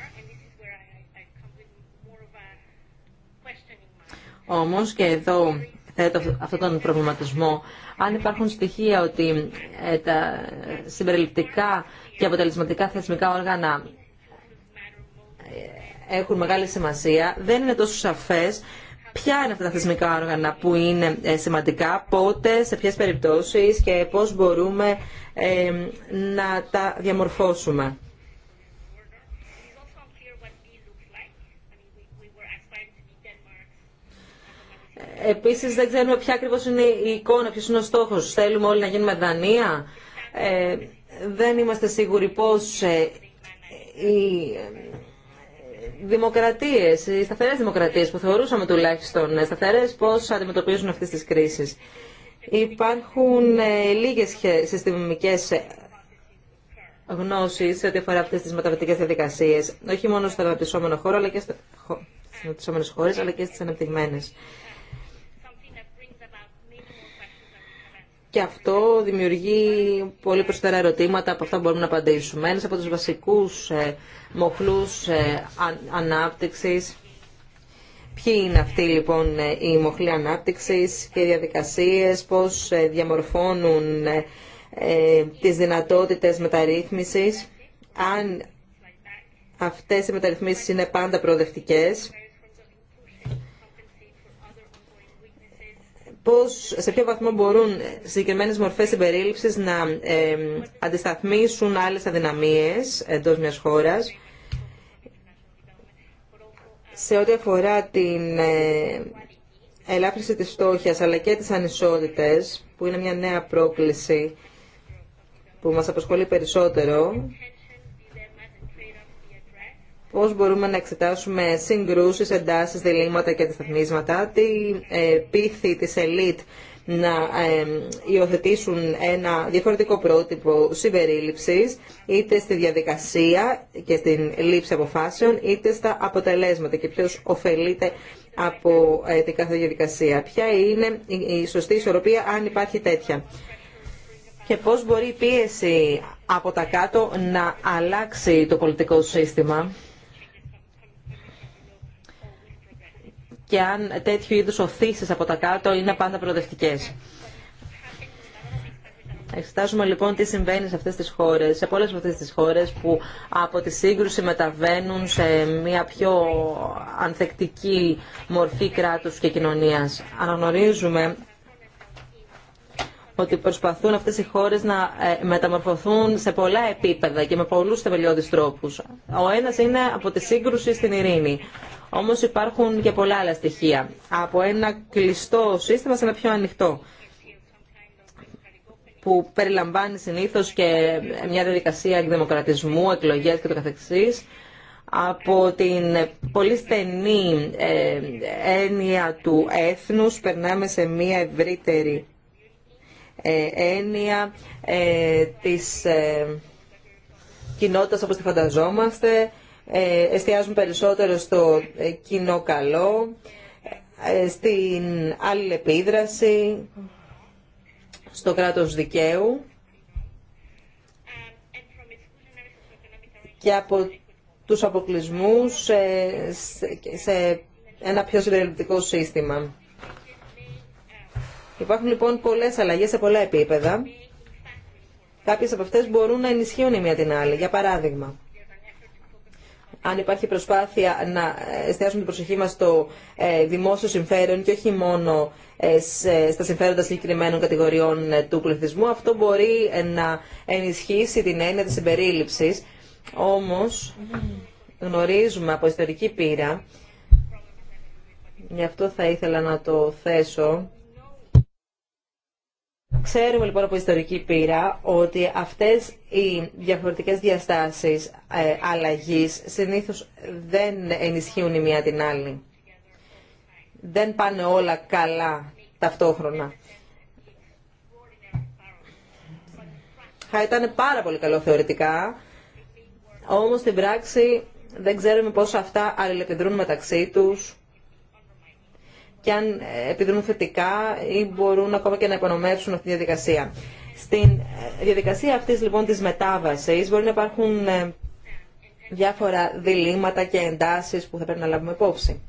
Speaker 2: Όμως και εδώ θέτω αυτόν τον προβληματισμό. Αν υπάρχουν στοιχεία ότι ε, τα συμπεριληπτικά και αποτελεσματικά θεσμικά όργανα έχουν μεγάλη σημασία, δεν είναι τόσο σαφές ποια είναι αυτά τα θεσμικά όργανα που είναι ε, σημαντικά, πότε, σε ποιες περιπτώσεις και πώς μπορούμε ε, να τα διαμορφώσουμε. Επίση, δεν ξέρουμε ποια ακριβώ είναι η εικόνα, ποιο είναι ο στόχο. Θέλουμε όλοι να γίνουμε Δανία. Ε, δεν είμαστε σίγουροι πώς ε, η δημοκρατίες, οι σταθερές δημοκρατίες που θεωρούσαμε τουλάχιστον ε, σταθερές, πώς αντιμετωπίζουν αυτές τις κρίσεις. Υπάρχουν ε, λίγες συστημικές ε, γνώσεις σε ό,τι αφορά αυτές τις μεταβατικές διαδικασίες, όχι μόνο στον αναπτυσσόμενο χώρο, αλλά και στις αναπτυσσόμενες χώρες, αλλά και στις αναπτυγμένες. και αυτό δημιουργεί πολύ περισσότερα ερωτήματα από αυτά που μπορούμε να απαντήσουμε. Ένας από τους βασικούς ε, μοχλούς ε, ανάπτυξης Ποιοι είναι αυτοί λοιπόν ε, οι μοχλοί ανάπτυξης και οι διαδικασίες, πώς διαμορφώνουν τις δυνατότητες μεταρρύθμισης, αν αυτές οι μεταρρυθμίσεις είναι πάντα προοδευτικές πώς, σε ποιο βαθμό μπορούν συγκεκριμένες μορφές συμπερίληψης να ε, αντισταθμίσουν άλλες αδυναμίες εντός μιας χώρας σε ό,τι αφορά την ε, ελάφρυνση της φτώχειας αλλά και τις ανισότητες που είναι μια νέα πρόκληση που μας αποσχολεί περισσότερο πώς μπορούμε να εξετάσουμε συγκρούσεις, εντάσεις, διλήμματα και αντισταθμίσματα, τι ε, πείθει της ελίτ να ε, υιοθετήσουν ένα διαφορετικό πρότυπο συμπερίληψης είτε στη διαδικασία και στην λήψη αποφάσεων είτε στα αποτελέσματα και ποιος ωφελείται από ε, την κάθε διαδικασία. Ποια είναι η σωστή ισορροπία αν υπάρχει τέτοια. Και πώς μπορεί η πίεση από τα κάτω να αλλάξει το πολιτικό σύστημα και αν τέτοιου είδους οθήσεις από τα κάτω είναι πάντα προοδευτικές. Εξετάζουμε λοιπόν τι συμβαίνει σε αυτές τις χώρες, σε πολλές από αυτές τις χώρες που από τη σύγκρουση μεταβαίνουν σε μια πιο ανθεκτική μορφή κράτους και κοινωνίας. Αναγνωρίζουμε ότι προσπαθούν αυτές οι χώρες να ε, μεταμορφωθούν σε πολλά επίπεδα και με πολλούς θεμελιώδεις τρόπους. Ο ένας είναι από τη σύγκρουση στην ειρήνη. Όμως υπάρχουν και πολλά άλλα στοιχεία. Από ένα κλειστό σύστημα σε ένα πιο ανοιχτό που περιλαμβάνει συνήθως και μια διαδικασία εκδημοκρατισμού, εκλογές και το καθεξής, από την πολύ στενή ε, έννοια του έθνους περνάμε σε μια ευρύτερη ε, έννοια ε, της κοινότητας όπως τη φανταζόμαστε, ε, εστιάζουν περισσότερο στο ε, κοινό καλό, ε, στην αλληλεπίδραση, στο κράτος δικαίου και από τους αποκλεισμούς σε ένα πιο συμπεριληπτικό σύστημα. Υπάρχουν λοιπόν πολλές αλλαγές σε πολλά επίπεδα. Κάποιες από αυτές μπορούν να ενισχύουν η μία την άλλη. Για παράδειγμα, αν υπάρχει προσπάθεια να εστιάσουμε την προσοχή μας στο ε, δημόσιο συμφέρον και όχι μόνο ε, στα συμφέροντα συγκεκριμένων κατηγοριών ε, του πληθυσμού, αυτό μπορεί να ενισχύσει την έννοια της συμπερίληψης. Όμως γνωρίζουμε από ιστορική πείρα, γι' αυτό θα ήθελα να το θέσω, Ξέρουμε λοιπόν από ιστορική πείρα ότι αυτές οι διαφορετικές διαστάσεις ε, αλλαγής συνήθως δεν ενισχύουν η μία την άλλη. Δεν πάνε όλα καλά ταυτόχρονα. Θα ήταν πάρα πολύ καλό θεωρητικά, όμως στην πράξη δεν ξέρουμε πώς αυτά αλληλεπιδρούν μεταξύ τους και αν επιδρούν θετικά ή μπορούν ακόμα και να υπονομεύσουν αυτή τη διαδικασία. Στην ε, διαδικασία αυτής λοιπόν της μετάβασης μπορεί να υπάρχουν ε, διάφορα διλήμματα και εντάσεις που θα πρέπει να λάβουμε υπόψη.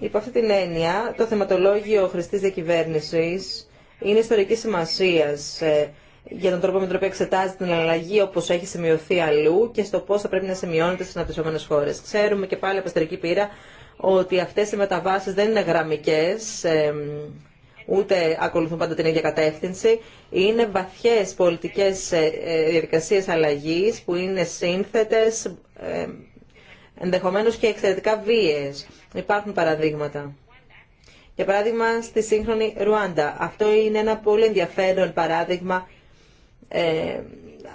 Speaker 2: Υπό αυτή την έννοια, το θεματολόγιο χρηστής διακυβέρνησης είναι ιστορική σημασίας ε, για τον τρόπο με τον οποίο εξετάζει την αλλαγή όπω έχει σημειωθεί αλλού και στο πώ θα πρέπει να σημειώνεται στι αναπτυσσόμενε χώρε. Ξέρουμε και πάλι από παστρική πείρα ότι αυτές οι μεταβάσεις δεν είναι γραμμικές, ούτε ακολουθούν πάντα την ίδια κατεύθυνση. Είναι βαθιές πολιτικές ε, ε, διαδικασίες αλλαγής που είναι σύνθετες, ενδεχομένως και εξαιρετικά βίαιες. Υπάρχουν παραδείγματα. Για παράδειγμα, στη σύγχρονη Ρουάντα. Αυτό είναι ένα πολύ ενδιαφέρον παράδειγμα ε,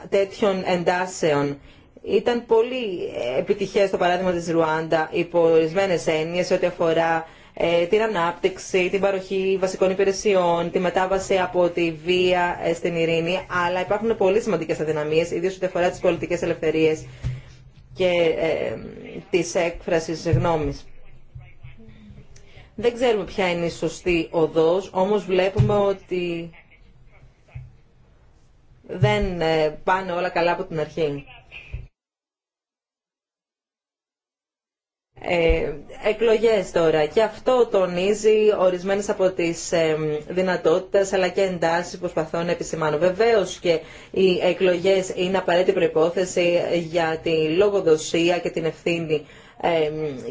Speaker 2: τέτοιων εντάσεων. Ήταν πολύ επιτυχές το παράδειγμα της Ρουάντα υπό ορισμένε έννοιες ό,τι αφορά ε, την ανάπτυξη, την παροχή βασικών υπηρεσιών, τη μετάβαση από τη βία ε, στην ειρήνη, αλλά υπάρχουν πολύ σημαντικές αδυναμίες, ιδίως ό,τι αφορά τις πολιτικές ελευθερίες και ε, της έκφρασης γνώμης. Δεν ξέρουμε ποια είναι η σωστή οδός, όμως βλέπουμε ότι δεν ε, πάνε όλα καλά από την αρχή. Ε, εκλογές τώρα. Και αυτό τονίζει ορισμένες από τις δυνατότητες αλλά και εντάσεις που προσπαθώ να επισημάνω. Βεβαίως και οι εκλογές είναι απαραίτητη προϋπόθεση για τη λογοδοσία και την ευθύνη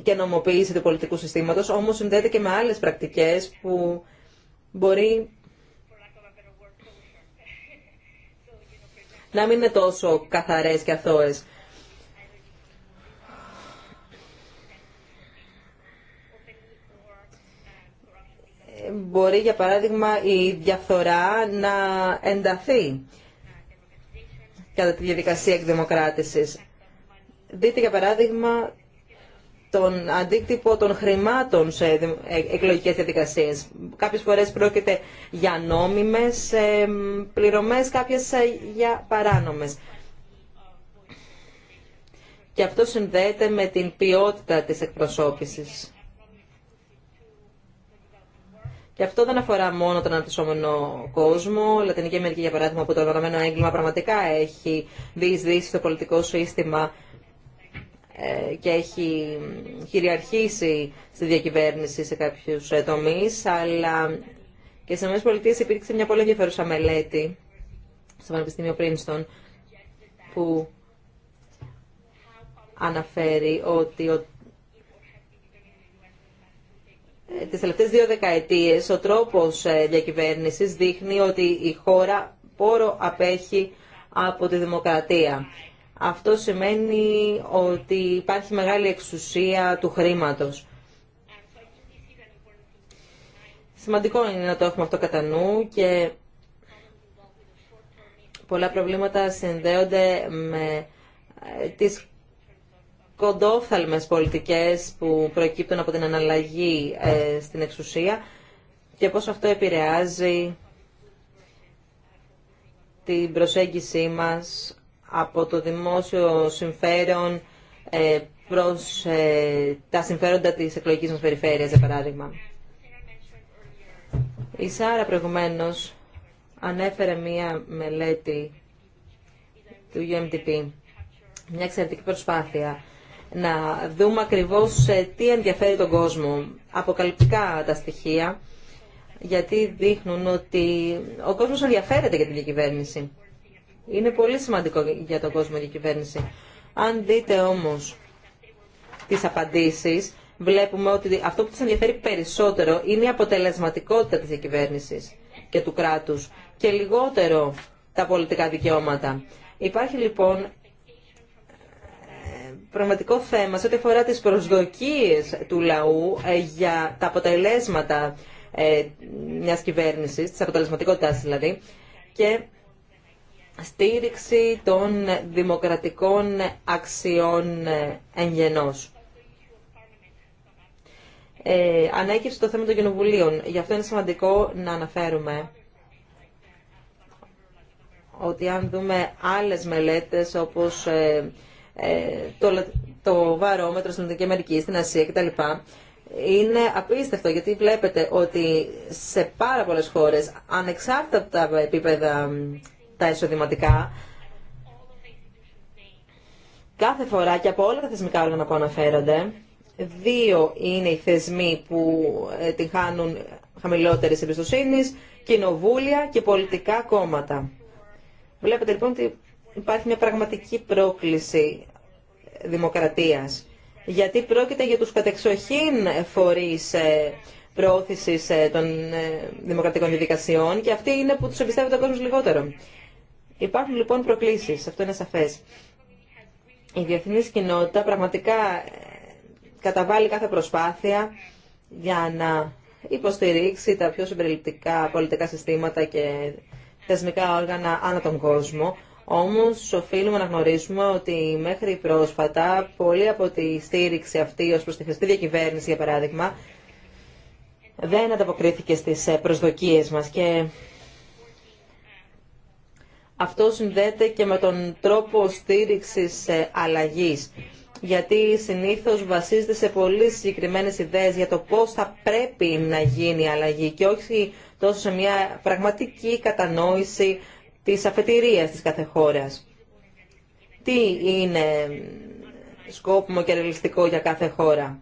Speaker 2: και νομοποίηση του πολιτικού συστήματος, όμως συνδέεται και με άλλες πρακτικές που μπορεί να μην είναι τόσο καθαρές και αθώες. μπορεί για παράδειγμα η διαφθορά να ενταθεί κατά τη διαδικασία εκδημοκράτησης. Δείτε για παράδειγμα τον αντίκτυπο των χρημάτων σε ε, εκλογικές διαδικασίες. Κάποιες φορές πρόκειται για νόμιμες πληρωμές, κάποιες ε, για παράνομες. Και αυτό συνδέεται με την ποιότητα της εκπροσώπησης. Και αυτό δεν αφορά μόνο τον αναπτυσσόμενο κόσμο. Η Λατινική Αμερική, για παράδειγμα, που το οργανωμένο έγκλημα πραγματικά έχει διεισδύσει στο πολιτικό σύστημα ε, και έχει κυριαρχήσει στη διακυβέρνηση σε κάποιους ε, τομεί, αλλά και στι ΗΠΑ υπήρξε μια πολύ ενδιαφέρουσα μελέτη στο Πανεπιστήμιο Πρίνστον που αναφέρει ότι ο ε, τις τελευταίες δύο δεκαετίες ο τρόπος ε, διακυβέρνησης δείχνει ότι η χώρα πόρο απέχει από τη δημοκρατία. Αυτό σημαίνει ότι υπάρχει μεγάλη εξουσία του χρήματος. Σημαντικό είναι να το έχουμε αυτό κατά νου και πολλά προβλήματα συνδέονται με ε, τις κοντόφθαλμες πολιτικές που προκύπτουν από την αναλλαγή ε, στην εξουσία και πώς αυτό επηρεάζει την προσέγγιση μας από το δημόσιο συμφέρον ε, προς ε, τα συμφέροντα της εκλογικής μας περιφέρειας, για παράδειγμα. Η Σάρα προηγουμένως ανέφερε μία μελέτη του UMDP, μια εξαιρετική προσπάθεια να δούμε ακριβώς ε, τι ενδιαφέρει τον κόσμο. Αποκαλυπτικά τα στοιχεία, γιατί δείχνουν ότι ο κόσμος ενδιαφέρεται για την διακυβέρνηση. Είναι πολύ σημαντικό για τον κόσμο η διακυβέρνηση. Αν δείτε όμως τις απαντήσεις, βλέπουμε ότι αυτό που τους ενδιαφέρει περισσότερο είναι η αποτελεσματικότητα της διακυβέρνηση και του κράτους και λιγότερο τα πολιτικά δικαιώματα. Υπάρχει λοιπόν πραγματικό θέμα σε ό,τι αφορά τις προσδοκίες του λαού ε, για τα αποτελέσματα ε, μιας κυβέρνησης, της αποτελεσματικότητας δηλαδή, και στήριξη των δημοκρατικών αξιών ε, εν γενός. Ε, ανέκυψε το θέμα των κοινοβουλίων. Γι' αυτό είναι σημαντικό να αναφέρουμε ότι αν δούμε άλλες μελέτες όπως ε, το, το βαρόμετρο στην Αμερική, στην Ασία κτλ. Είναι απίστευτο γιατί βλέπετε ότι σε πάρα πολλές χώρες, ανεξάρτητα από τα επίπεδα τα εισοδηματικά, κάθε φορά και από όλα τα θεσμικά όργανα που αναφέρονται, δύο είναι οι θεσμοί που ε, την χάνουν χαμηλότερης εμπιστοσύνης, κοινοβούλια και πολιτικά κόμματα. Βλέπετε λοιπόν ότι υπάρχει μια πραγματική πρόκληση δημοκρατίας. Γιατί πρόκειται για τους κατεξοχήν φορείς ε, προώθησης ε, των ε, δημοκρατικών διαδικασιών και αυτοί είναι που τους εμπιστεύεται ο κόσμος λιγότερο. Υπάρχουν λοιπόν προκλήσεις, αυτό είναι σαφές. Η διεθνή κοινότητα πραγματικά καταβάλει κάθε προσπάθεια για να υποστηρίξει τα πιο συμπεριληπτικά πολιτικά συστήματα και θεσμικά όργανα ανά τον κόσμο. Όμως οφείλουμε να γνωρίσουμε ότι μέχρι πρόσφατα πολλή από τη στήριξη αυτή ως προς τη χρηστή διακυβέρνηση για παράδειγμα δεν ανταποκρίθηκε στις ε, προσδοκίες μας και αυτό συνδέεται και με τον τρόπο στήριξης ε, αλλαγής γιατί συνήθως βασίζεται σε πολύ συγκεκριμένες ιδέες για το πώς θα πρέπει να γίνει η αλλαγή και όχι τόσο σε μια πραγματική κατανόηση της αφετηρίας της κάθε χώρας. Τι είναι σκόπιμο και ρελιστικό για κάθε χώρα.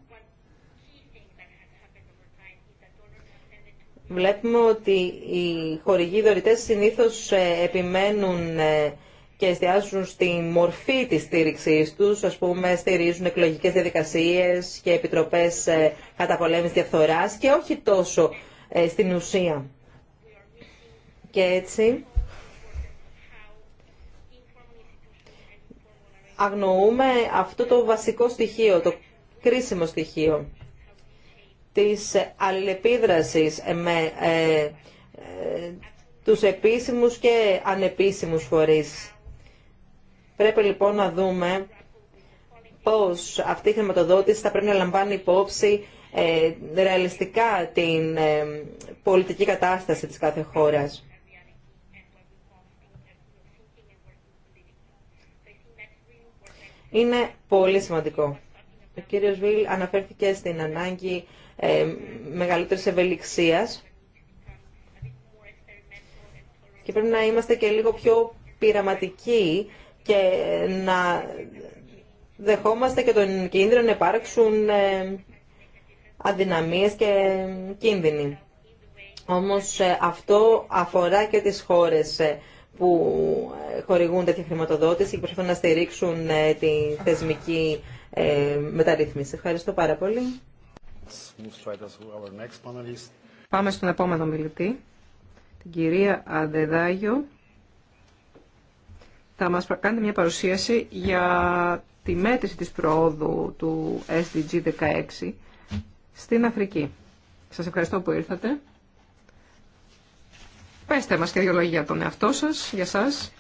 Speaker 2: Βλέπουμε ότι οι χορηγοί δωρητές συνήθως ε, επιμένουν ε, και εστιάζουν στη μορφή της στήριξής τους, ας πούμε στηρίζουν εκλογικές διαδικασίες και επιτροπές ε, καταπολέμησης διαφθοράς και όχι τόσο στην ουσία. Και έτσι αγνοούμε αυτό το βασικό στοιχείο, το κρίσιμο στοιχείο της αλληλεπίδρασης με ε, ε, τους επίσημους και ανεπίσημους φορείς. Πρέπει λοιπόν να δούμε πώς αυτή η χρηματοδότηση θα πρέπει να λαμβάνει υπόψη ε, ρεαλιστικά την ε, πολιτική κατάσταση της κάθε χώρας. είναι πολύ σημαντικό. Ο κύριος Βίλ αναφέρθηκε στην ανάγκη ε, μεγαλύτερης ευελιξίας και πρέπει να είμαστε και λίγο πιο πειραματικοί και να δεχόμαστε και τον κίνδυνο να υπάρξουν ε, αδυναμίες και κίνδυνοι. Όμως ε, αυτό αφορά και τις χώρες ε, που ε, χορηγούν τέτοια χρηματοδότηση και προσπαθούν να στηρίξουν ε, τη θεσμική ε, μεταρρύθμιση. Ευχαριστώ πάρα πολύ.
Speaker 1: Πάμε στον επόμενο μιλητή, την κυρία Αντεδάγιο. Θα μας κάνει μια παρουσίαση για τη μέτρηση της προόδου του SDG 16 στην Αφρική. Σας ευχαριστώ που ήρθατε. Πέστε μας και δύο λόγια για τον εαυτό σας, για σας.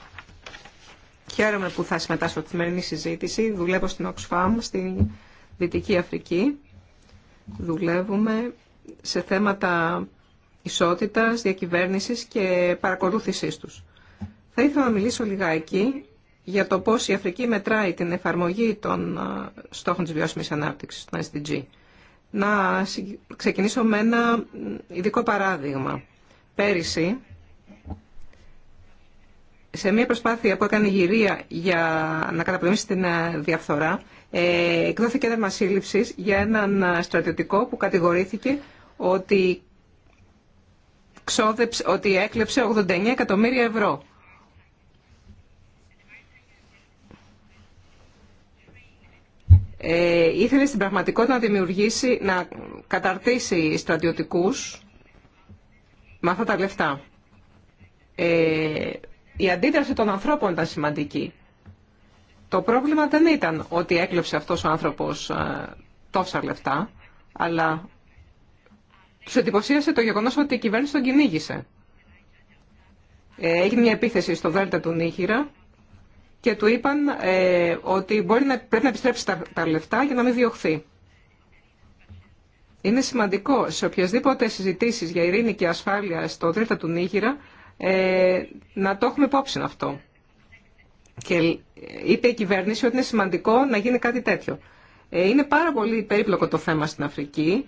Speaker 1: Χαίρομαι που θα συμμετάσχω στη σημερινή συζήτηση. Δουλεύω στην Oxfam, στη Δυτική Αφρική. Δουλεύουμε σε θέματα ισότητας, διακυβέρνησης και παρακολούθησής τους. Θα ήθελα να μιλήσω λιγάκι για το πώς η Αφρική μετράει την εφαρμογή των ε, στόχων της βιώσιμης ανάπτυξης, των SDG. Να ξεκινήσω με ένα ειδικό παράδειγμα. Πέρυσι σε μια προσπάθεια που έκανε η Γυρία για να καταπολεμήσει την ε, διαφθορά, ε, εκδόθηκε ένα σύλληψη για έναν ε, στρατιωτικό που κατηγορήθηκε ότι, ξόδεψε, ότι έκλεψε 89 εκατομμύρια ευρώ. Ε, ήθελε στην πραγματικότητα να δημιουργήσει, να καταρτήσει στρατιωτικούς με αυτά τα λεφτά. Ε, η αντίδραση των ανθρώπων ήταν σημαντική. Το πρόβλημα δεν ήταν ότι έκλεψε αυτός ο άνθρωπος ε, τόσα λεφτά, αλλά τους εντυπωσίασε το γεγονός ότι η κυβέρνηση τον κυνήγησε. Ε, έγινε μια επίθεση στο Δέλτα του Νίχυρα και του είπαν ε, ότι μπορεί να, πρέπει να επιστρέψει τα, τα λεφτά για να μην διωχθεί. Είναι σημαντικό σε οποιασδήποτε συζητήσεις για ειρήνη και ασφάλεια στο Δέλτα του Νίγηρα ε, να το έχουμε υπόψη αυτό. Και είπε η κυβέρνηση ότι είναι σημαντικό να γίνει κάτι τέτοιο. Ε, είναι πάρα πολύ περίπλοκο το θέμα στην Αφρική.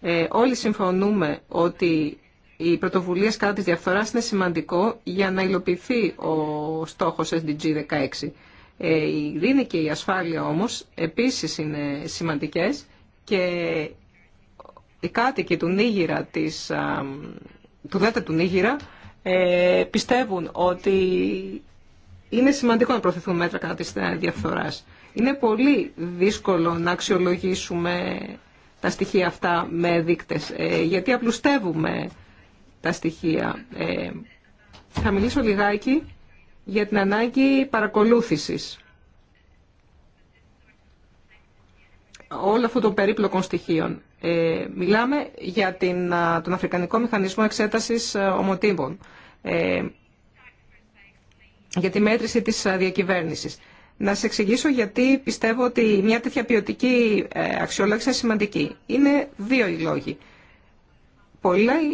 Speaker 1: Ε, όλοι συμφωνούμε ότι οι πρωτοβουλίες κατά της διαφθοράς είναι σημαντικό για να υλοποιηθεί ο στόχος SDG 16. η ειρήνη και η ασφάλεια όμως επίσης είναι σημαντικές και οι κάτοικοι του Νίγηρα, της, του Δέτα του Νίγηρα ε, πιστεύουν ότι είναι σημαντικό να προωθηθούν μέτρα κατά της διαφθοράς. Είναι πολύ δύσκολο να αξιολογήσουμε τα στοιχεία αυτά με δείκτες, ε, γιατί απλουστεύουμε τα στοιχεία. Ε, θα μιλήσω λιγάκι για την ανάγκη παρακολούθησης. Όλο αυτό των περίπλοκων στοιχείων. Ε, μιλάμε για την, τον Αφρικανικό Μηχανισμό Εξέτασης Ομοτήμων ε, για τη μέτρηση της διακυβέρνησης. Να σας εξηγήσω γιατί πιστεύω ότι μια τέτοια ποιοτική ε, αξιολόγηση είναι σημαντική. Είναι δύο οι λόγοι.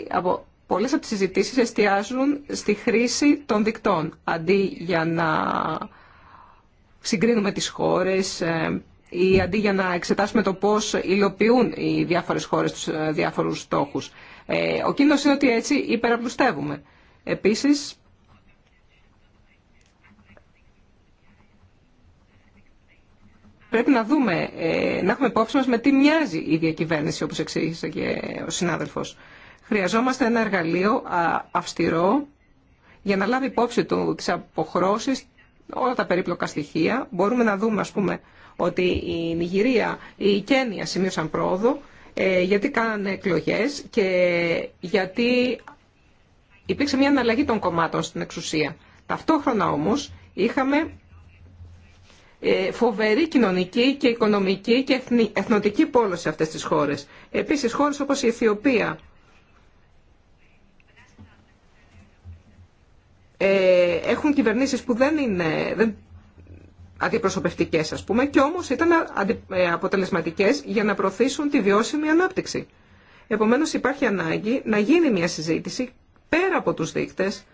Speaker 1: από, πολλές από τις συζητήσεις εστιάζουν στη χρήση των δικτών, αντί για να συγκρίνουμε τις χώρες, ε, ή αντί για να εξετάσουμε το πώς υλοποιούν οι διάφορες χώρες τους ε, διάφορους στόχους. Ε, ο κίνδυνος είναι ότι έτσι υπεραπλουστεύουμε. Επίσης, πρέπει να δούμε, ε, να έχουμε υπόψη μας με τι μοιάζει η διακυβέρνηση, όπως εξήγησε και ο συνάδελφος. Χρειαζόμαστε ένα εργαλείο αυστηρό για να λάβει υπόψη του τις αποχρώσεις, όλα τα περίπλοκα στοιχεία. Μπορούμε να δούμε, ας πούμε, ότι η Νιγηρία, η Κένια σημείωσαν πρόοδο ε, γιατί κάνανε εκλογές και γιατί υπήρξε μια αναλλαγή των κομμάτων στην εξουσία. Ταυτόχρονα όμως είχαμε ε, φοβερή κοινωνική και οικονομική και εθνοτική πόλωση σε αυτές τις χώρες. Επίσης χώρες όπως η Αιθιοπία ε, έχουν κυβερνήσεις που δεν, είναι, δεν Αντιπροσωπευτικέ α πούμε και όμως ήταν ε, αποτελεσματικές για να προωθήσουν τη βιώσιμη ανάπτυξη. Επομένως υπάρχει ανάγκη να γίνει μια συζήτηση πέρα από τους δείκτες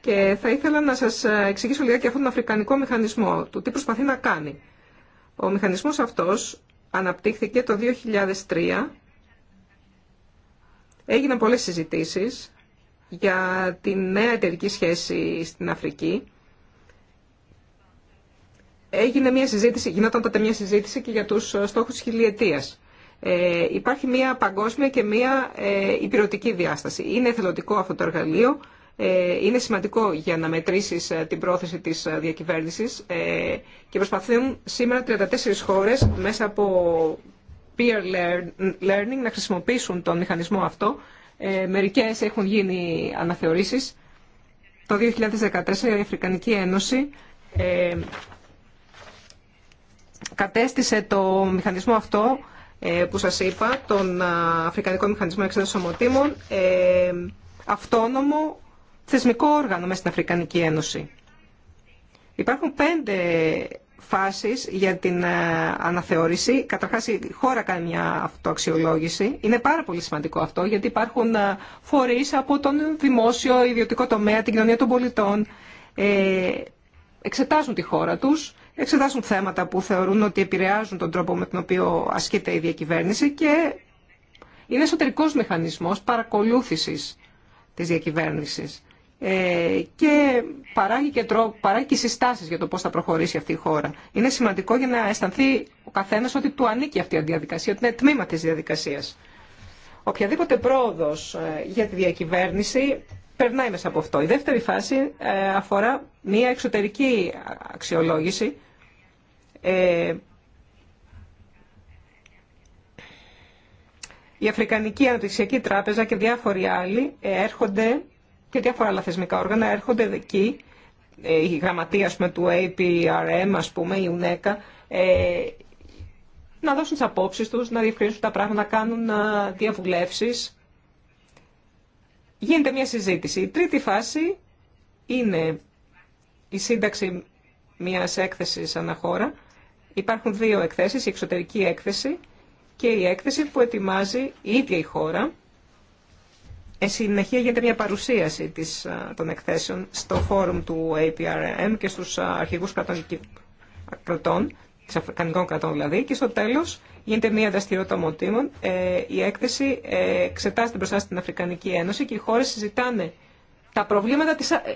Speaker 1: και θα ήθελα να σας ε, εξηγήσω λιγάκι αυτόν τον αφρικανικό μηχανισμό, του τι προσπαθεί να κάνει. Ο μηχανισμός αυτός αναπτύχθηκε το 2003, έγιναν πολλές συζητήσεις για τη νέα εταιρική σχέση στην Αφρική έγινε μια συζήτηση, γινόταν τότε μια συζήτηση και για τους ε, στόχους χιλιετίας. Ε, υπάρχει μια παγκόσμια και μια ε, υπηρετική διάσταση. Είναι εθελοντικό αυτό το εργαλείο, ε, είναι σημαντικό για να μετρήσεις ε, την πρόθεση της ε, διακυβέρνησης και προσπαθούν σήμερα 34 χώρες μέσα από peer learning να χρησιμοποιήσουν τον μηχανισμό αυτό. μερικές έχουν γίνει αναθεωρήσεις. Το 2014 η Αφρικανική Ένωση κατέστησε το μηχανισμό αυτό ε, που σας είπα, τον Αφρικανικό Μηχανισμό Εξέδωσης Ομοτήμων, ε, αυτόνομο θεσμικό όργανο μέσα στην Αφρικανική Ένωση. Υπάρχουν πέντε φάσεις για την ε, αναθεώρηση. Καταρχάς η χώρα κάνει μια αυτοαξιολόγηση. Είναι πάρα πολύ σημαντικό αυτό γιατί υπάρχουν φορείς από τον δημόσιο ιδιωτικό τομέα, την κοινωνία των πολιτών. εξετάζουν τη χώρα τους εξετάζουν θέματα που θεωρούν ότι επηρεάζουν τον τρόπο με τον οποίο ασκείται η διακυβέρνηση και είναι εσωτερικός μηχανισμός παρακολούθησης της διακυβέρνησης ε, και παράγει και, τρόπο, παράγει συστάσεις για το πώς θα προχωρήσει αυτή η χώρα. Είναι σημαντικό για να αισθανθεί ο καθένας ότι του ανήκει αυτή η διαδικασία, ότι είναι τμήμα της διαδικασίας. Οποιαδήποτε πρόοδος ε, για τη διακυβέρνηση περνάει μέσα από αυτό. Η δεύτερη φάση ε, αφορά μία εξωτερική αξιολόγηση ε, Η Αφρικανική Αναπτυξιακή Τράπεζα και διάφοροι άλλοι ε, έρχονται και διάφορα άλλα θεσμικά όργανα έρχονται εκεί. Η γραμματεία πούμε, του APRM, ας πούμε, η UNECA, να δώσουν τις απόψεις τους, να διευκρινίσουν τα πράγματα, να κάνουν διαβουλεύσεις γίνεται μια συζήτηση. Η τρίτη φάση είναι η σύνταξη μιας έκθεσης αναχώρα. Υπάρχουν δύο εκθέσεις, η εξωτερική έκθεση και η έκθεση που ετοιμάζει η ίδια η χώρα. Εν συνεχεία γίνεται μια παρουσίαση της, των εκθέσεων στο φόρουμ του APRM και στους αρχηγούς κρατών, κρατών, της Αφρικανικών κρατών δηλαδή, και στο τέλος Γίνεται μια δραστηριότητα ομοτήμων. Ε, η έκθεση ε, εξετάζεται μπροστά στην Αφρικανική Ένωση και οι χώρε συζητάνε τα προβλήματα τη. Ε,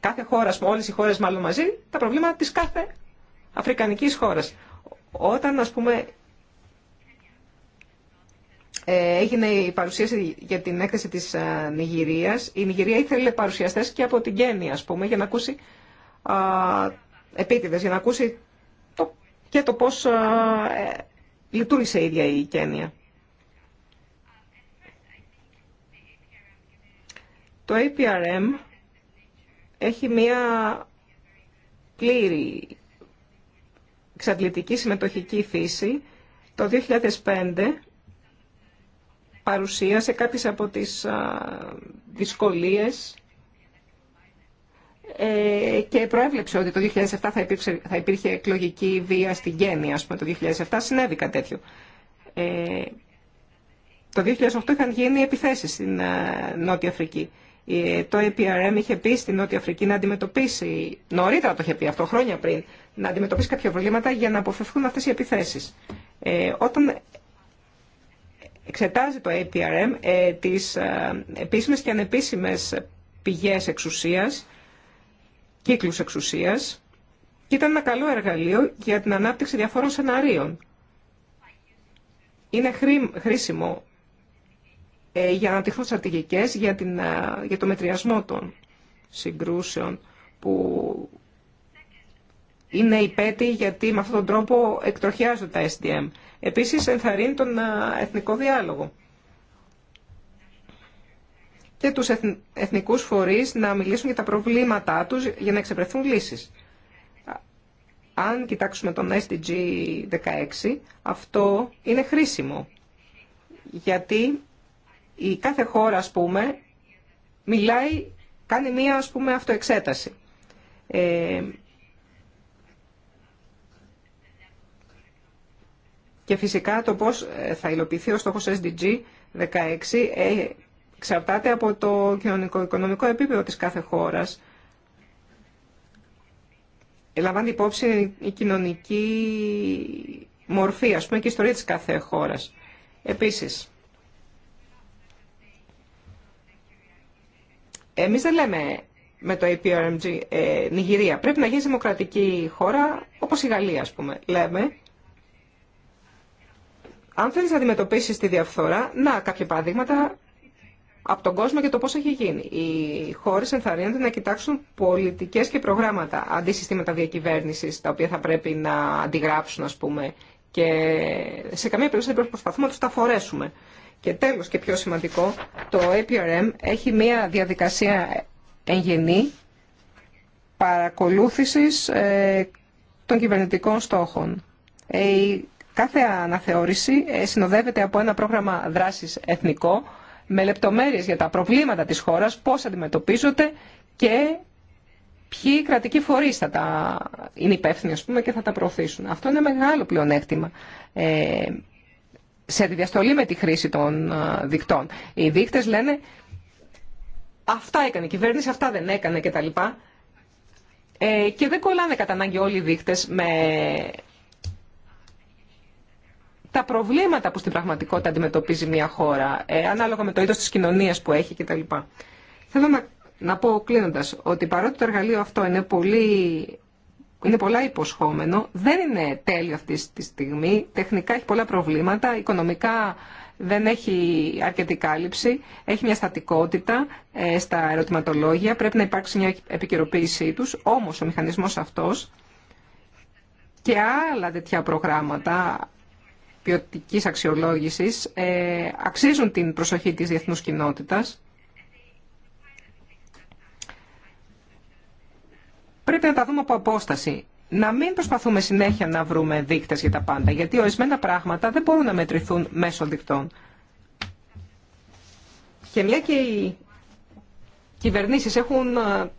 Speaker 1: κάθε χώρα, όλε οι χώρε μάλλον μαζί, τα προβλήματα τη κάθε Αφρικανική χώρα. Όταν, α πούμε, έγινε η παρουσίαση για την έκθεση της Νιγηρίας. Η Νιγηρία ήθελε παρουσιαστές και από την Κένια, πούμε, για να ακούσει α, για να ακούσει και το πώς λειτουργήσε ίδια η Κένια. Το APRM έχει μία πλήρη εξαντλητική συμμετοχική φύση. Το 2005 παρουσίασε κάποιες από τις δυσκολίες ε, και προέβλεψε ότι το 2007 θα υπήρχε, θα υπήρχε εκλογική βία στην Γέννη. ας πούμε, το 2007 συνέβη κάτι τέτοιο. Ε, το 2008 είχαν γίνει επιθέσεις στην ε, Νότια Αφρική. Ε, το APRM είχε πει στην Νότια Αφρική να αντιμετωπίσει, νωρίτερα το είχε πει αυτό, χρόνια πριν, να αντιμετωπίσει κάποια προβλήματα για να αποφευχθούν αυτές οι επιθέσεις. Ε, όταν εξετάζει το APRM ε, τις επίσημες και ανεπίσημες πηγές εξουσίας, κύκλους εξουσίας και ήταν ένα καλό εργαλείο για την ανάπτυξη διαφόρων σεναρίων. Είναι χρήσιμο ε, για να τυχθούν στρατηγικέ για, την, ε, για το μετριασμό των συγκρούσεων που είναι υπέτη γιατί με αυτόν τον τρόπο εκτροχιάζονται τα SDM. Επίσης ενθαρρύνει τον ε, εθνικό διάλογο και τους εθνικούς φορείς να μιλήσουν για τα προβλήματά τους για να εξεπρεθούν λύσεις. Αν κοιτάξουμε τον SDG 16, αυτό είναι χρήσιμο, γιατί η κάθε χώρα, ας πούμε, μιλάει, κάνει μία, ας πούμε, αυτοεξέταση. Ε, και φυσικά το πώς ε, θα υλοποιηθεί ο στόχος SDG 16 εξαρτάται από το κοινωνικό-οικονομικό επίπεδο της κάθε χώρας. Λαμβάνει υπόψη η κοινωνική μορφή, ας πούμε, και η ιστορία της κάθε χώρας. Επίσης, εμείς δεν λέμε με το APRMG ε, Νιγηρία. Πρέπει να γίνει δημοκρατική χώρα, όπως η Γαλλία, ας πούμε. Λέμε, αν θέλεις να αντιμετωπίσεις τη διαφθορά, να κάποια παραδείγματα από τον κόσμο και το πώ έχει γίνει. Οι χώρες ενθαρρύνονται να κοιτάξουν πολιτικές και προγράμματα συστήματα διακυβέρνησης, τα οποία θα πρέπει να αντιγράψουν, α πούμε, και σε καμία περίπτωση δεν προσπαθούμε να του τα φορέσουμε. Και τέλος και πιο σημαντικό, το APRM έχει μια διαδικασία εγγενή παρακολούθησης ε, των κυβερνητικών στόχων. Ε, η κάθε αναθεώρηση ε, συνοδεύεται από ένα πρόγραμμα δράσης εθνικό, με λεπτομέρειες για τα προβλήματα της χώρας, πώς αντιμετωπίζονται και ποιοι κρατικοί φορείς θα τα είναι υπεύθυνοι ας και θα τα προωθήσουν. Αυτό είναι μεγάλο πλεονέκτημα. Ε, σε διαστολή με τη χρήση των ε, δικτών. Οι δείκτες λένε αυτά έκανε η κυβέρνηση, αυτά δεν έκανε κτλ. Ε, και δεν κολλάνε κατά ανάγκη όλοι οι δείκτες με τα προβλήματα που στην πραγματικότητα αντιμετωπίζει μια χώρα, ε, ανάλογα με το είδο τη κοινωνία που έχει κτλ. Θέλω να, να πω κλείνοντα ότι παρότι το εργαλείο αυτό είναι πολύ... Είναι πολλά υποσχόμενο, δεν είναι τέλειο αυτή τη στιγμή, τεχνικά έχει πολλά προβλήματα, οικονομικά δεν έχει αρκετή κάλυψη, έχει μια στατικότητα ε, στα ερωτηματολόγια, πρέπει να υπάρξει μια επικαιροποίησή τους, όμως ο μηχανισμός αυτός και άλλα τέτοια προγράμματα ποιοτικής αξιολόγησης ε, αξίζουν την προσοχή της διεθνούς κοινότητας. Πρέπει να τα δούμε από απόσταση. Να μην προσπαθούμε συνέχεια να βρούμε δείκτες για τα πάντα, γιατί ορισμένα πράγματα δεν μπορούν να μετρηθούν μέσω δικτών. Και μια και οι κυβερνήσεις έχουν ε,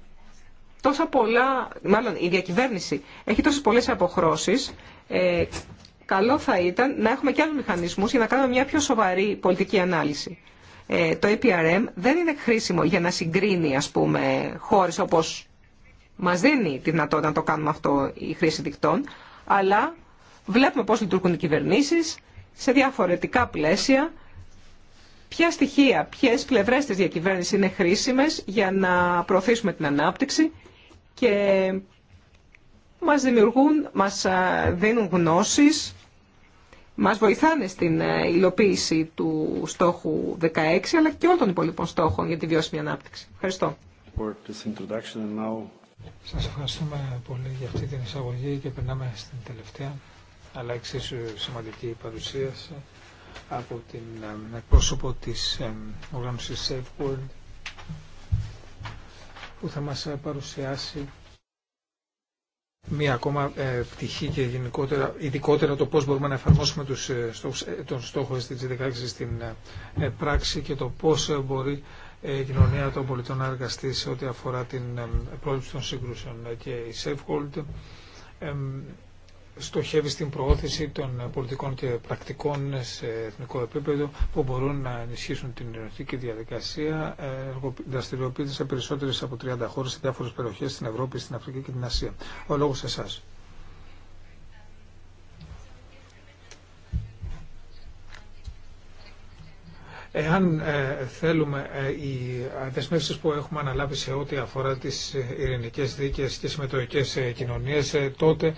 Speaker 1: τόσα πολλά, μάλλον η διακυβέρνηση έχει τόσες πολλές αποχρώσεις, ε, καλό θα ήταν να έχουμε και άλλους μηχανισμούς για να κάνουμε μια πιο σοβαρή πολιτική ανάλυση. Ε, το EPRM ε δεν είναι χρήσιμο για να συγκρίνει ας πούμε, χώρες όπως μας δίνει τη δυνατότητα να το κάνουμε αυτό η χρήση δικτών, αλλά βλέπουμε πώς λειτουργούν οι κυβερνήσεις σε διαφορετικά πλαίσια, ποια στοιχεία, ποιες πλευρές της διακυβέρνησης είναι χρήσιμες για να προωθήσουμε την ανάπτυξη και μας δημιουργούν, μας ε, δίνουν γνώσεις, μας βοηθάνε στην ε, υλοποίηση του στόχου 16, αλλά και όλων των υπόλοιπων στόχων για τη βιώσιμη ανάπτυξη. Ευχαριστώ. Σας ευχαριστούμε πολύ για αυτή την εισαγωγή και περνάμε στην τελευταία,
Speaker 3: αλλά εξίσου σημαντική παρουσίαση από την ε, εκπρόσωπο της οργάνωσης Safe World που θα μας παρουσιάσει μία ακόμα ε, πτυχή και γενικότερα, ειδικότερα το πώς μπορούμε να εφαρμόσουμε τους, ε, στόχους, ε, τον στόχο της 16 στην πράξη και το πώς μπορεί η κοινωνία των πολιτών να εργαστεί σε ό,τι αφορά την πρόληψη των σύγκρουσεων και η Safehold στοχεύει στην προώθηση των πολιτικών και πρακτικών σε εθνικό επίπεδο που μπορούν να ενισχύσουν την ενωτική διαδικασία. Δραστηριοποιείται σε περισσότερε από 30 χώρε, σε διάφορε περιοχέ στην Ευρώπη, στην Αφρική και την Ασία. Ο λόγο σε εσά. Εάν ε, θέλουμε ε, οι δεσμεύσει που έχουμε αναλάβει σε ό,τι αφορά τι ε, ειρηνικέ δίκες και συμμετοχικέ κοινωνίε, τότε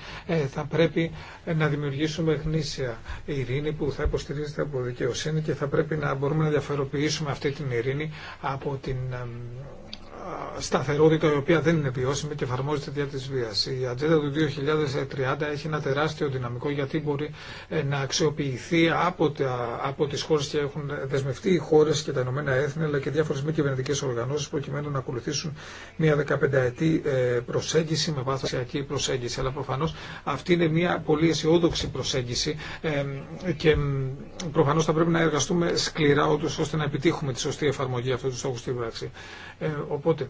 Speaker 3: θα πρέπει να δημιουργήσουμε γνήσια ειρήνη που θα υποστηρίζεται από δικαιοσύνη και θα πρέπει να μπορούμε να διαφοροποιήσουμε αυτή την ειρήνη από την σταθερότητα η οποία δεν είναι βιώσιμη και εφαρμόζεται δια της βίας. Η ατζέντα του 2030 έχει ένα τεράστιο δυναμικό γιατί μπορεί ε, να αξιοποιηθεί από, τα, από τις χώρες και έχουν δεσμευτεί οι χώρες και τα Ηνωμένα Έθνη αλλά και διάφορες μη κυβερνητικές οργανώσεις προκειμένου να ακολουθήσουν μια 15 ετή ε, προσέγγιση με βάθος προσέγγιση. Αλλά προφανώς αυτή είναι μια πολύ αισιόδοξη προσέγγιση ε, και προφανώς θα πρέπει να εργαστούμε σκληρά ώστε να επιτύχουμε τη σωστή εφαρμογή αυτού του στόχου ε, οπότε,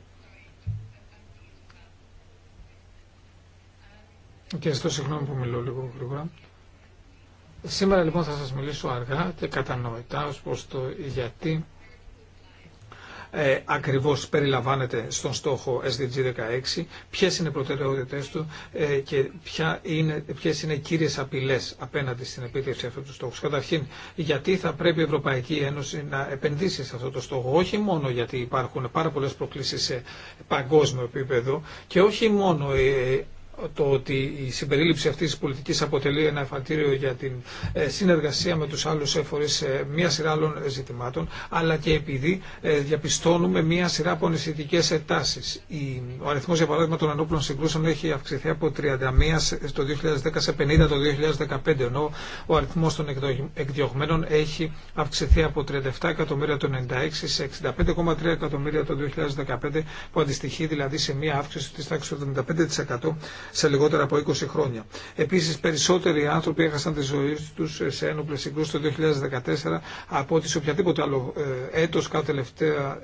Speaker 3: και στο συγγνώμη που μιλώ λίγο γρήγορα, σήμερα λοιπόν θα σας μιλήσω αργά και κατανοητά ως προς το γιατί ε, ακριβώς περιλαμβάνεται στον στόχο SDG 16, ποιες είναι οι προτεραιότητες του ε, και ποια είναι, ποιες είναι οι κύριες απειλές απέναντι στην επίτευξη αυτού του στόχου. Καταρχήν, γιατί θα πρέπει η Ευρωπαϊκή Ένωση να επενδύσει σε αυτό το στόχο, όχι μόνο γιατί υπάρχουν πάρα πολλές προκλήσεις σε παγκόσμιο επίπεδο και όχι μόνο ε, το ότι η συμπερίληψη αυτής της πολιτικής αποτελεί ένα εφαλτήριο για την ε, συνεργασία με τους άλλους φορείς σε μια σειρά άλλων ζητημάτων, αλλά και επειδή ε, διαπιστώνουμε μια σειρά από νησιτικέ τάσεις. Ο αριθμός, για παράδειγμα, των ανώπλων συγκρούσεων έχει αυξηθεί από 31 το 2010 σε 50 το 2015, ενώ ο αριθμός των εκδιωγμένων έχει αυξηθεί από 37 εκατομμύρια το 96 σε 65,3 εκατομμύρια το 2015, που αντιστοιχεί δηλαδή σε μια αύξηση της τάξης του 75% σε λιγότερα από 20 χρόνια. Επίση, περισσότεροι άνθρωποι έχασαν τη ζωή του σε ένοπλε συγκρούσει το 2014 από ότι σε οποιαδήποτε άλλο ε, έτο κατά τελευταία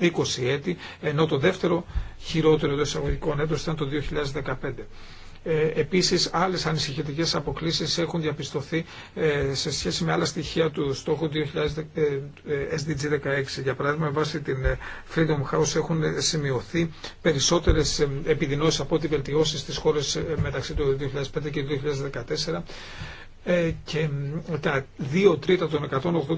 Speaker 3: 20 ε, έτη, ενώ το δεύτερο χειρότερο των εισαγωγικών έτο ήταν το 2015. Ε, επίσης, άλλες ανησυχητικές αποκλήσεις έχουν διαπιστωθεί ε, σε σχέση με άλλα στοιχεία του στόχου 2000, SDG 16. Για παράδειγμα, βάσει την ε, Freedom House έχουν σημειωθεί περισσότερες επιδεινώσεις από ό,τι βελτιώσει στις χώρες μεταξύ του 2005 και του 2014 ε, και τα δύο τρίτα των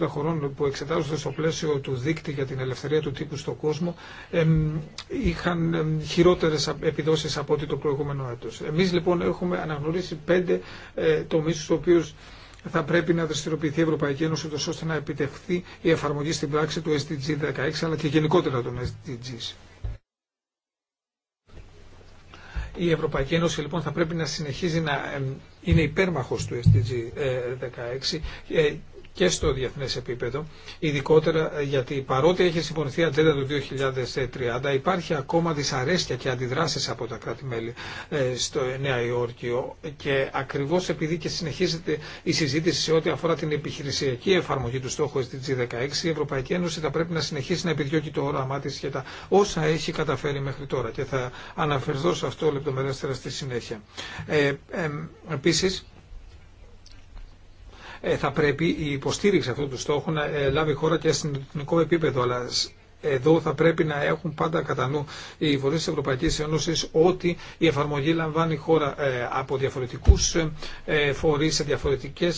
Speaker 3: 180 χωρών που εξετάζονται στο πλαίσιο του δίκτυ για την ελευθερία του τύπου στον κόσμο ε, είχαν ε, χειρότερες επιδόσεις από ό,τι το προηγούμενο έτος. Εμείς λοιπόν έχουμε αναγνωρίσει πέντε τομείς στους οποίους θα πρέπει να δραστηριοποιηθεί η Ευρωπαϊκή Ένωση ώστε να επιτευχθεί η εφαρμογή στην πράξη του SDG 16 αλλά και γενικότερα των SDGs. Η Ευρωπαϊκή Ένωση λοιπόν θα πρέπει να συνεχίζει να είναι υπέρμαχος του SDG 16 ε, και στο διεθνέ επίπεδο, ειδικότερα γιατί παρότι έχει συμφωνηθεί η ατζέντα του 2030, υπάρχει ακόμα δυσαρέσκεια και αντιδράσει από τα κράτη-μέλη ε, στο Νέα Υόρκιο και ακριβώ επειδή και συνεχίζεται η συζήτηση σε ό,τι αφορά την επιχειρησιακή εφαρμογή του στόχου SDG16, η Ευρωπαϊκή Ένωση θα πρέπει να συνεχίσει να επιδιώκει το όραμά τη για τα όσα έχει καταφέρει μέχρι τώρα. Και θα αναφερθώ σε αυτό λεπτομερέστερα στη συνέχεια. Ε, ε, επίσης, ε, θα πρέπει η υποστήριξη αυτού του στόχου να ε, λάβει χώρα και στην εθνικό επίπεδο. Αλλά εδώ θα πρέπει να έχουν πάντα κατά νου οι φορεί τη Ευρωπαϊκή Ένωση ότι η εφαρμογή λαμβάνει χώρα ε, από διαφορετικού ε, φορεί σε διαφορετικέ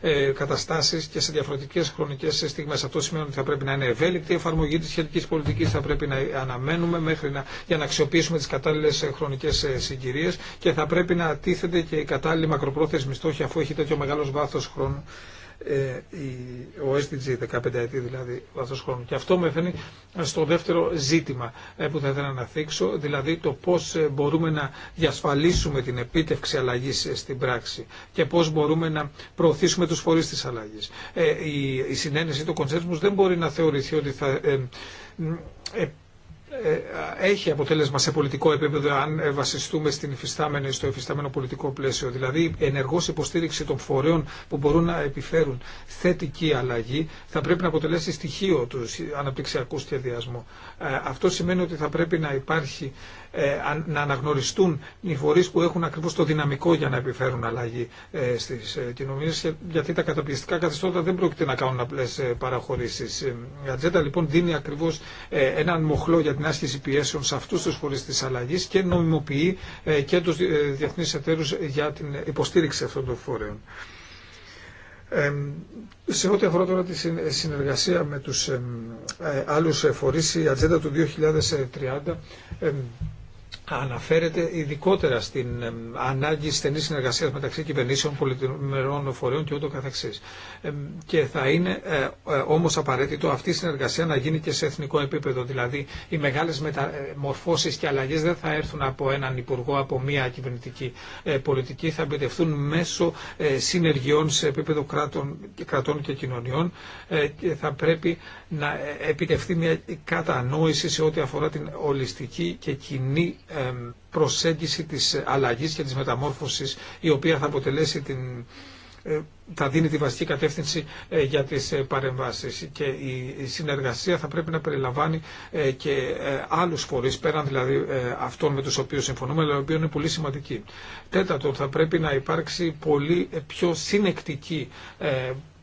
Speaker 3: ε, καταστάσει και σε διαφορετικέ χρονικέ στιγμέ. Αυτό σημαίνει ότι θα πρέπει να είναι ευέλικτη η εφαρμογή τη σχετική πολιτική, θα πρέπει να αναμένουμε μέχρι για να αξιοποιήσουμε τι κατάλληλε χρονικέ συγκυρίε και θα πρέπει να τίθεται και η κατάλληλη μακροπρόθεσμη στόχη αφού έχει τέτοιο μεγάλο βάθο χρόνου ε, ο SDG 15 ετή δηλαδή βάθος χρόνου. Και αυτό με φαίνει στο δεύτερο ζήτημα ε, που θα ήθελα να θίξω, δηλαδή το πώς ε, μπορούμε να διασφαλίσουμε την επίτευξη αλλαγής στην πράξη και πώς μπορούμε να προωθήσουμε τους φορείς της αλλαγής. Η συνένεση του κονσέρνους δεν μπορεί να θεωρηθεί ότι θα ε, έχει αποτέλεσμα σε πολιτικό επίπεδο αν ε, βασιστούμε στην υφιστάμενη, στο υφιστάμενο πολιτικό πλαίσιο. Δηλαδή, ενεργό υποστήριξη των φορέων που μπορούν να επιφέρουν θετική αλλαγή θα πρέπει να αποτελέσει στοιχείο του αναπτυξιακού σχεδιασμού. Ε, αυτό σημαίνει ότι θα πρέπει να υπάρχει ε, να αναγνωριστούν οι φορείς που έχουν ακριβώς το δυναμικό για να επιφέρουν αλλαγή ε, στις ε, κοινωνίες γιατί τα καταπιστικά καθεστώτα δεν πρόκειται να κάνουν απλές παραχωρήσεις. Η ατζέντα λοιπόν δίνει ακριβώς έναν μοχλό για την άσκηση πιέσεων σε αυτούς τους φορείς της αλλαγής και νομιμοποιεί και τους διεθνείς εταίρους για την υποστήριξη αυτών των φορέων. Ε, σε ό,τι αφορά τώρα τη συνεργασία με τους ε, ε, άλλους φορείς, η ατζέντα του 2030 αναφέρεται ειδικότερα στην ανάγκη στενής συνεργασίας μεταξύ κυβερνήσεων, πολιτιμερών φορέων και ούτω καθεξής. Και θα είναι ε, ε, όμως απαραίτητο αυτή η συνεργασία να γίνει και σε εθνικό επίπεδο. Δηλαδή οι μεγάλες μεταμορφώσεις ε, και αλλαγές δεν θα έρθουν από έναν υπουργό, από μια κυβερνητική πολιτική, θα επιτευθούν μέσω συνεργειών σε επίπεδο κράτων, κρατών και κοινωνιών και θα πρέπει να επιτευχθεί μια κατανόηση σε ό,τι αφορά την ολιστική και κοινή προσέγγιση της αλλαγής και της μεταμόρφωσης η οποία θα αποτελέσει την ε, θα δίνει τη βασική κατεύθυνση ε, για τις ε, παρεμβάσεις και η συνεργασία θα πρέπει να περιλαμβάνει και άλλους φορείς πέραν δηλαδή αυτών με τους οποίους συμφωνούμε αλλά οι οποίοι είναι πολύ σημαντικοί. Τέταρτον θα πρέπει να υπάρξει πολύ πιο συνεκτική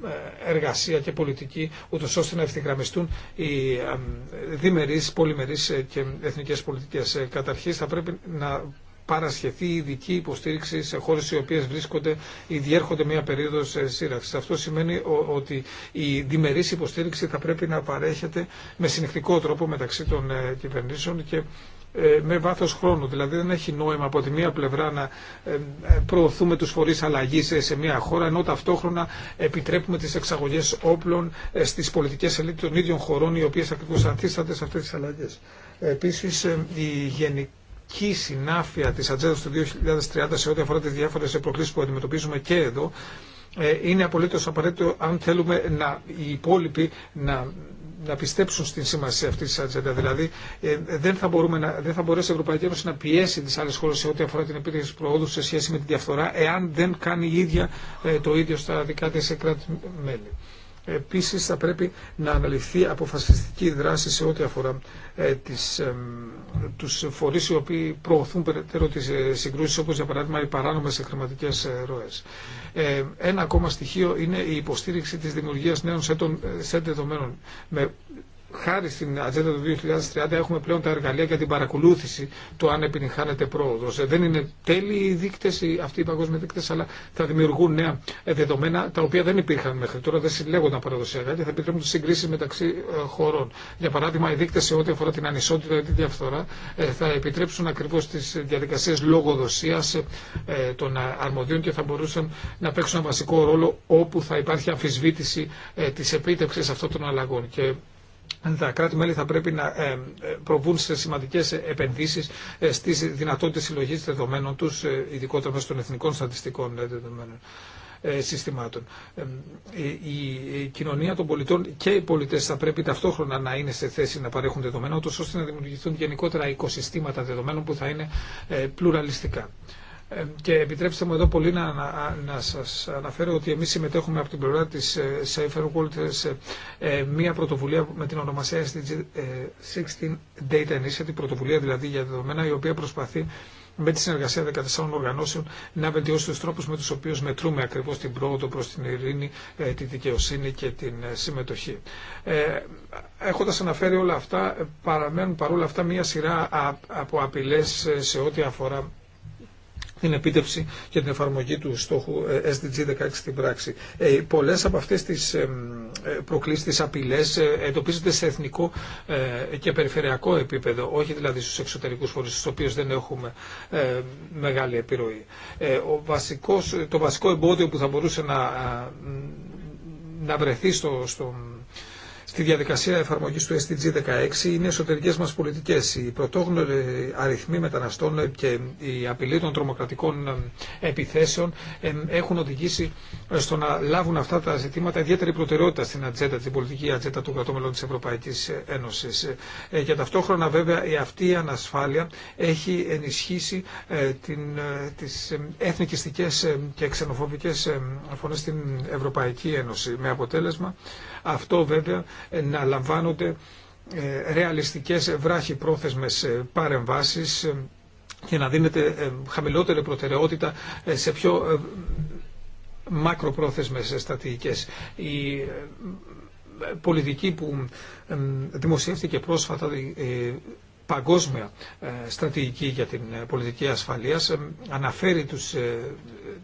Speaker 3: ε, εργασία και πολιτική, ούτως ώστε να ευθυγραμμιστούν οι ε, διμερείς, πολυμερείς ε, και εθνικές πολιτικές. Καταρχής θα πρέπει να παρασχεθεί ειδική υποστήριξη σε χώρε οι οποίε βρίσκονται ή διέρχονται μια περίοδο σύραξη. Αυτό σημαίνει ότι η διμερή υποστήριξη θα πρέπει να παρέχεται με συνεχτικό τρόπο μεταξύ των κυβερνήσεων και ε, με βάθος χρόνου. Δηλαδή δεν έχει νόημα από τη μία πλευρά να ε, ε, προωθούμε τους φορείς αλλαγή σε μία χώρα ενώ ταυτόχρονα επιτρέπουμε τις εξαγωγές όπλων στις πολιτικές ελίτ των ίδιων χωρών οι οποίες ακριβώς αντίσταται σε αυτές τις αλλαγές. Επίσης η γενική η συνάφεια της ατζέντα του 2030 σε ό,τι αφορά τις διάφορες προκλήσεις που αντιμετωπίζουμε και εδώ είναι απολύτως απαραίτητο αν θέλουμε να, οι υπόλοιποι να να πιστέψουν στην σημασία αυτή τη ατζέντα. Δηλαδή, ε, δεν, θα μπορούμε να, δεν θα μπορέσει η Ευρωπαϊκή Ένωση να πιέσει τι άλλε χώρε σε ό,τι αφορά την επίτευξη προόδου σε σχέση με τη διαφθορά, εάν δεν κάνει ίδια ε, το ίδιο στα δικά τη κράτη-μέλη. Επίση, θα πρέπει να αναλυφθεί αποφασιστική δράση σε ό,τι αφορά ε, τις, τους φορείς οι οποίοι προωθούν περαιτέρω τις ε, συγκρούσεις όπως για παράδειγμα οι παράνομες χρηματικές ε, ροές. Ένα ακόμα στοιχείο είναι η υποστήριξη της δημιουργίας νέων σε δεδομένων με χάρη στην ατζέντα του 2030 έχουμε πλέον τα εργαλεία για την παρακολούθηση του αν επιτυγχάνεται πρόοδο. Ε, δεν είναι τέλειοι οι δείκτε, αυτοί οι παγκόσμιοι δείκτε, αλλά θα δημιουργούν νέα ε, δεδομένα τα οποία δεν υπήρχαν μέχρι τώρα, δεν συλλέγονταν παραδοσιακά και θα επιτρέπουν τι συγκρίσει μεταξύ ε, χωρών. Για παράδειγμα, οι δείκτε σε ό,τι αφορά την ανισότητα ή τη διαφθορά θα επιτρέψουν ακριβώ τι διαδικασίε λογοδοσία των αρμοδίων και θα μπορούσαν να παίξουν ένα βασικό ρόλο όπου θα υπάρχει αμφισβήτηση τη επίτευξη αυτών των αλλαγών. Και τα κράτη-μέλη θα πρέπει να ε, ε, προβούν σε σημαντικέ επενδύσει ε, στι δυνατότητε συλλογή δεδομένων του, ειδικότερα μέσω των εθνικών στατιστικών δεδομένων συστημάτων. Η κοινωνία των πολιτών και οι πολίτες θα πρέπει ταυτόχρονα να είναι σε θέση να παρέχουν δεδομένα, ώστε να δημιουργηθούν γενικότερα οικοσυστήματα δεδομένων που θα είναι πλουραλιστικά. Ε, και επιτρέψτε μου εδώ πολύ να, να, σας αναφέρω ότι εμείς συμμετέχουμε από την πλευρά της ε, Safer World σε ε, μία πρωτοβουλία με την ονομασία SDG 16 Data Initiative, πρωτοβουλία δηλαδή για δεδομένα, η οποία προσπαθεί με τη συνεργασία 14 οργανώσεων να βελτιώσει τους τρόπους με τους οποίους μετρούμε ακριβώς την πρόοδο προς την ειρήνη, τη δικαιοσύνη και την συμμετοχή. Ε, έχοντας αναφέρει όλα αυτά, παραμένουν παρόλα αυτά μία σειρά από απειλέ σε ό,τι αφορά την επίτευξη και την εφαρμογή του στόχου ε, SDG 16 στην πράξη. Ε, Πολλέ από αυτέ τι ε, προκλήσει, τι απειλέ εντοπίζονται σε εθνικό και περιφερειακό επίπεδο, όχι δηλαδή στου εξωτερικού φορεί, στου οποίου δεν έχουμε μεγάλη επιρροή. Ο βασικός, το βασικό εμπόδιο που θα μπορούσε να, να βρεθεί στο, στο στη διαδικασία εφαρμογής του SDG 16 είναι εσωτερικέ εσωτερικές μας πολιτικές. Οι πρωτόγνωροι αριθμοί μεταναστών και η απειλή των τρομοκρατικών ε, επιθέσεων ε, έχουν οδηγήσει ε, στο να λάβουν αυτά τα ζητήματα ιδιαίτερη προτεραιότητα στην ατζέντα, την πολιτική ατζέντα του κρατών της Ευρωπαϊκής Ένωσης. Και ταυτόχρονα βέβαια η αυτή η ανασφάλεια έχει ενισχύσει τις εθνικιστικές και ξενοφοβικές φωνές στην Ευρωπαϊκή Ένωση με αποτέλεσμα αυτό βέβαια ε, να λαμβάνονται ε, ρεαλιστικές ε, βράχοι πρόθεσμες παρεμβάσεις και να δίνεται χαμηλότερη προτεραιότητα σε πιο μακροπρόθεσμες στατικές. Η πολιτική που δημοσιεύτηκε πρόσφατα παγκόσμια ε, στρατηγική για την ε, πολιτική ασφαλείας ε, αναφέρει τους,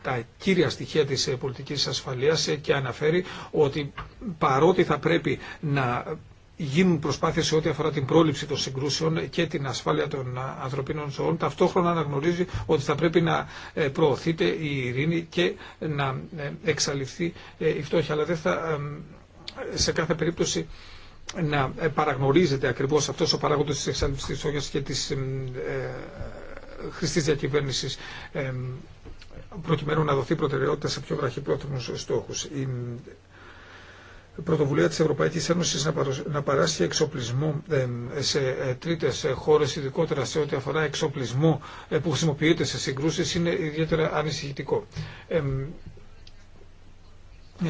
Speaker 3: τα κύρια στοιχεία της πολιτικής ασφαλείας και αναφέρει ότι παρότι θα πρέπει να γίνουν προσπάθειες σε ό,τι αφορά την πρόληψη των συγκρούσεων και την ασφάλεια των ανθρωπίνων ζωών, ταυτόχρονα αναγνωρίζει ότι θα πρέπει να προωθείται η ειρήνη και να εξαλειφθεί η φτώχεια. Αλλά δεν θα, σε κάθε περίπτωση να ε, παραγνωρίζεται ακριβώς αυτό ο παράγοντας της εξάλληψης της και της ε, χρηστής διακυβέρνησης προκειμένου να δοθεί προτεραιότητα σε πιο πρόθυμους στόχους. Η ε, πρωτοβουλία της Ευρωπαϊκής Ένωσης να παράσχει εξοπλισμό σε ε, τρίτες χώρες, ειδικότερα σε ό,τι αφορά εξοπλισμό που χρησιμοποιείται σε συγκρούσεις, είναι ιδιαίτερα ανησυχητικό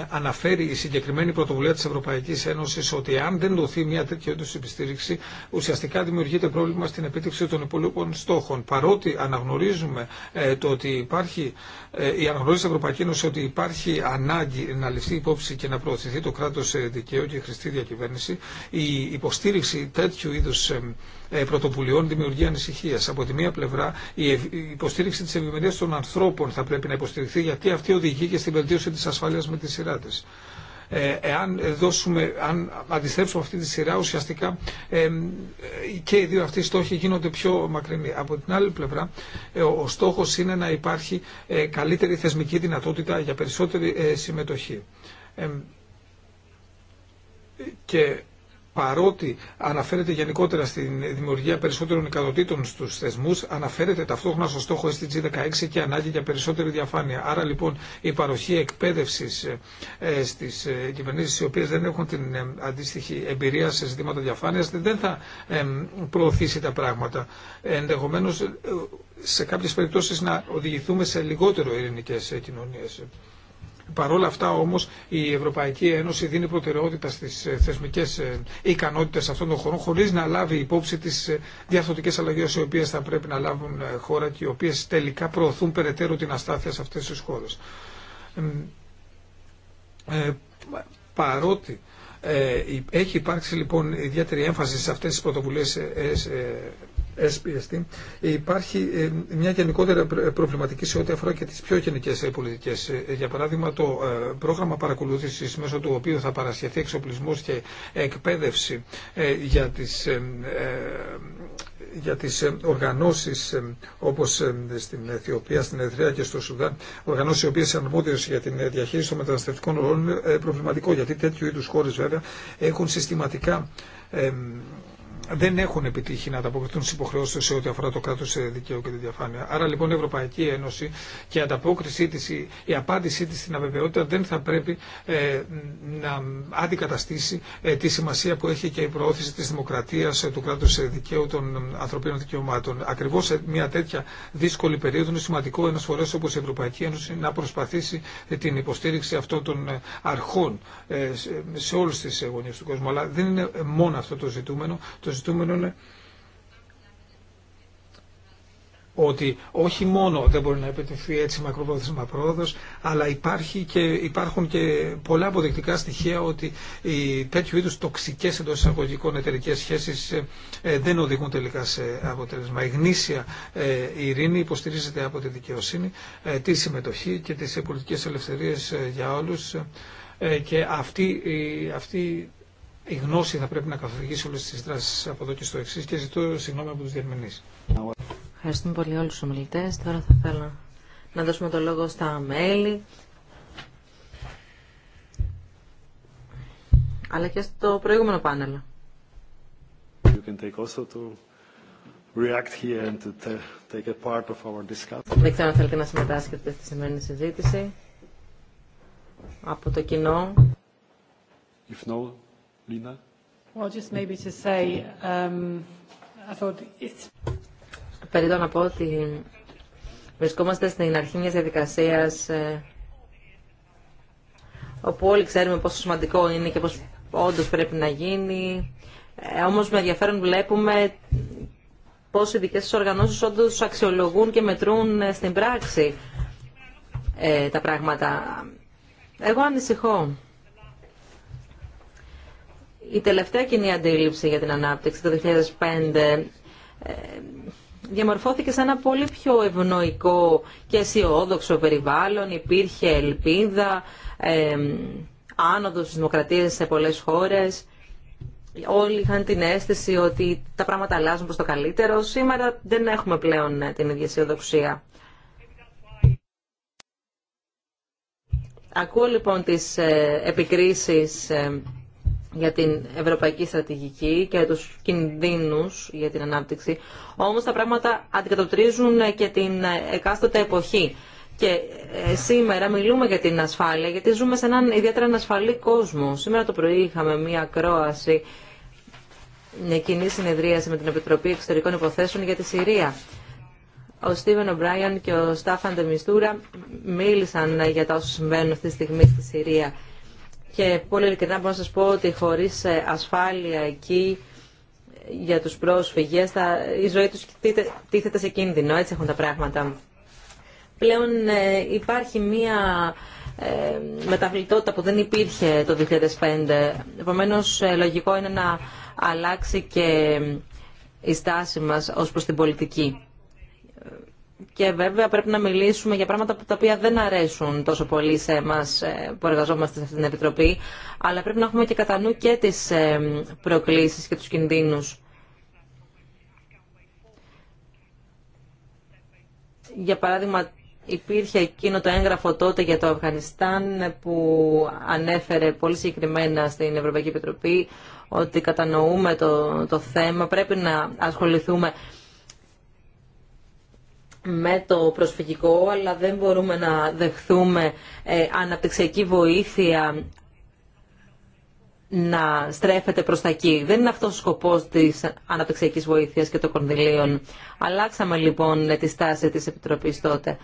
Speaker 3: αναφέρει η συγκεκριμένη πρωτοβουλία της Ευρωπαϊκής Ένωσης ότι αν δεν δοθεί μια τέτοια είδους επιστήριξη ουσιαστικά δημιουργείται πρόβλημα στην επίτευξη των υπολείπων στόχων. Παρότι αναγνωρίζουμε ε, το ότι υπάρχει, ε, η αναγνώριση της Ευρωπαϊκή Ένωση ότι υπάρχει ανάγκη να ληφθεί υπόψη και να προωθηθεί το κράτος ε, δικαίου και χρηστή διακυβέρνηση, η υποστήριξη τέτοιου είδους ε, πρωτοβουλειών δημιουργεί ανησυχία. Από τη μία πλευρά η υποστήριξη τη ευημερία των ανθρώπων θα πρέπει να υποστηριχθεί γιατί αυτή οδηγεί και στην βελτίωση τη ασφάλεια με τη σειρά τη. Ε, εάν δώσουμε, αν αντιστρέψουμε αυτή τη σειρά, ουσιαστικά ε, και οι δύο αυτοί στόχοι γίνονται πιο μακρινοί. Από την άλλη πλευρά, ε, ο στόχος είναι να υπάρχει καλύτερη θεσμική δυνατότητα για περισσότερη συμμετοχή. Και παρότι αναφέρεται γενικότερα στην δημιουργία περισσότερων ικανοτήτων στου θεσμού, αναφέρεται ταυτόχρονα στο στόχο SDG 16 και ανάγκη για περισσότερη διαφάνεια. Άρα λοιπόν η παροχή εκπαίδευση ε, στι ε, κυβερνήσει οι οποίε δεν έχουν την ε, αντίστοιχη εμπειρία σε ζητήματα διαφάνεια δεν θα προωθήσει τα πράγματα. Ενδεχομένω σε κάποιε περιπτώσει να οδηγηθούμε σε λιγότερο ειρηνικέ κοινωνίε. Παρ' όλα αυτά όμως η Ευρωπαϊκή Ένωση δίνει προτεραιότητα στις ε, θεσμικές ε, ικανότητες αυτών των χωρών χωρίς να λάβει υπόψη τις ε, διαρθρωτικές αλλαγές οι οποίες θα πρέπει να λάβουν χώρα και οι οποίες τελικά προωθούν περαιτέρω την αστάθεια σε αυτές τις χώρες. Ε, παρότι έχει υπάρξει λοιπόν ιδιαίτερη έμφαση σε αυτές τις πρωτοβουλίες SPST, υπάρχει ε, μια γενικότερη προβληματική σε ό,τι αφορά και τις πιο γενικές ε, πολιτικές. Ε, για παράδειγμα, το πρόγραμμα παρακολούθησης μέσω του οποίου θα παρασχεθεί εξοπλισμός και εκπαίδευση για τις, για τις οργανώσεις όπως στην Αιθιοπία, στην Ερυθρέα και στο Σουδάν, οργανώσεις οι οποίες είναι αρμόδιες για την διαχείριση των μεταναστευτικών ρόλων είναι προβληματικό γιατί τέτοιου είδους χώρες βέβαια έχουν συστηματικά δεν έχουν επιτύχει να ανταποκριθούν στι υποχρεώσει σε ό,τι αφορά το κράτο δικαίου και τη διαφάνεια. Άρα λοιπόν η Ευρωπαϊκή Ένωση και η ανταπόκρισή τη, η απάντησή τη στην αβεβαιότητα δεν θα πρέπει ε, να αντικαταστήσει ε, τη σημασία που έχει και η προώθηση τη δημοκρατία, ε, του κράτου δικαίου, των ανθρωπίνων δικαιωμάτων. Ακριβώ σε μια τέτοια δύσκολη περίοδο είναι σημαντικό ένα φορέ όπω η Ευρωπαϊκή Ένωση να προσπαθήσει την υποστήριξη αυτών των ε, αρχών ε, σε όλε τι γωνίε του κόσμου. Αλλά δεν είναι μόνο αυτό το ζητούμενο. Το ζητούμενο είναι ότι όχι μόνο δεν μπορεί να επιτευχθεί έτσι μακροπρόθεσμα πρόοδος, αλλά υπάρχει και, υπάρχουν και πολλά αποδεικτικά στοιχεία ότι οι τέτοιου είδους τοξικές εντός εισαγωγικών εταιρικές σχέσεις ε, ε, δεν οδηγούν τελικά σε αποτέλεσμα. Η γνήσια η ε, ειρήνη υποστηρίζεται από τη δικαιοσύνη, τη συμμετοχή και τις πολιτικές ελευθερίες για όλους και αυτή, αυτή η γνώση θα πρέπει να καθοδηγήσει όλες τις δράσεις από εδώ και στο εξή και ζητώ συγγνώμη από του διερμηνείς.
Speaker 2: Ευχαριστούμε πολύ όλου του ομιλητέ. Τώρα θα θέλω να δώσουμε το λόγο στα μέλη. Αλλά και στο προηγούμενο πάνελ. Δεν ξέρω αν θέλετε να συμμετάσχετε στη σημερινή συζήτηση από το κοινό. Lina?
Speaker 1: Well, just maybe to say, um, I thought it's... Περίτω να πω
Speaker 2: ότι βρισκόμαστε στην αρχή μιας διαδικασίας ε, όπου όλοι ξέρουμε πόσο σημαντικό είναι και πώς όντως πρέπει να γίνει. Ε, όμως με ενδιαφέρον βλέπουμε πώς οι δικές τους οργανώσεις όντως αξιολογούν και μετρούν ε, στην πράξη ε, τα πράγματα. Εγώ ανησυχώ η τελευταία κοινή αντίληψη για την ανάπτυξη το 2005 ε, διαμορφώθηκε σε ένα πολύ πιο ευνοϊκό και αισιόδοξο περιβάλλον. Υπήρχε ελπίδα, ε, άνοδος της δημοκρατίας σε πολλές χώρες. Όλοι είχαν την αίσθηση ότι τα πράγματα αλλάζουν προς το καλύτερο. Σήμερα δεν έχουμε πλέον ε, την ίδια αισιοδοξία. Ακούω λοιπόν τις ε, επικρίσεις για την ευρωπαϊκή στρατηγική και τους κινδύνους για την ανάπτυξη. Όμως τα πράγματα αντικατοπτρίζουν και την εκάστοτε εποχή. Και ε, σήμερα μιλούμε για την ασφάλεια, γιατί ζούμε σε έναν ιδιαίτερα ανασφαλή κόσμο. Σήμερα το πρωί είχαμε μία ακρόαση, μια κοινή συνεδρίαση με την Επιτροπή Εξωτερικών Υποθέσεων για τη Συρία. Ο Στίβεν Ομπράιαν και ο Στάφαν Τεμιστούρα μίλησαν για τα όσα συμβαίνουν αυτή τη στιγμή στη Συρία. Και πολύ ειλικρινά μπορώ να σας πω ότι χωρίς ε, ασφάλεια εκεί για τους πρόσφυγες θα, η ζωή τους τίθεται σε κίνδυνο. Έτσι έχουν τα πράγματα. Πλέον ε, υπάρχει μία ε, μεταβλητότητα που δεν υπήρχε το 2005. Επομένως, λογικό είναι να αλλάξει και η στάση μας ως προς την πολιτική και βέβαια πρέπει να μιλήσουμε για πράγματα που τα οποία δεν αρέσουν τόσο πολύ σε εμά ε, που εργαζόμαστε σε την Επιτροπή, αλλά πρέπει να έχουμε και κατά νου και τις ε, προκλήσεις και τους κινδύνους. Για παράδειγμα, υπήρχε εκείνο το έγγραφο τότε για το Αφγανιστάν που ανέφερε πολύ συγκεκριμένα στην Ευρωπαϊκή Επιτροπή ότι κατανοούμε το, το θέμα, πρέπει να ασχοληθούμε με το προσφυγικό, αλλά δεν μπορούμε να δεχθούμε ε, αναπτυξιακή βοήθεια να στρέφεται προς τα εκεί. Δεν είναι αυτός ο σκοπός της αναπτυξιακής βοήθειας και των κονδυλίων. Αλλάξαμε λοιπόν τη στάση της Επιτροπής τότε.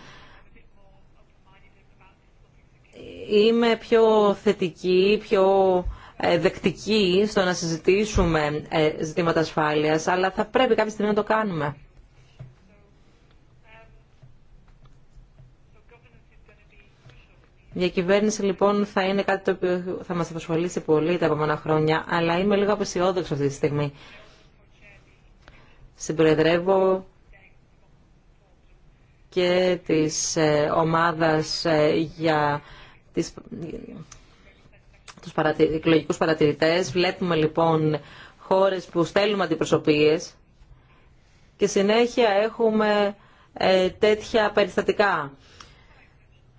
Speaker 2: Είμαι πιο θετική, πιο ε, δεκτική στο να συζητήσουμε ε, ζητήματα ασφάλειας, αλλά θα πρέπει κάποια στιγμή να το κάνουμε. διακυβέρνηση λοιπόν θα είναι κάτι το οποίο θα μας απασχολήσει πολύ τα επόμενα χρόνια, αλλά είμαι λίγο απεσιόδοξη αυτή τη στιγμή. Συμπροεδρεύω και της ε, ομάδας ε, για τις, τους παρατηρητέ. εκλογικούς παρατηρητές. Βλέπουμε λοιπόν χώρες που στέλνουμε αντιπροσωπείες και συνέχεια έχουμε ε, τέτοια περιστατικά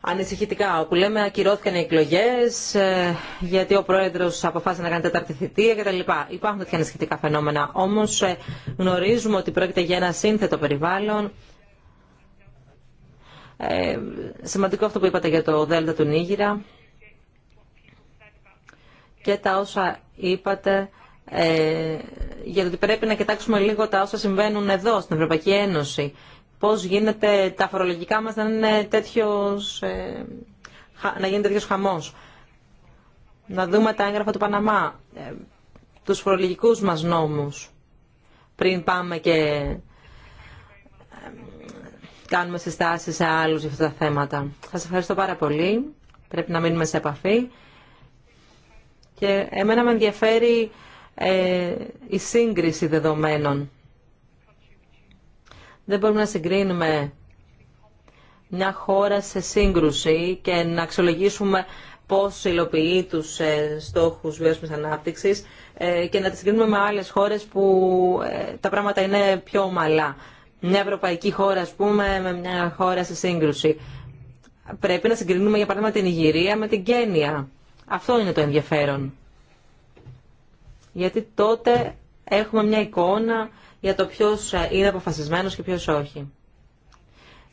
Speaker 2: ανησυχητικά, όπου λέμε ακυρώθηκαν οι εκλογές ε, γιατί ο πρόεδρος αποφάσισε να κάνει τέταρτη θητεία κτλ. Υπάρχουν τέτοια ανησυχητικά φαινόμενα. Όμως ε, γνωρίζουμε ότι πρόκειται για ένα σύνθετο περιβάλλον. Ε, σημαντικό αυτό που είπατε για το Δέλτα του Νίγηρα και τα όσα είπατε ε, για το ότι πρέπει να κοιτάξουμε λίγο τα όσα συμβαίνουν εδώ στην Ευρωπαϊκή Ένωση πώς γίνεται τα φορολογικά μας να, είναι τέτοιος, ε, να γίνεται τέτοιος χαμός. Να δούμε τα έγγραφα του Παναμά, ε, τους φορολογικούς μας νόμους, πριν πάμε και ε, κάνουμε συστάσεις σε άλλους για αυτά τα θέματα. Σας ευχαριστώ πάρα πολύ. Πρέπει να μείνουμε σε επαφή. Και εμένα με ενδιαφέρει η σύγκριση δεδομένων. Δεν μπορούμε να συγκρίνουμε μια χώρα σε σύγκρουση και να αξιολογήσουμε πώς υλοποιεί τους ε, στόχους βιώσιμης ανάπτυξης ε, και να τις συγκρίνουμε με άλλες χώρες που ε, τα πράγματα είναι πιο ομαλά. Μια ευρωπαϊκή χώρα, ας πούμε, με μια χώρα σε σύγκρουση. Πρέπει να συγκρίνουμε, για παράδειγμα, την Ιγυρία με την Κένια. Αυτό είναι το ενδιαφέρον. Γιατί τότε έχουμε μια εικόνα για το ποιο ε, είναι αποφασισμένο και ποιο όχι.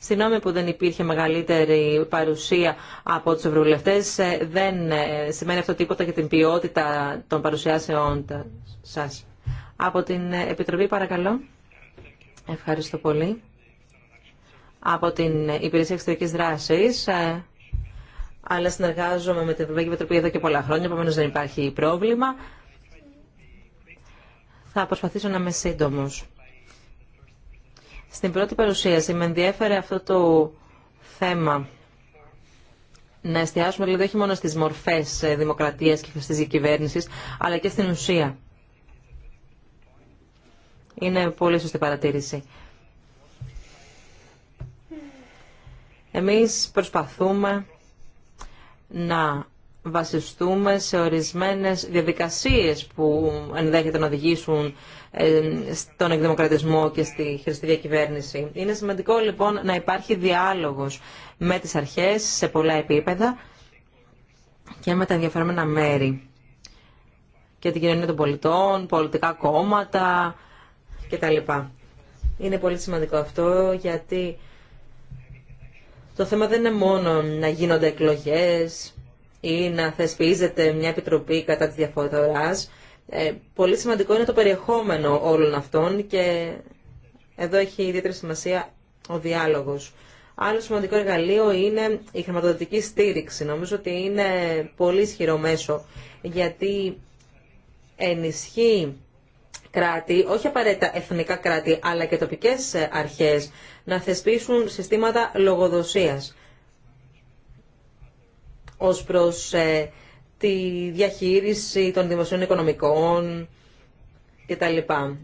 Speaker 2: Συγγνώμη που δεν υπήρχε μεγαλύτερη παρουσία από τους ευρωβουλευτές. Ε, δεν ε, σημαίνει αυτό τίποτα για την ποιότητα των παρουσιάσεών σας. Από την Επιτροπή, παρακαλώ. Ευχαριστώ πολύ. Από την Υπηρεσία Εξωτερικής Δράσης, αλλά συνεργάζομαι με την Ευρωπαϊκή Επιτροπή εδώ και πολλά χρόνια, επομένω δεν υπάρχει πρόβλημα. Θα προσπαθήσω να είμαι σύντομο. Στην πρώτη παρουσίαση με ενδιέφερε αυτό το θέμα. Να εστιάσουμε δηλαδή όχι μόνο στις μορφές ε, δημοκρατίας και τη κυβέρνησης, αλλά και στην ουσία. Είναι πολύ σωστή παρατήρηση. Εμείς προσπαθούμε να βασιστούμε σε ορισμένες διαδικασίες που ενδέχεται να οδηγήσουν ε, στον εκδημοκρατισμό και στη χρηστή διακυβέρνηση. Είναι σημαντικό λοιπόν να υπάρχει διάλογος με τις αρχές σε πολλά επίπεδα και με τα ενδιαφέρμενα μέρη και την κοινωνία των πολιτών, πολιτικά κόμματα κτλ. Είναι πολύ σημαντικό αυτό γιατί το θέμα δεν είναι μόνο να γίνονται εκλογές, ή να θεσπίζεται μια επιτροπή κατά της διαφοράς. Ε, πολύ σημαντικό είναι το περιεχόμενο όλων αυτών και εδώ έχει ιδιαίτερη σημασία ο διάλογος. Άλλο σημαντικό εργαλείο είναι η χρηματοδοτική στήριξη. Νομίζω ότι είναι πολύ ισχυρό μέσο γιατί ενισχύει κράτη, όχι απαραίτητα εθνικά κράτη, αλλά και τοπικές αρχές να θεσπιζεται μια επιτροπη κατα τη διαφορας ε πολυ σημαντικο ειναι το περιεχομενο ολων αυτων και εδω εχει συστήματα λογοδοσίας ως προς ε, τη διαχείριση των δημοσίων οικονομικών κτλ.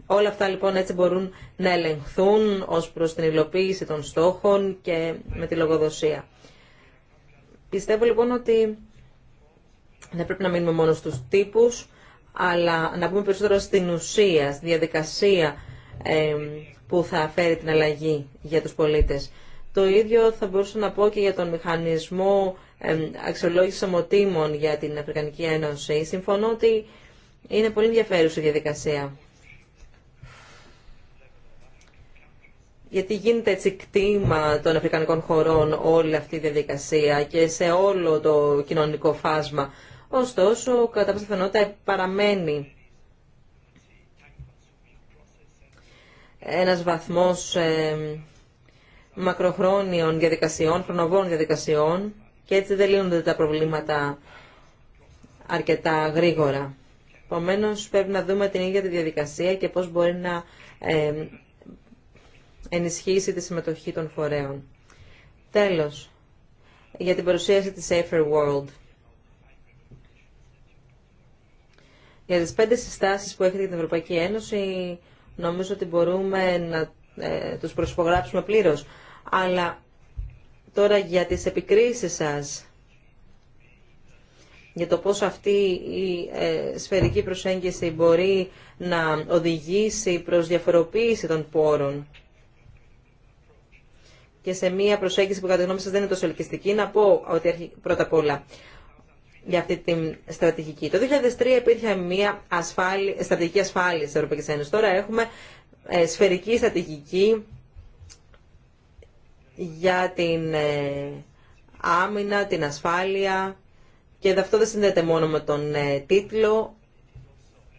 Speaker 2: Όλα αυτά λοιπόν έτσι μπορούν να ελεγχθούν ως προς την υλοποίηση των στόχων και με τη λογοδοσία. Πιστεύω λοιπόν ότι δεν πρέπει να μείνουμε μόνο στους τύπους, αλλά να πούμε περισσότερο στην ουσία, στη διαδικασία που θα φέρει την αλλαγή για τους πολίτες. Το ίδιο θα μπορούσα να πω και για τον μηχανισμό αξιολόγηση ομοτήμων για την Αφρικανική Ένωση. Συμφωνώ ότι είναι πολύ ενδιαφέρουσα η διαδικασία. Γιατί γίνεται έτσι κτήμα των Αφρικανικών χωρών όλη αυτή η διαδικασία και σε όλο το κοινωνικό φάσμα. Ωστόσο, κατά πάσα παραμένει ένας βαθμός μακροχρόνιων διαδικασιών, χρονοβών διαδικασιών, και έτσι δεν λύνονται τα προβλήματα αρκετά γρήγορα. Επομένω, πρέπει να δούμε την ίδια τη διαδικασία και πώς μπορεί να ε, ενισχύσει τη συμμετοχή των φορέων. Τέλος, για την παρουσίαση της Safer World. Για τις πέντε συστάσεις που έχετε για την Ευρωπαϊκή Ένωση, νομίζω ότι μπορούμε να ε, τους προσπογράψουμε πλήρως. Αλλά Τώρα για τις επικρίσεις σας, για το πόσο αυτή η ε, σφαιρική προσέγγιση μπορεί να οδηγήσει προς διαφοροποίηση των πόρων και σε μία προσέγγιση που κατά γνώμη σας δεν είναι τόσο ελκυστική, να πω ότι πρώτα απ' όλα για αυτή την στρατηγική. Το 2003 υπήρχε μία ασφάλι... στρατηγική ασφάλεια της Ευρωπαϊκής Ένωσης. Τώρα έχουμε ε, σφαιρική στρατηγική για την ε, άμυνα, την ασφάλεια και αυτό δεν συνδέεται μόνο με τον ε, τίτλο,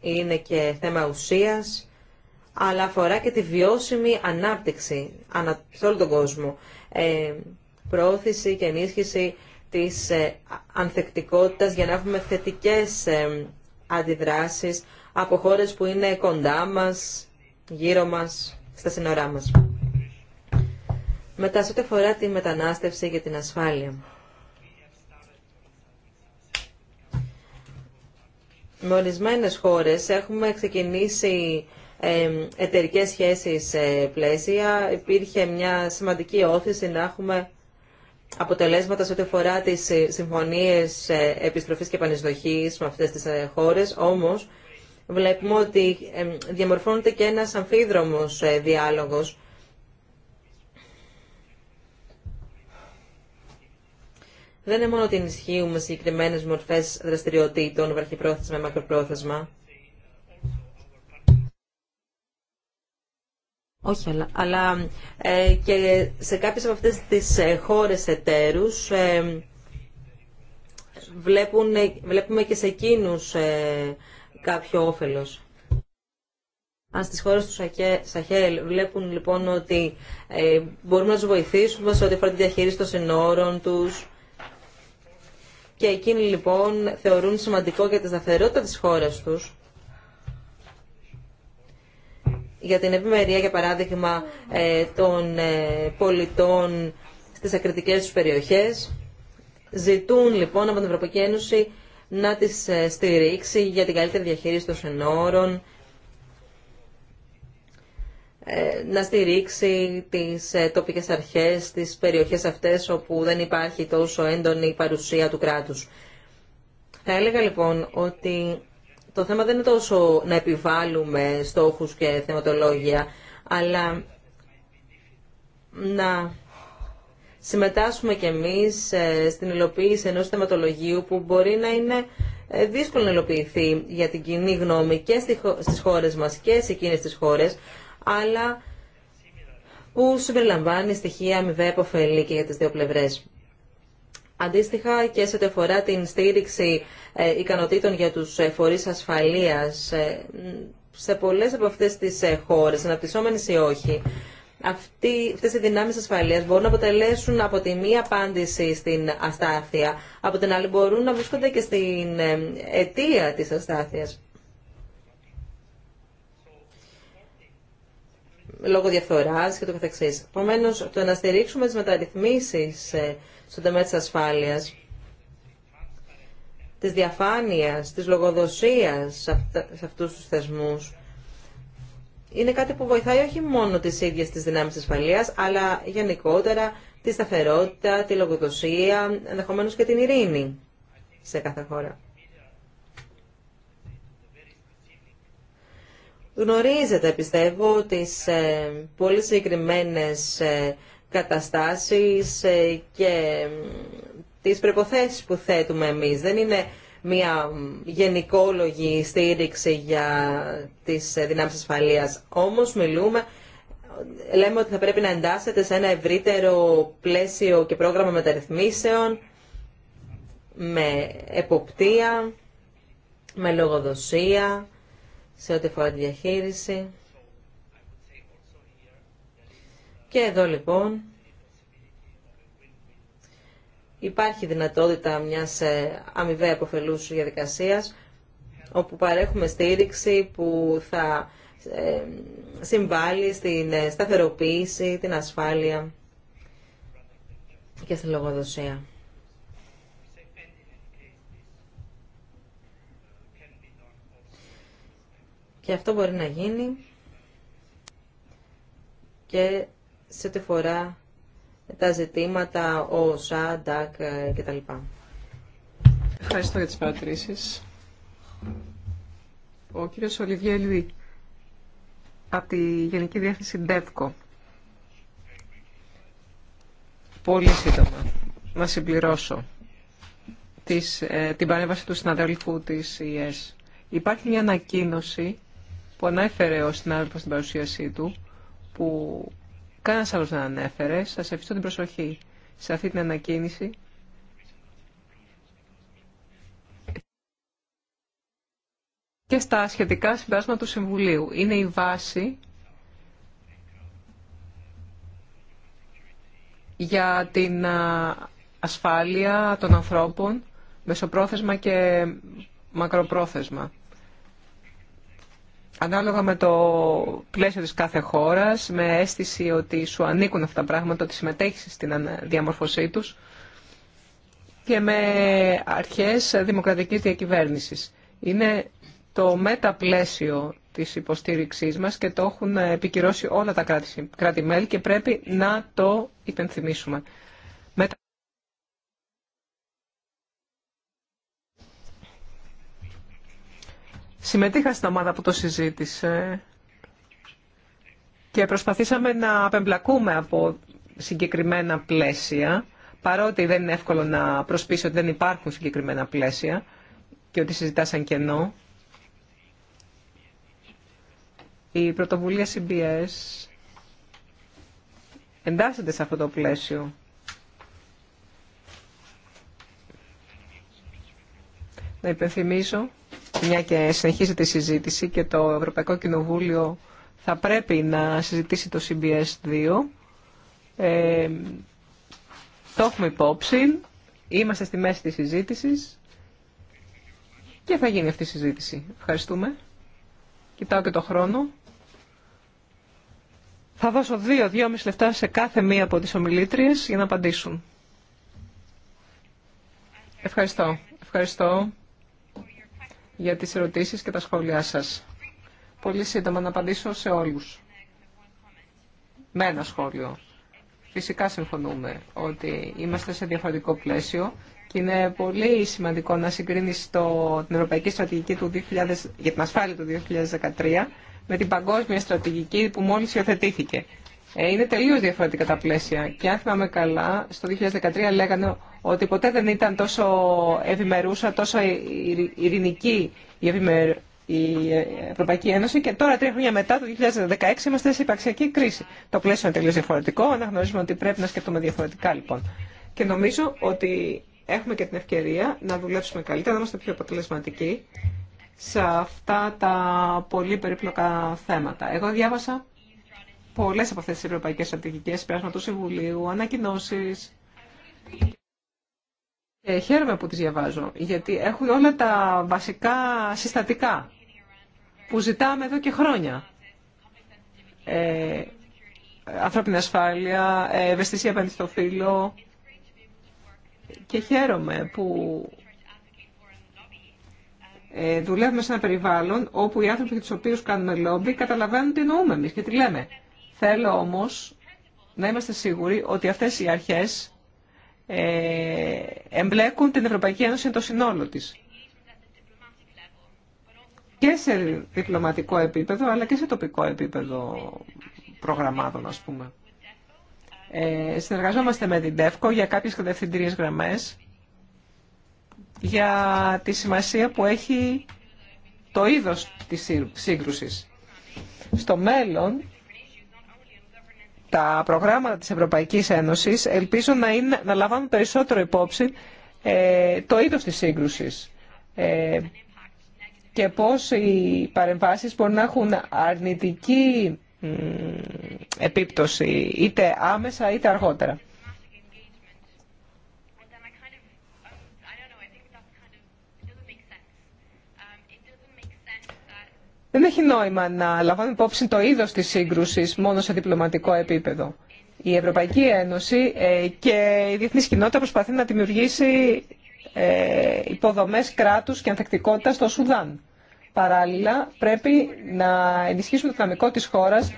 Speaker 2: είναι και θέμα ουσίας, αλλά αφορά και τη βιώσιμη ανάπτυξη σε όλο τον κόσμο. Ε, προώθηση και ενίσχυση της ανθεκτικότητας για να έχουμε θετικές αντιδράσεις από χώρες που είναι κοντά μας, γύρω μας, στα σύνορά μας. Μετά, σε ό,τι αφορά τη μετανάστευση για την ασφάλεια. Με ορισμένε χώρες έχουμε ξεκινήσει εταιρικέ σχέσεις πλαίσια. Υπήρχε μια σημαντική όθηση να έχουμε αποτελέσματα σε ό,τι αφορά τις ε, συμφωνίες ε, επιστροφής και επανεισδοχής με αυτές τις ε, χώρες. Όμως, βλέπουμε ότι διαμορφώνεται και ένας αμφίδρομος διάλογος δεν είναι μόνο ότι ενισχύουμε συγκεκριμένε μορφέ δραστηριοτήτων, βραχυπρόθεσμα, μακροπρόθεσμα. Όχι, αλλά, ε, και σε κάποιες από αυτές τις ε, χώρες εταίρους ε, βλέπουν, ε, βλέπουμε και σε εκείνους κάποιο όφελος. Αν στις χώρες του Σαχέλ βλέπουν λοιπόν ότι μπορούμε να τους βοηθήσουμε σε ό,τι αφορά τη διαχείριση των συνόρων τους, και εκείνοι λοιπόν θεωρούν σημαντικό για τη σταθερότητα της χώρας τους για την επιμερία, για παράδειγμα, ε, των ε, πολιτών στις ακριτικές τους περιοχές. Ζητούν λοιπόν από την Ευρωπαϊκή Ένωση να τις ε, στηρίξει για την καλύτερη διαχείριση των συνόρων, ε, να στηρίξει τις ε, τοπικές αρχές, τις περιοχές αυτές όπου δεν υπάρχει τόσο έντονη παρουσία του κράτους. Θα έλεγα λοιπόν ότι το θέμα δεν είναι τόσο να επιβάλλουμε στόχους και θεματολόγια, αλλά να συμμετάσχουμε κι εμείς ε, στην υλοποίηση ενός θεματολογίου που μπορεί να είναι δύσκολο να υλοποιηθεί για την κοινή γνώμη και στις χώρες μας και σε εκείνες τις χώρες, αλλά που συμπεριλαμβάνει στοιχεία μη υποφελή και για τις δύο πλευρές. Αντίστοιχα και σε ό,τι αφορά την στήριξη ε, ικανοτήτων για τους ε, φορείς ασφαλείας ε, σε πολλές από αυτές τις χώρες, αναπτυσσόμενες ή όχι, αυτοί, αυτές οι δυνάμεις ασφαλείας μπορούν να αποτελέσουν από τη μία απάντηση στην αστάθεια, από την άλλη μπορούν να βρίσκονται και στην αιτία της αστάθειας. λόγω διαφθορά και το καθεξής. Επομένω, το να στηρίξουμε τις μεταρρυθμίσεις ε, στον τομέα τη ασφάλειας, της διαφάνειας, της λογοδοσίας σε αυτούς τους θεσμούς, είναι κάτι που βοηθάει όχι μόνο τις ίδιες τις δυνάμεις ασφαλείας, αλλά γενικότερα τη σταθερότητα, τη λογοδοσία, ενδεχομένω και την ειρήνη σε κάθε χώρα. Γνωρίζετε, πιστεύω, τις ε, πολύ συγκεκριμένες ε, καταστάσεις ε, και τις προϋποθέσεις που θέτουμε εμείς. Δεν είναι μια γενικόλογη στήριξη για τις δυνάμεις ασφαλείας. Όμως μιλούμε, λέμε ότι θα πρέπει να εντάσσεται σε ένα ευρύτερο πλαίσιο και πρόγραμμα μεταρρυθμίσεων, με εποπτεία, με λογοδοσία σε ό,τι αφορά τη διαχείριση. Και εδώ λοιπόν υπάρχει δυνατότητα μιας ε, αμοιβαία υποφελούς διαδικασίας όπου παρέχουμε στήριξη που θα ε, συμβάλλει στην ε, σταθεροποίηση, την ασφάλεια και στη λογοδοσία. Και αυτό μπορεί να γίνει και σε τη φορά τα ζητήματα ο ε, και ΝΤΑΚ κτλ.
Speaker 1: Ευχαριστώ για τις παρατηρήσεις. Ο κύριος Ολιβιέ από τη Γενική Διεύθυνση ΔΕΒΚΟ. Πολύ σύντομα να συμπληρώσω της, ε, την παρέμβαση του συναδέλφου της ΙΕΣ. Υπάρχει μια ανακοίνωση που ανέφερε ο συνάδελφος στην παρουσίασή του, που κανένας άλλος δεν ανέφερε, σας ευχαριστώ την προσοχή σε αυτή την ανακοίνηση. Και στα σχετικά συμπεράσματα του Συμβουλίου. Είναι η βάση για την ασφάλεια των ανθρώπων μεσοπρόθεσμα και μακροπρόθεσμα ανάλογα με το πλαίσιο της κάθε χώρας, με αίσθηση ότι σου ανήκουν αυτά τα πράγματα, ότι συμμετέχεις στην διαμορφωσή τους και με αρχές δημοκρατικής διακυβέρνησης. Είναι το μεταπλαίσιο της υποστήριξής μας και το έχουν επικυρώσει όλα τα κράτη-μέλη και πρέπει να το υπενθυμίσουμε. Συμμετείχα στην ομάδα που το συζήτησε και προσπαθήσαμε να απεμπλακούμε από συγκεκριμένα πλαίσια, παρότι δεν είναι εύκολο να προσπίσει ότι δεν υπάρχουν συγκεκριμένα πλαίσια και ότι συζητάσαν κενό. Η πρωτοβουλία CBS εντάσσεται σε αυτό το πλαίσιο. Να υπενθυμίσω μια και συνεχίζεται η συζήτηση και το Ευρωπαϊκό Κοινοβούλιο θα πρέπει να συζητήσει το CBS2. Ε, το έχουμε υπόψη, είμαστε στη μέση της συζήτησης και θα γίνει αυτή η συζήτηση. Ευχαριστούμε. Κοιτάω και το χρόνο. Θα δώσω δύο, δύο μισή σε κάθε μία από τις ομιλήτριες για να απαντήσουν. Ευχαριστώ. Ευχαριστώ για τις ερωτήσεις και τα σχόλιά σας. Πολύ σύντομα να απαντήσω σε όλους. Με ένα σχόλιο. Φυσικά συμφωνούμε ότι είμαστε σε διαφορετικό πλαίσιο και είναι πολύ σημαντικό να συγκρίνεις το, την Ευρωπαϊκή Στρατηγική του 2000, για την ασφάλεια του 2013 με την Παγκόσμια Στρατηγική που μόλις υιοθετήθηκε. Ε, είναι τελείως διαφορετικά τα πλαίσια και αν θυμάμαι καλά, στο 2013 λέγανε ότι ποτέ δεν ήταν τόσο ευημερούσα, τόσο ειρηνική η, ευημερ... η Ευρωπαϊκή Ένωση και τώρα τρία χρόνια μετά το 2016 είμαστε σε υπαξιακή κρίση. Το πλαίσιο είναι τελείως διαφορετικό, αναγνωρίζουμε ότι πρέπει να σκεφτούμε διαφορετικά λοιπόν. Και νομίζω ότι έχουμε και την ευκαιρία να δουλέψουμε καλύτερα, να είμαστε πιο αποτελεσματικοί σε αυτά τα πολύ περίπλοκα θέματα. Εγώ διάβασα πολλές από αυτές τις ευρωπαϊκές στρατηγικές, πέρασμα του Συμβουλίου, ανακοινώσεις ε, χαίρομαι που τις διαβάζω, γιατί έχουν όλα τα βασικά συστατικά που ζητάμε εδώ και χρόνια. Ε, ανθρώπινη ασφάλεια, ε, ευαισθησία απέναντι στο φύλλο και χαίρομαι που ε, δουλεύουμε σε ένα περιβάλλον όπου οι άνθρωποι για τους οποίους κάνουμε λόμπι καταλαβαίνουν τι εννοούμε εμείς και τι λέμε. Θέλω όμως να είμαστε σίγουροι ότι αυτές οι αρχές ε, εμπλέκουν την Ευρωπαϊκή Ένωση το συνόλο της. Και σε διπλωματικό επίπεδο, αλλά και σε τοπικό επίπεδο προγραμμάτων, ας πούμε. Ε, συνεργαζόμαστε με την ΤΕΦΚΟ για κάποιες κατευθυντήριες γραμμές για τη σημασία που έχει το είδος της σύγκρουσης. Στο μέλλον τα προγράμματα της Ευρωπαϊκής Ένωσης ελπίζω να, να λαμβάνουν περισσότερο υπόψη ε, το είδος της σύγκρουσης ε, και πώς οι παρεμβάσεις μπορεί να έχουν αρνητική επίπτωση είτε άμεσα είτε αργότερα. Δεν έχει νόημα να λαμβάνουμε υπόψη το είδο τη σύγκρουση μόνο σε διπλωματικό επίπεδο. Η Ευρωπαϊκή Ένωση ε, και η διεθνή κοινότητα προσπαθεί να δημιουργήσει ε, υποδομέ κράτου και ανθεκτικότητα στο Σουδάν. Παράλληλα, πρέπει να ενισχύσουμε το δυναμικό τη χώρα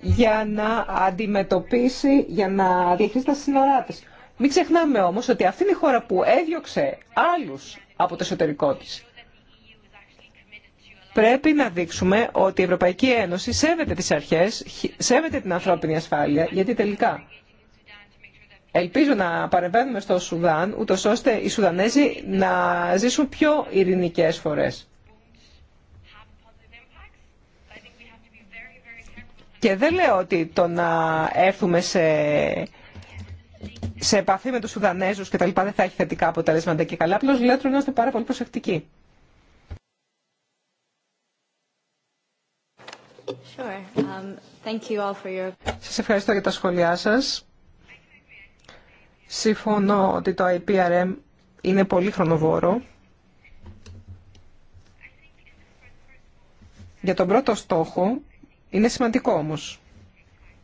Speaker 1: για να αντιμετωπίσει, για να διαχειριστεί τα σύνορά της. Μην ξεχνάμε όμω ότι αυτή είναι η χώρα που έδιωξε άλλου από το εσωτερικό της πρέπει να δείξουμε ότι η Ευρωπαϊκή Ένωση σέβεται τις αρχές, σέβεται την ανθρώπινη ασφάλεια, γιατί τελικά ελπίζω να παρεμβαίνουμε στο Σουδάν, ούτω ώστε οι Σουδανέζοι να ζήσουν πιο ειρηνικές φορές. Και δεν λέω ότι το να έρθουμε σε, σε επαφή με τους Σουδανέζους και τα λοιπά δεν θα έχει θετικά αποτελέσματα και καλά, απλώς λέω ότι είμαστε πάρα πολύ προσεκτικοί.
Speaker 3: Um,
Speaker 1: ευχαριστώ για τα σχόλιά σας. Συμφωνώ ότι το IPRM είναι πολύ χρονοβόρο. Για τον πρώτο στόχο είναι σημαντικό όμως.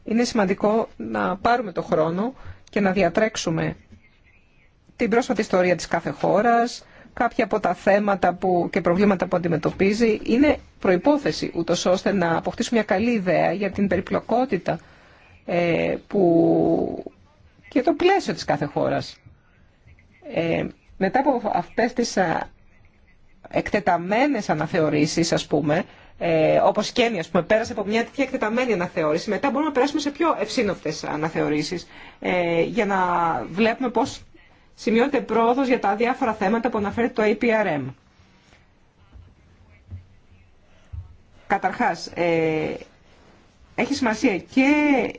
Speaker 1: Είναι σημαντικό να πάρουμε το χρόνο και να διατρέξουμε την πρόσφατη ιστορία της κάθε χώρας, κάποια από τα θέματα που, και προβλήματα που αντιμετωπίζει είναι προϋπόθεση ούτω ώστε να αποκτήσουμε μια καλή ιδέα για την περιπλοκότητα ε, που, και το πλαίσιο της κάθε χώρας. Ε, μετά από αυτές τις α, εκτεταμένες αναθεωρήσεις, ας πούμε, ε, όπως Κένια, πούμε, πέρασε από μια τέτοια εκτεταμένη αναθεώρηση, μετά μπορούμε να περάσουμε σε πιο ευσύνοπτες αναθεωρήσεις, ε, για να βλέπουμε πώς σημειώνεται πρόοδο για τα διάφορα θέματα που αναφέρει το APRM. Καταρχάς, ε, έχει σημασία και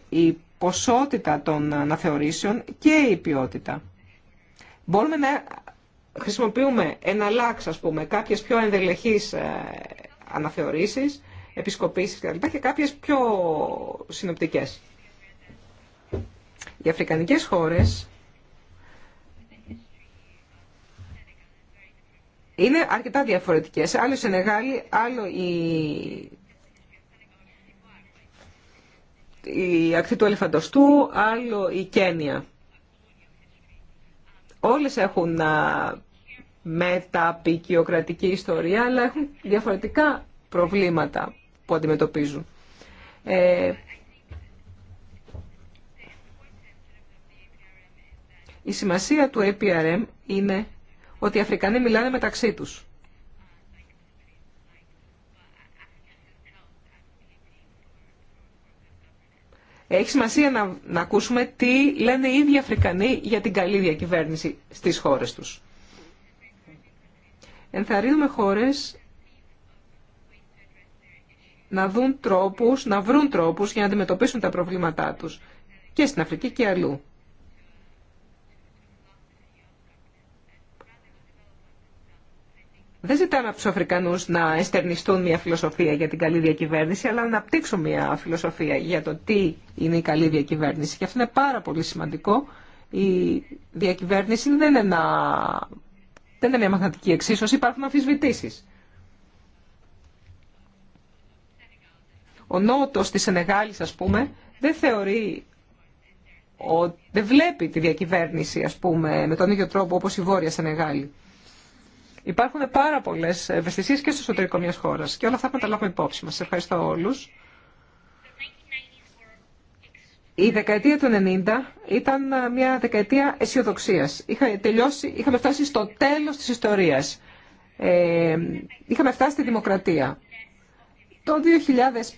Speaker 1: η ποσότητα των αναθεωρήσεων και η ποιότητα. Μπορούμε να χρησιμοποιούμε εναλλάξ, ας πούμε, κάποιες πιο ενδελεχείς ε, αναθεωρήσεις, επισκοπήσεις κλπ. και κάποιες πιο συνοπτικές. Οι αφρικανικές χώρες είναι αρκετά διαφορετικές. Άλλο η Σενεγάλη, άλλο η ακτή του Ελεφαντοστού, άλλο η Κένια. Όλες έχουν μεταπικιοκρατική ιστορία, αλλά έχουν διαφορετικά προβλήματα που αντιμετωπίζουν. Ε, η σημασία του APRM είναι ότι οι Αφρικανοί μιλάνε μεταξύ τους. Έχει σημασία να, να ακούσουμε τι λένε οι ίδιοι Αφρικανοί για την καλή διακυβέρνηση στις χώρες τους. Ενθαρρύνουμε χώρες να δουν τρόπους, να βρουν τρόπους για να αντιμετωπίσουν τα προβλήματά τους και στην Αφρική και αλλού. Δεν ζητάνε από του Αφρικανού να εστερνιστούν μια φιλοσοφία για την καλή διακυβέρνηση, αλλά να αναπτύξουν μια φιλοσοφία για το τι είναι η καλή διακυβέρνηση. Και αυτό είναι πάρα πολύ σημαντικό. Η διακυβέρνηση δεν είναι, δεν είναι μια μαθηματική εξίσωση, υπάρχουν αμφισβητήσει. Ο Νότο τη Σενεγάλη, α πούμε, δεν θεωρεί δεν βλέπει τη διακυβέρνηση, ας πούμε, με τον ίδιο τρόπο όπως η Βόρεια Σενεγάλη. Υπάρχουν πάρα πολλέ ευαισθησίε και στο εσωτερικό μια χώρα και όλα αυτά πρέπει να τα λάβουμε υπόψη μα. Ευχαριστώ όλου. Η δεκαετία του 90 ήταν ε, μια δεκαετία αισιοδοξία. Είχα τελειώσει, είχαμε φτάσει στο τέλο τη ιστορία. Ε, είχαμε φτάσει στη δημοκρατία. Το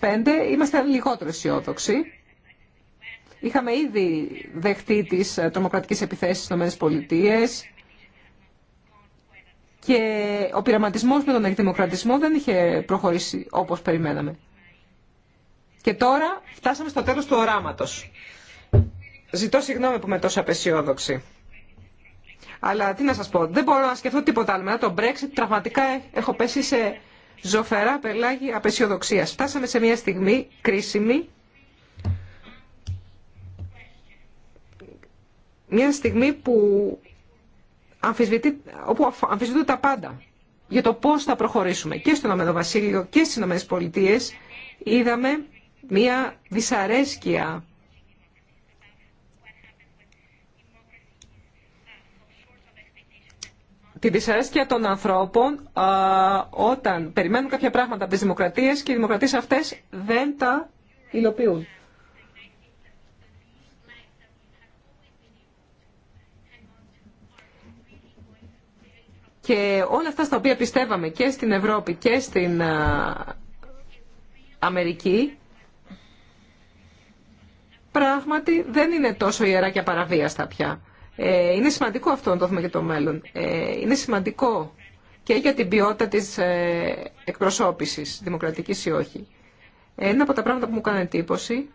Speaker 1: 2005 ήμασταν λιγότερο αισιόδοξοι. Είχαμε ήδη δεχτεί τις τρομοκρατικές επιθέσεις στις ΗΠΑ, και ο πειραματισμός με τον εκδημοκρατισμό δεν είχε προχωρήσει όπως περιμέναμε. Και τώρα φτάσαμε στο τέλος του οράματος. Ζητώ συγγνώμη που είμαι τόσο απεσιόδοξη. Αλλά τι να σας πω, δεν μπορώ να σκεφτώ τίποτα άλλο. Μετά το Brexit πραγματικά ε, έχω πέσει σε ζωφερά πελάγη απεσιοδοξίας. Φτάσαμε σε μια στιγμή κρίσιμη, μια στιγμή που όπου αμφισβητούν τα πάντα για το πώς θα προχωρήσουμε. Και στο Ηνωμένο Βασίλειο και στι Ηνωμένε Πολιτείες είδαμε μία δυσαρέσκεια τη δυσαρέσκεια των ανθρώπων α, όταν περιμένουν κάποια πράγματα από τις δημοκρατίες και οι δημοκρατίες αυτές δεν τα υλοποιούν. Και όλα αυτά στα οποία πιστεύαμε και στην Ευρώπη και στην Αμερική, πράγματι δεν είναι τόσο ιερά και παραβίαστα πια. Ε, είναι σημαντικό αυτό να το δούμε και το μέλλον. Ε, είναι σημαντικό και για την ποιότητα της ε, εκπροσώπησης, δημοκρατικής ή όχι. Ένα από τα πράγματα που μου κάνει εντύπωση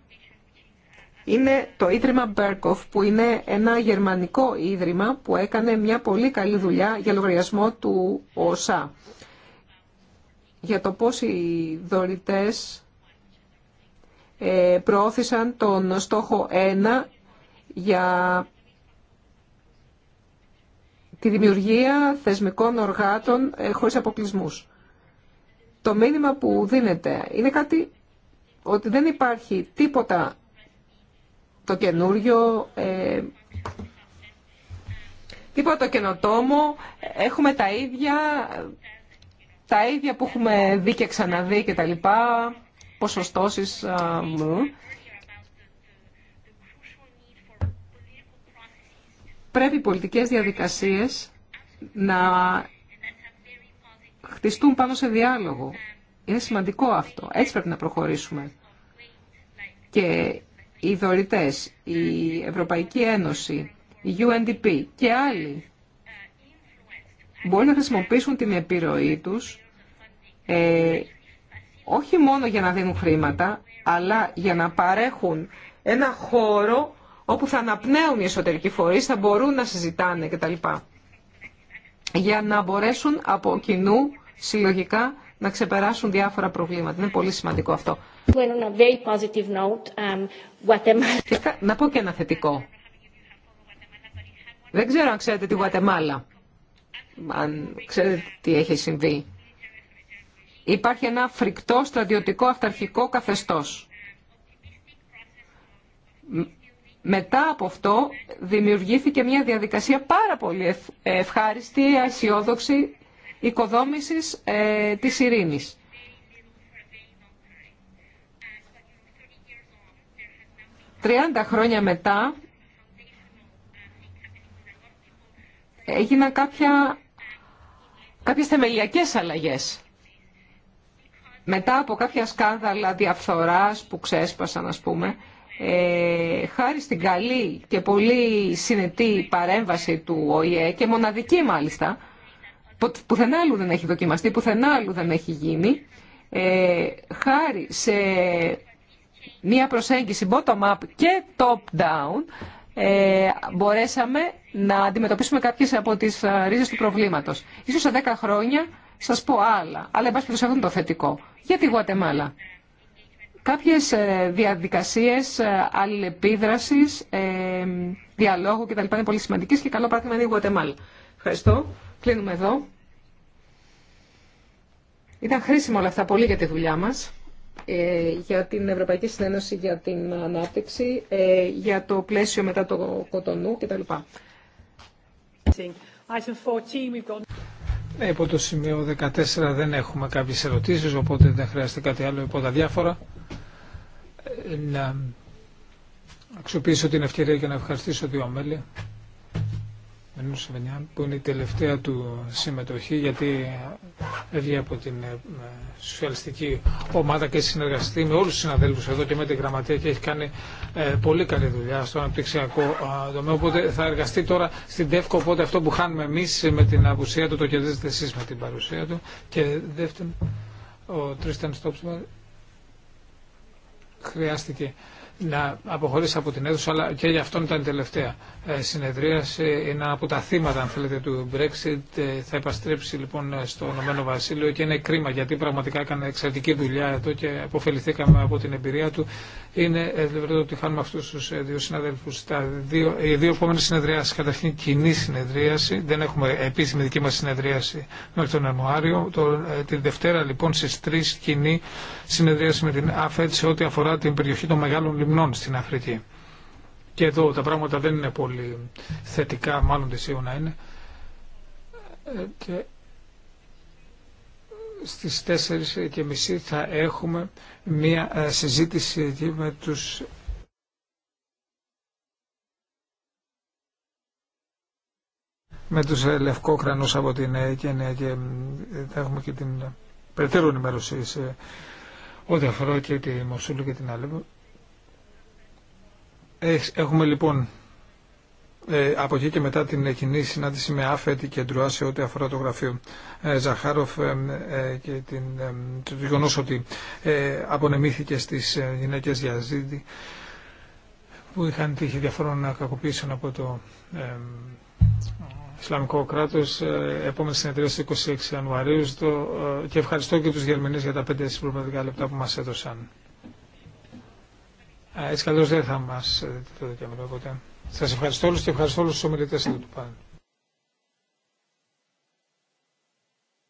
Speaker 1: είναι το Ίδρυμα Μπέρκοφ, που είναι ένα γερμανικό ίδρυμα που έκανε μια πολύ καλή δουλειά για λογαριασμό του ΟΣΑ. Για το πώς οι δωρητές ε, προώθησαν τον στόχο 1 για τη δημιουργία θεσμικών οργάτων ε, χωρίς αποκλεισμούς. Το μήνυμα που δίνεται είναι κάτι ότι δεν υπάρχει τίποτα το καινούριο, ε, τίποτα το καινοτόμο. Έχουμε τα ίδια, τα ίδια που έχουμε δει και ξαναδεί και τα λοιπά, ποσοστώσεις. πρέπει οι πολιτικές διαδικασίες να χτιστούν πάνω σε διάλογο. Είναι σημαντικό αυτό. Έτσι πρέπει να προχωρήσουμε. Και οι δωρητές, η Ευρωπαϊκή Ένωση, η UNDP και άλλοι μπορεί να χρησιμοποιήσουν την επιρροή τους ε, όχι μόνο για να δίνουν χρήματα, αλλά για να παρέχουν ένα χώρο όπου θα αναπνέουν οι εσωτερικοί φορείς, θα μπορούν να συζητάνε κτλ. Για να μπορέσουν από κοινού συλλογικά να ξεπεράσουν διάφορα προβλήματα. Είναι πολύ σημαντικό αυτό. Um, να πω και ένα θετικό. Δεν ξέρω αν ξέρετε τη Γουατεμάλα, αν ξέρετε τι έχει συμβεί. Υπάρχει ένα φρικτό στρατιωτικό αυταρχικό καθεστώς. Μετά από αυτό δημιουργήθηκε μια διαδικασία πάρα πολύ ευχάριστη, αισιόδοξη, οικοδόμησης ε, της ειρήνης. Τριάντα χρόνια μετά έγιναν κάποια, κάποιες θεμελιακές αλλαγές. Μετά από κάποια σκάνδαλα διαφθοράς που ξέσπασαν ας πούμε, ε, χάρη στην καλή και πολύ συνετή παρέμβαση του ΟΗΕ και μοναδική μάλιστα, πουθενά άλλου δεν έχει δοκιμαστεί, πουθενά άλλου δεν έχει γίνει, ε, χάρη σε μία προσέγγιση bottom-up και top-down ε, μπορέσαμε να αντιμετωπίσουμε κάποιες από τις ε, ρίζες του προβλήματος. Ίσως σε 10 χρόνια σας πω άλλα, αλλά εν πάση περιπτώσει το θετικό. Γιατί τη Γουατεμάλα. Κάποιες ε, διαδικασίες ε, αλληλεπίδρασης, διαλόγου κτλ. είναι πολύ σημαντικές και καλό πράγμα είναι η Γουατεμάλα. Ευχαριστώ. Κλείνουμε εδώ. Ήταν χρήσιμο όλα αυτά πολύ για τη δουλειά μας. Ε, για την Ευρωπαϊκή Συνένωση για την Ανάπτυξη, ε, για το πλαίσιο μετά το Κοτονού κτλ. Ναι,
Speaker 3: υπό το σημείο 14 δεν έχουμε κάποιες ερωτήσεις, οπότε δεν χρειάζεται κάτι άλλο υπό τα διάφορα. Ε, να αξιοποιήσω την ευκαιρία και να ευχαριστήσω δύο μέλη που είναι η τελευταία του συμμετοχή γιατί έβγε από την ε, σοσιαλιστική ομάδα και συνεργαστεί με όλους τους συναδέλφους εδώ και με την γραμματεία και έχει κάνει ε, πολύ καλή δουλειά στο αναπτυξιακό τομέα ε, οπότε θα εργαστεί τώρα στην ΤΕΦΚΟ οπότε αυτό που χάνουμε εμείς με την απουσία του το κερδίζετε εσείς με την παρουσία του και δεύτερον ο Τρίσταν Στόψμα χρειάστηκε να αποχωρήσει από την αίθουσα, αλλά και γι' αυτό ήταν η τελευταία ε, συνεδρίαση. Είναι από τα θύματα, αν θέλετε, του Brexit. Ε, θα επαστρέψει λοιπόν ε, στο Ηνωμένο Βασίλειο και είναι κρίμα γιατί πραγματικά έκανε εξαιρετική δουλειά εδώ και αποφεληθήκαμε από την εμπειρία του. Είναι ευλογητό ότι χάνουμε αυτού του δύο συναδέλφου. οι δύο επόμενε συνεδριάσει, καταρχήν κοινή συνεδρίαση, δεν έχουμε επίσημη δική μα συνεδρίαση μέχρι τον Ιανουάριο. Το, την Δευτέρα λοιπόν στι τρει κοινή συνεδρίαση με την ΑΦΕΤ σε ό,τι αφορά την περιοχή των μεγάλων λιμνών στην Αφρική. Και εδώ τα πράγματα δεν είναι πολύ θετικά, μάλλον τη να είναι. Ε, και στις μισή θα έχουμε μία ε, συζήτηση εκεί με τους με τους ε, λευκόκρανους από την Κένια και θα έχουμε και την περαιτέρω ενημέρωση σε ό,τι αφορά και τη Μοσούλη και την Αλέπο. Έχουμε λοιπόν ε, από εκεί και μετά την κοινή συνάντηση με ΑΦΕΤ και Ντρουά σε ό,τι αφορά το γραφείο ε, Ζαχάροφ ε, και την, το γεγονό ότι απονεμήθηκε στις γυναίκες ζήτη που είχαν τύχει διαφορών κακοποιήσουν από το Ισλαμικό κράτος επόμενη συνεδρία στις 26 Ιανουαρίου και ευχαριστώ και τους Γερμανείς για τα 5 συμπληρωματικά λεπτά που μας έδωσαν. Έτσι καλώς δεν θα μας δείτε το δικαιωμένο οπότε σας ευχαριστώ όλους και ευχαριστώ όλους τους ομιλητές εδώ του πάνελ.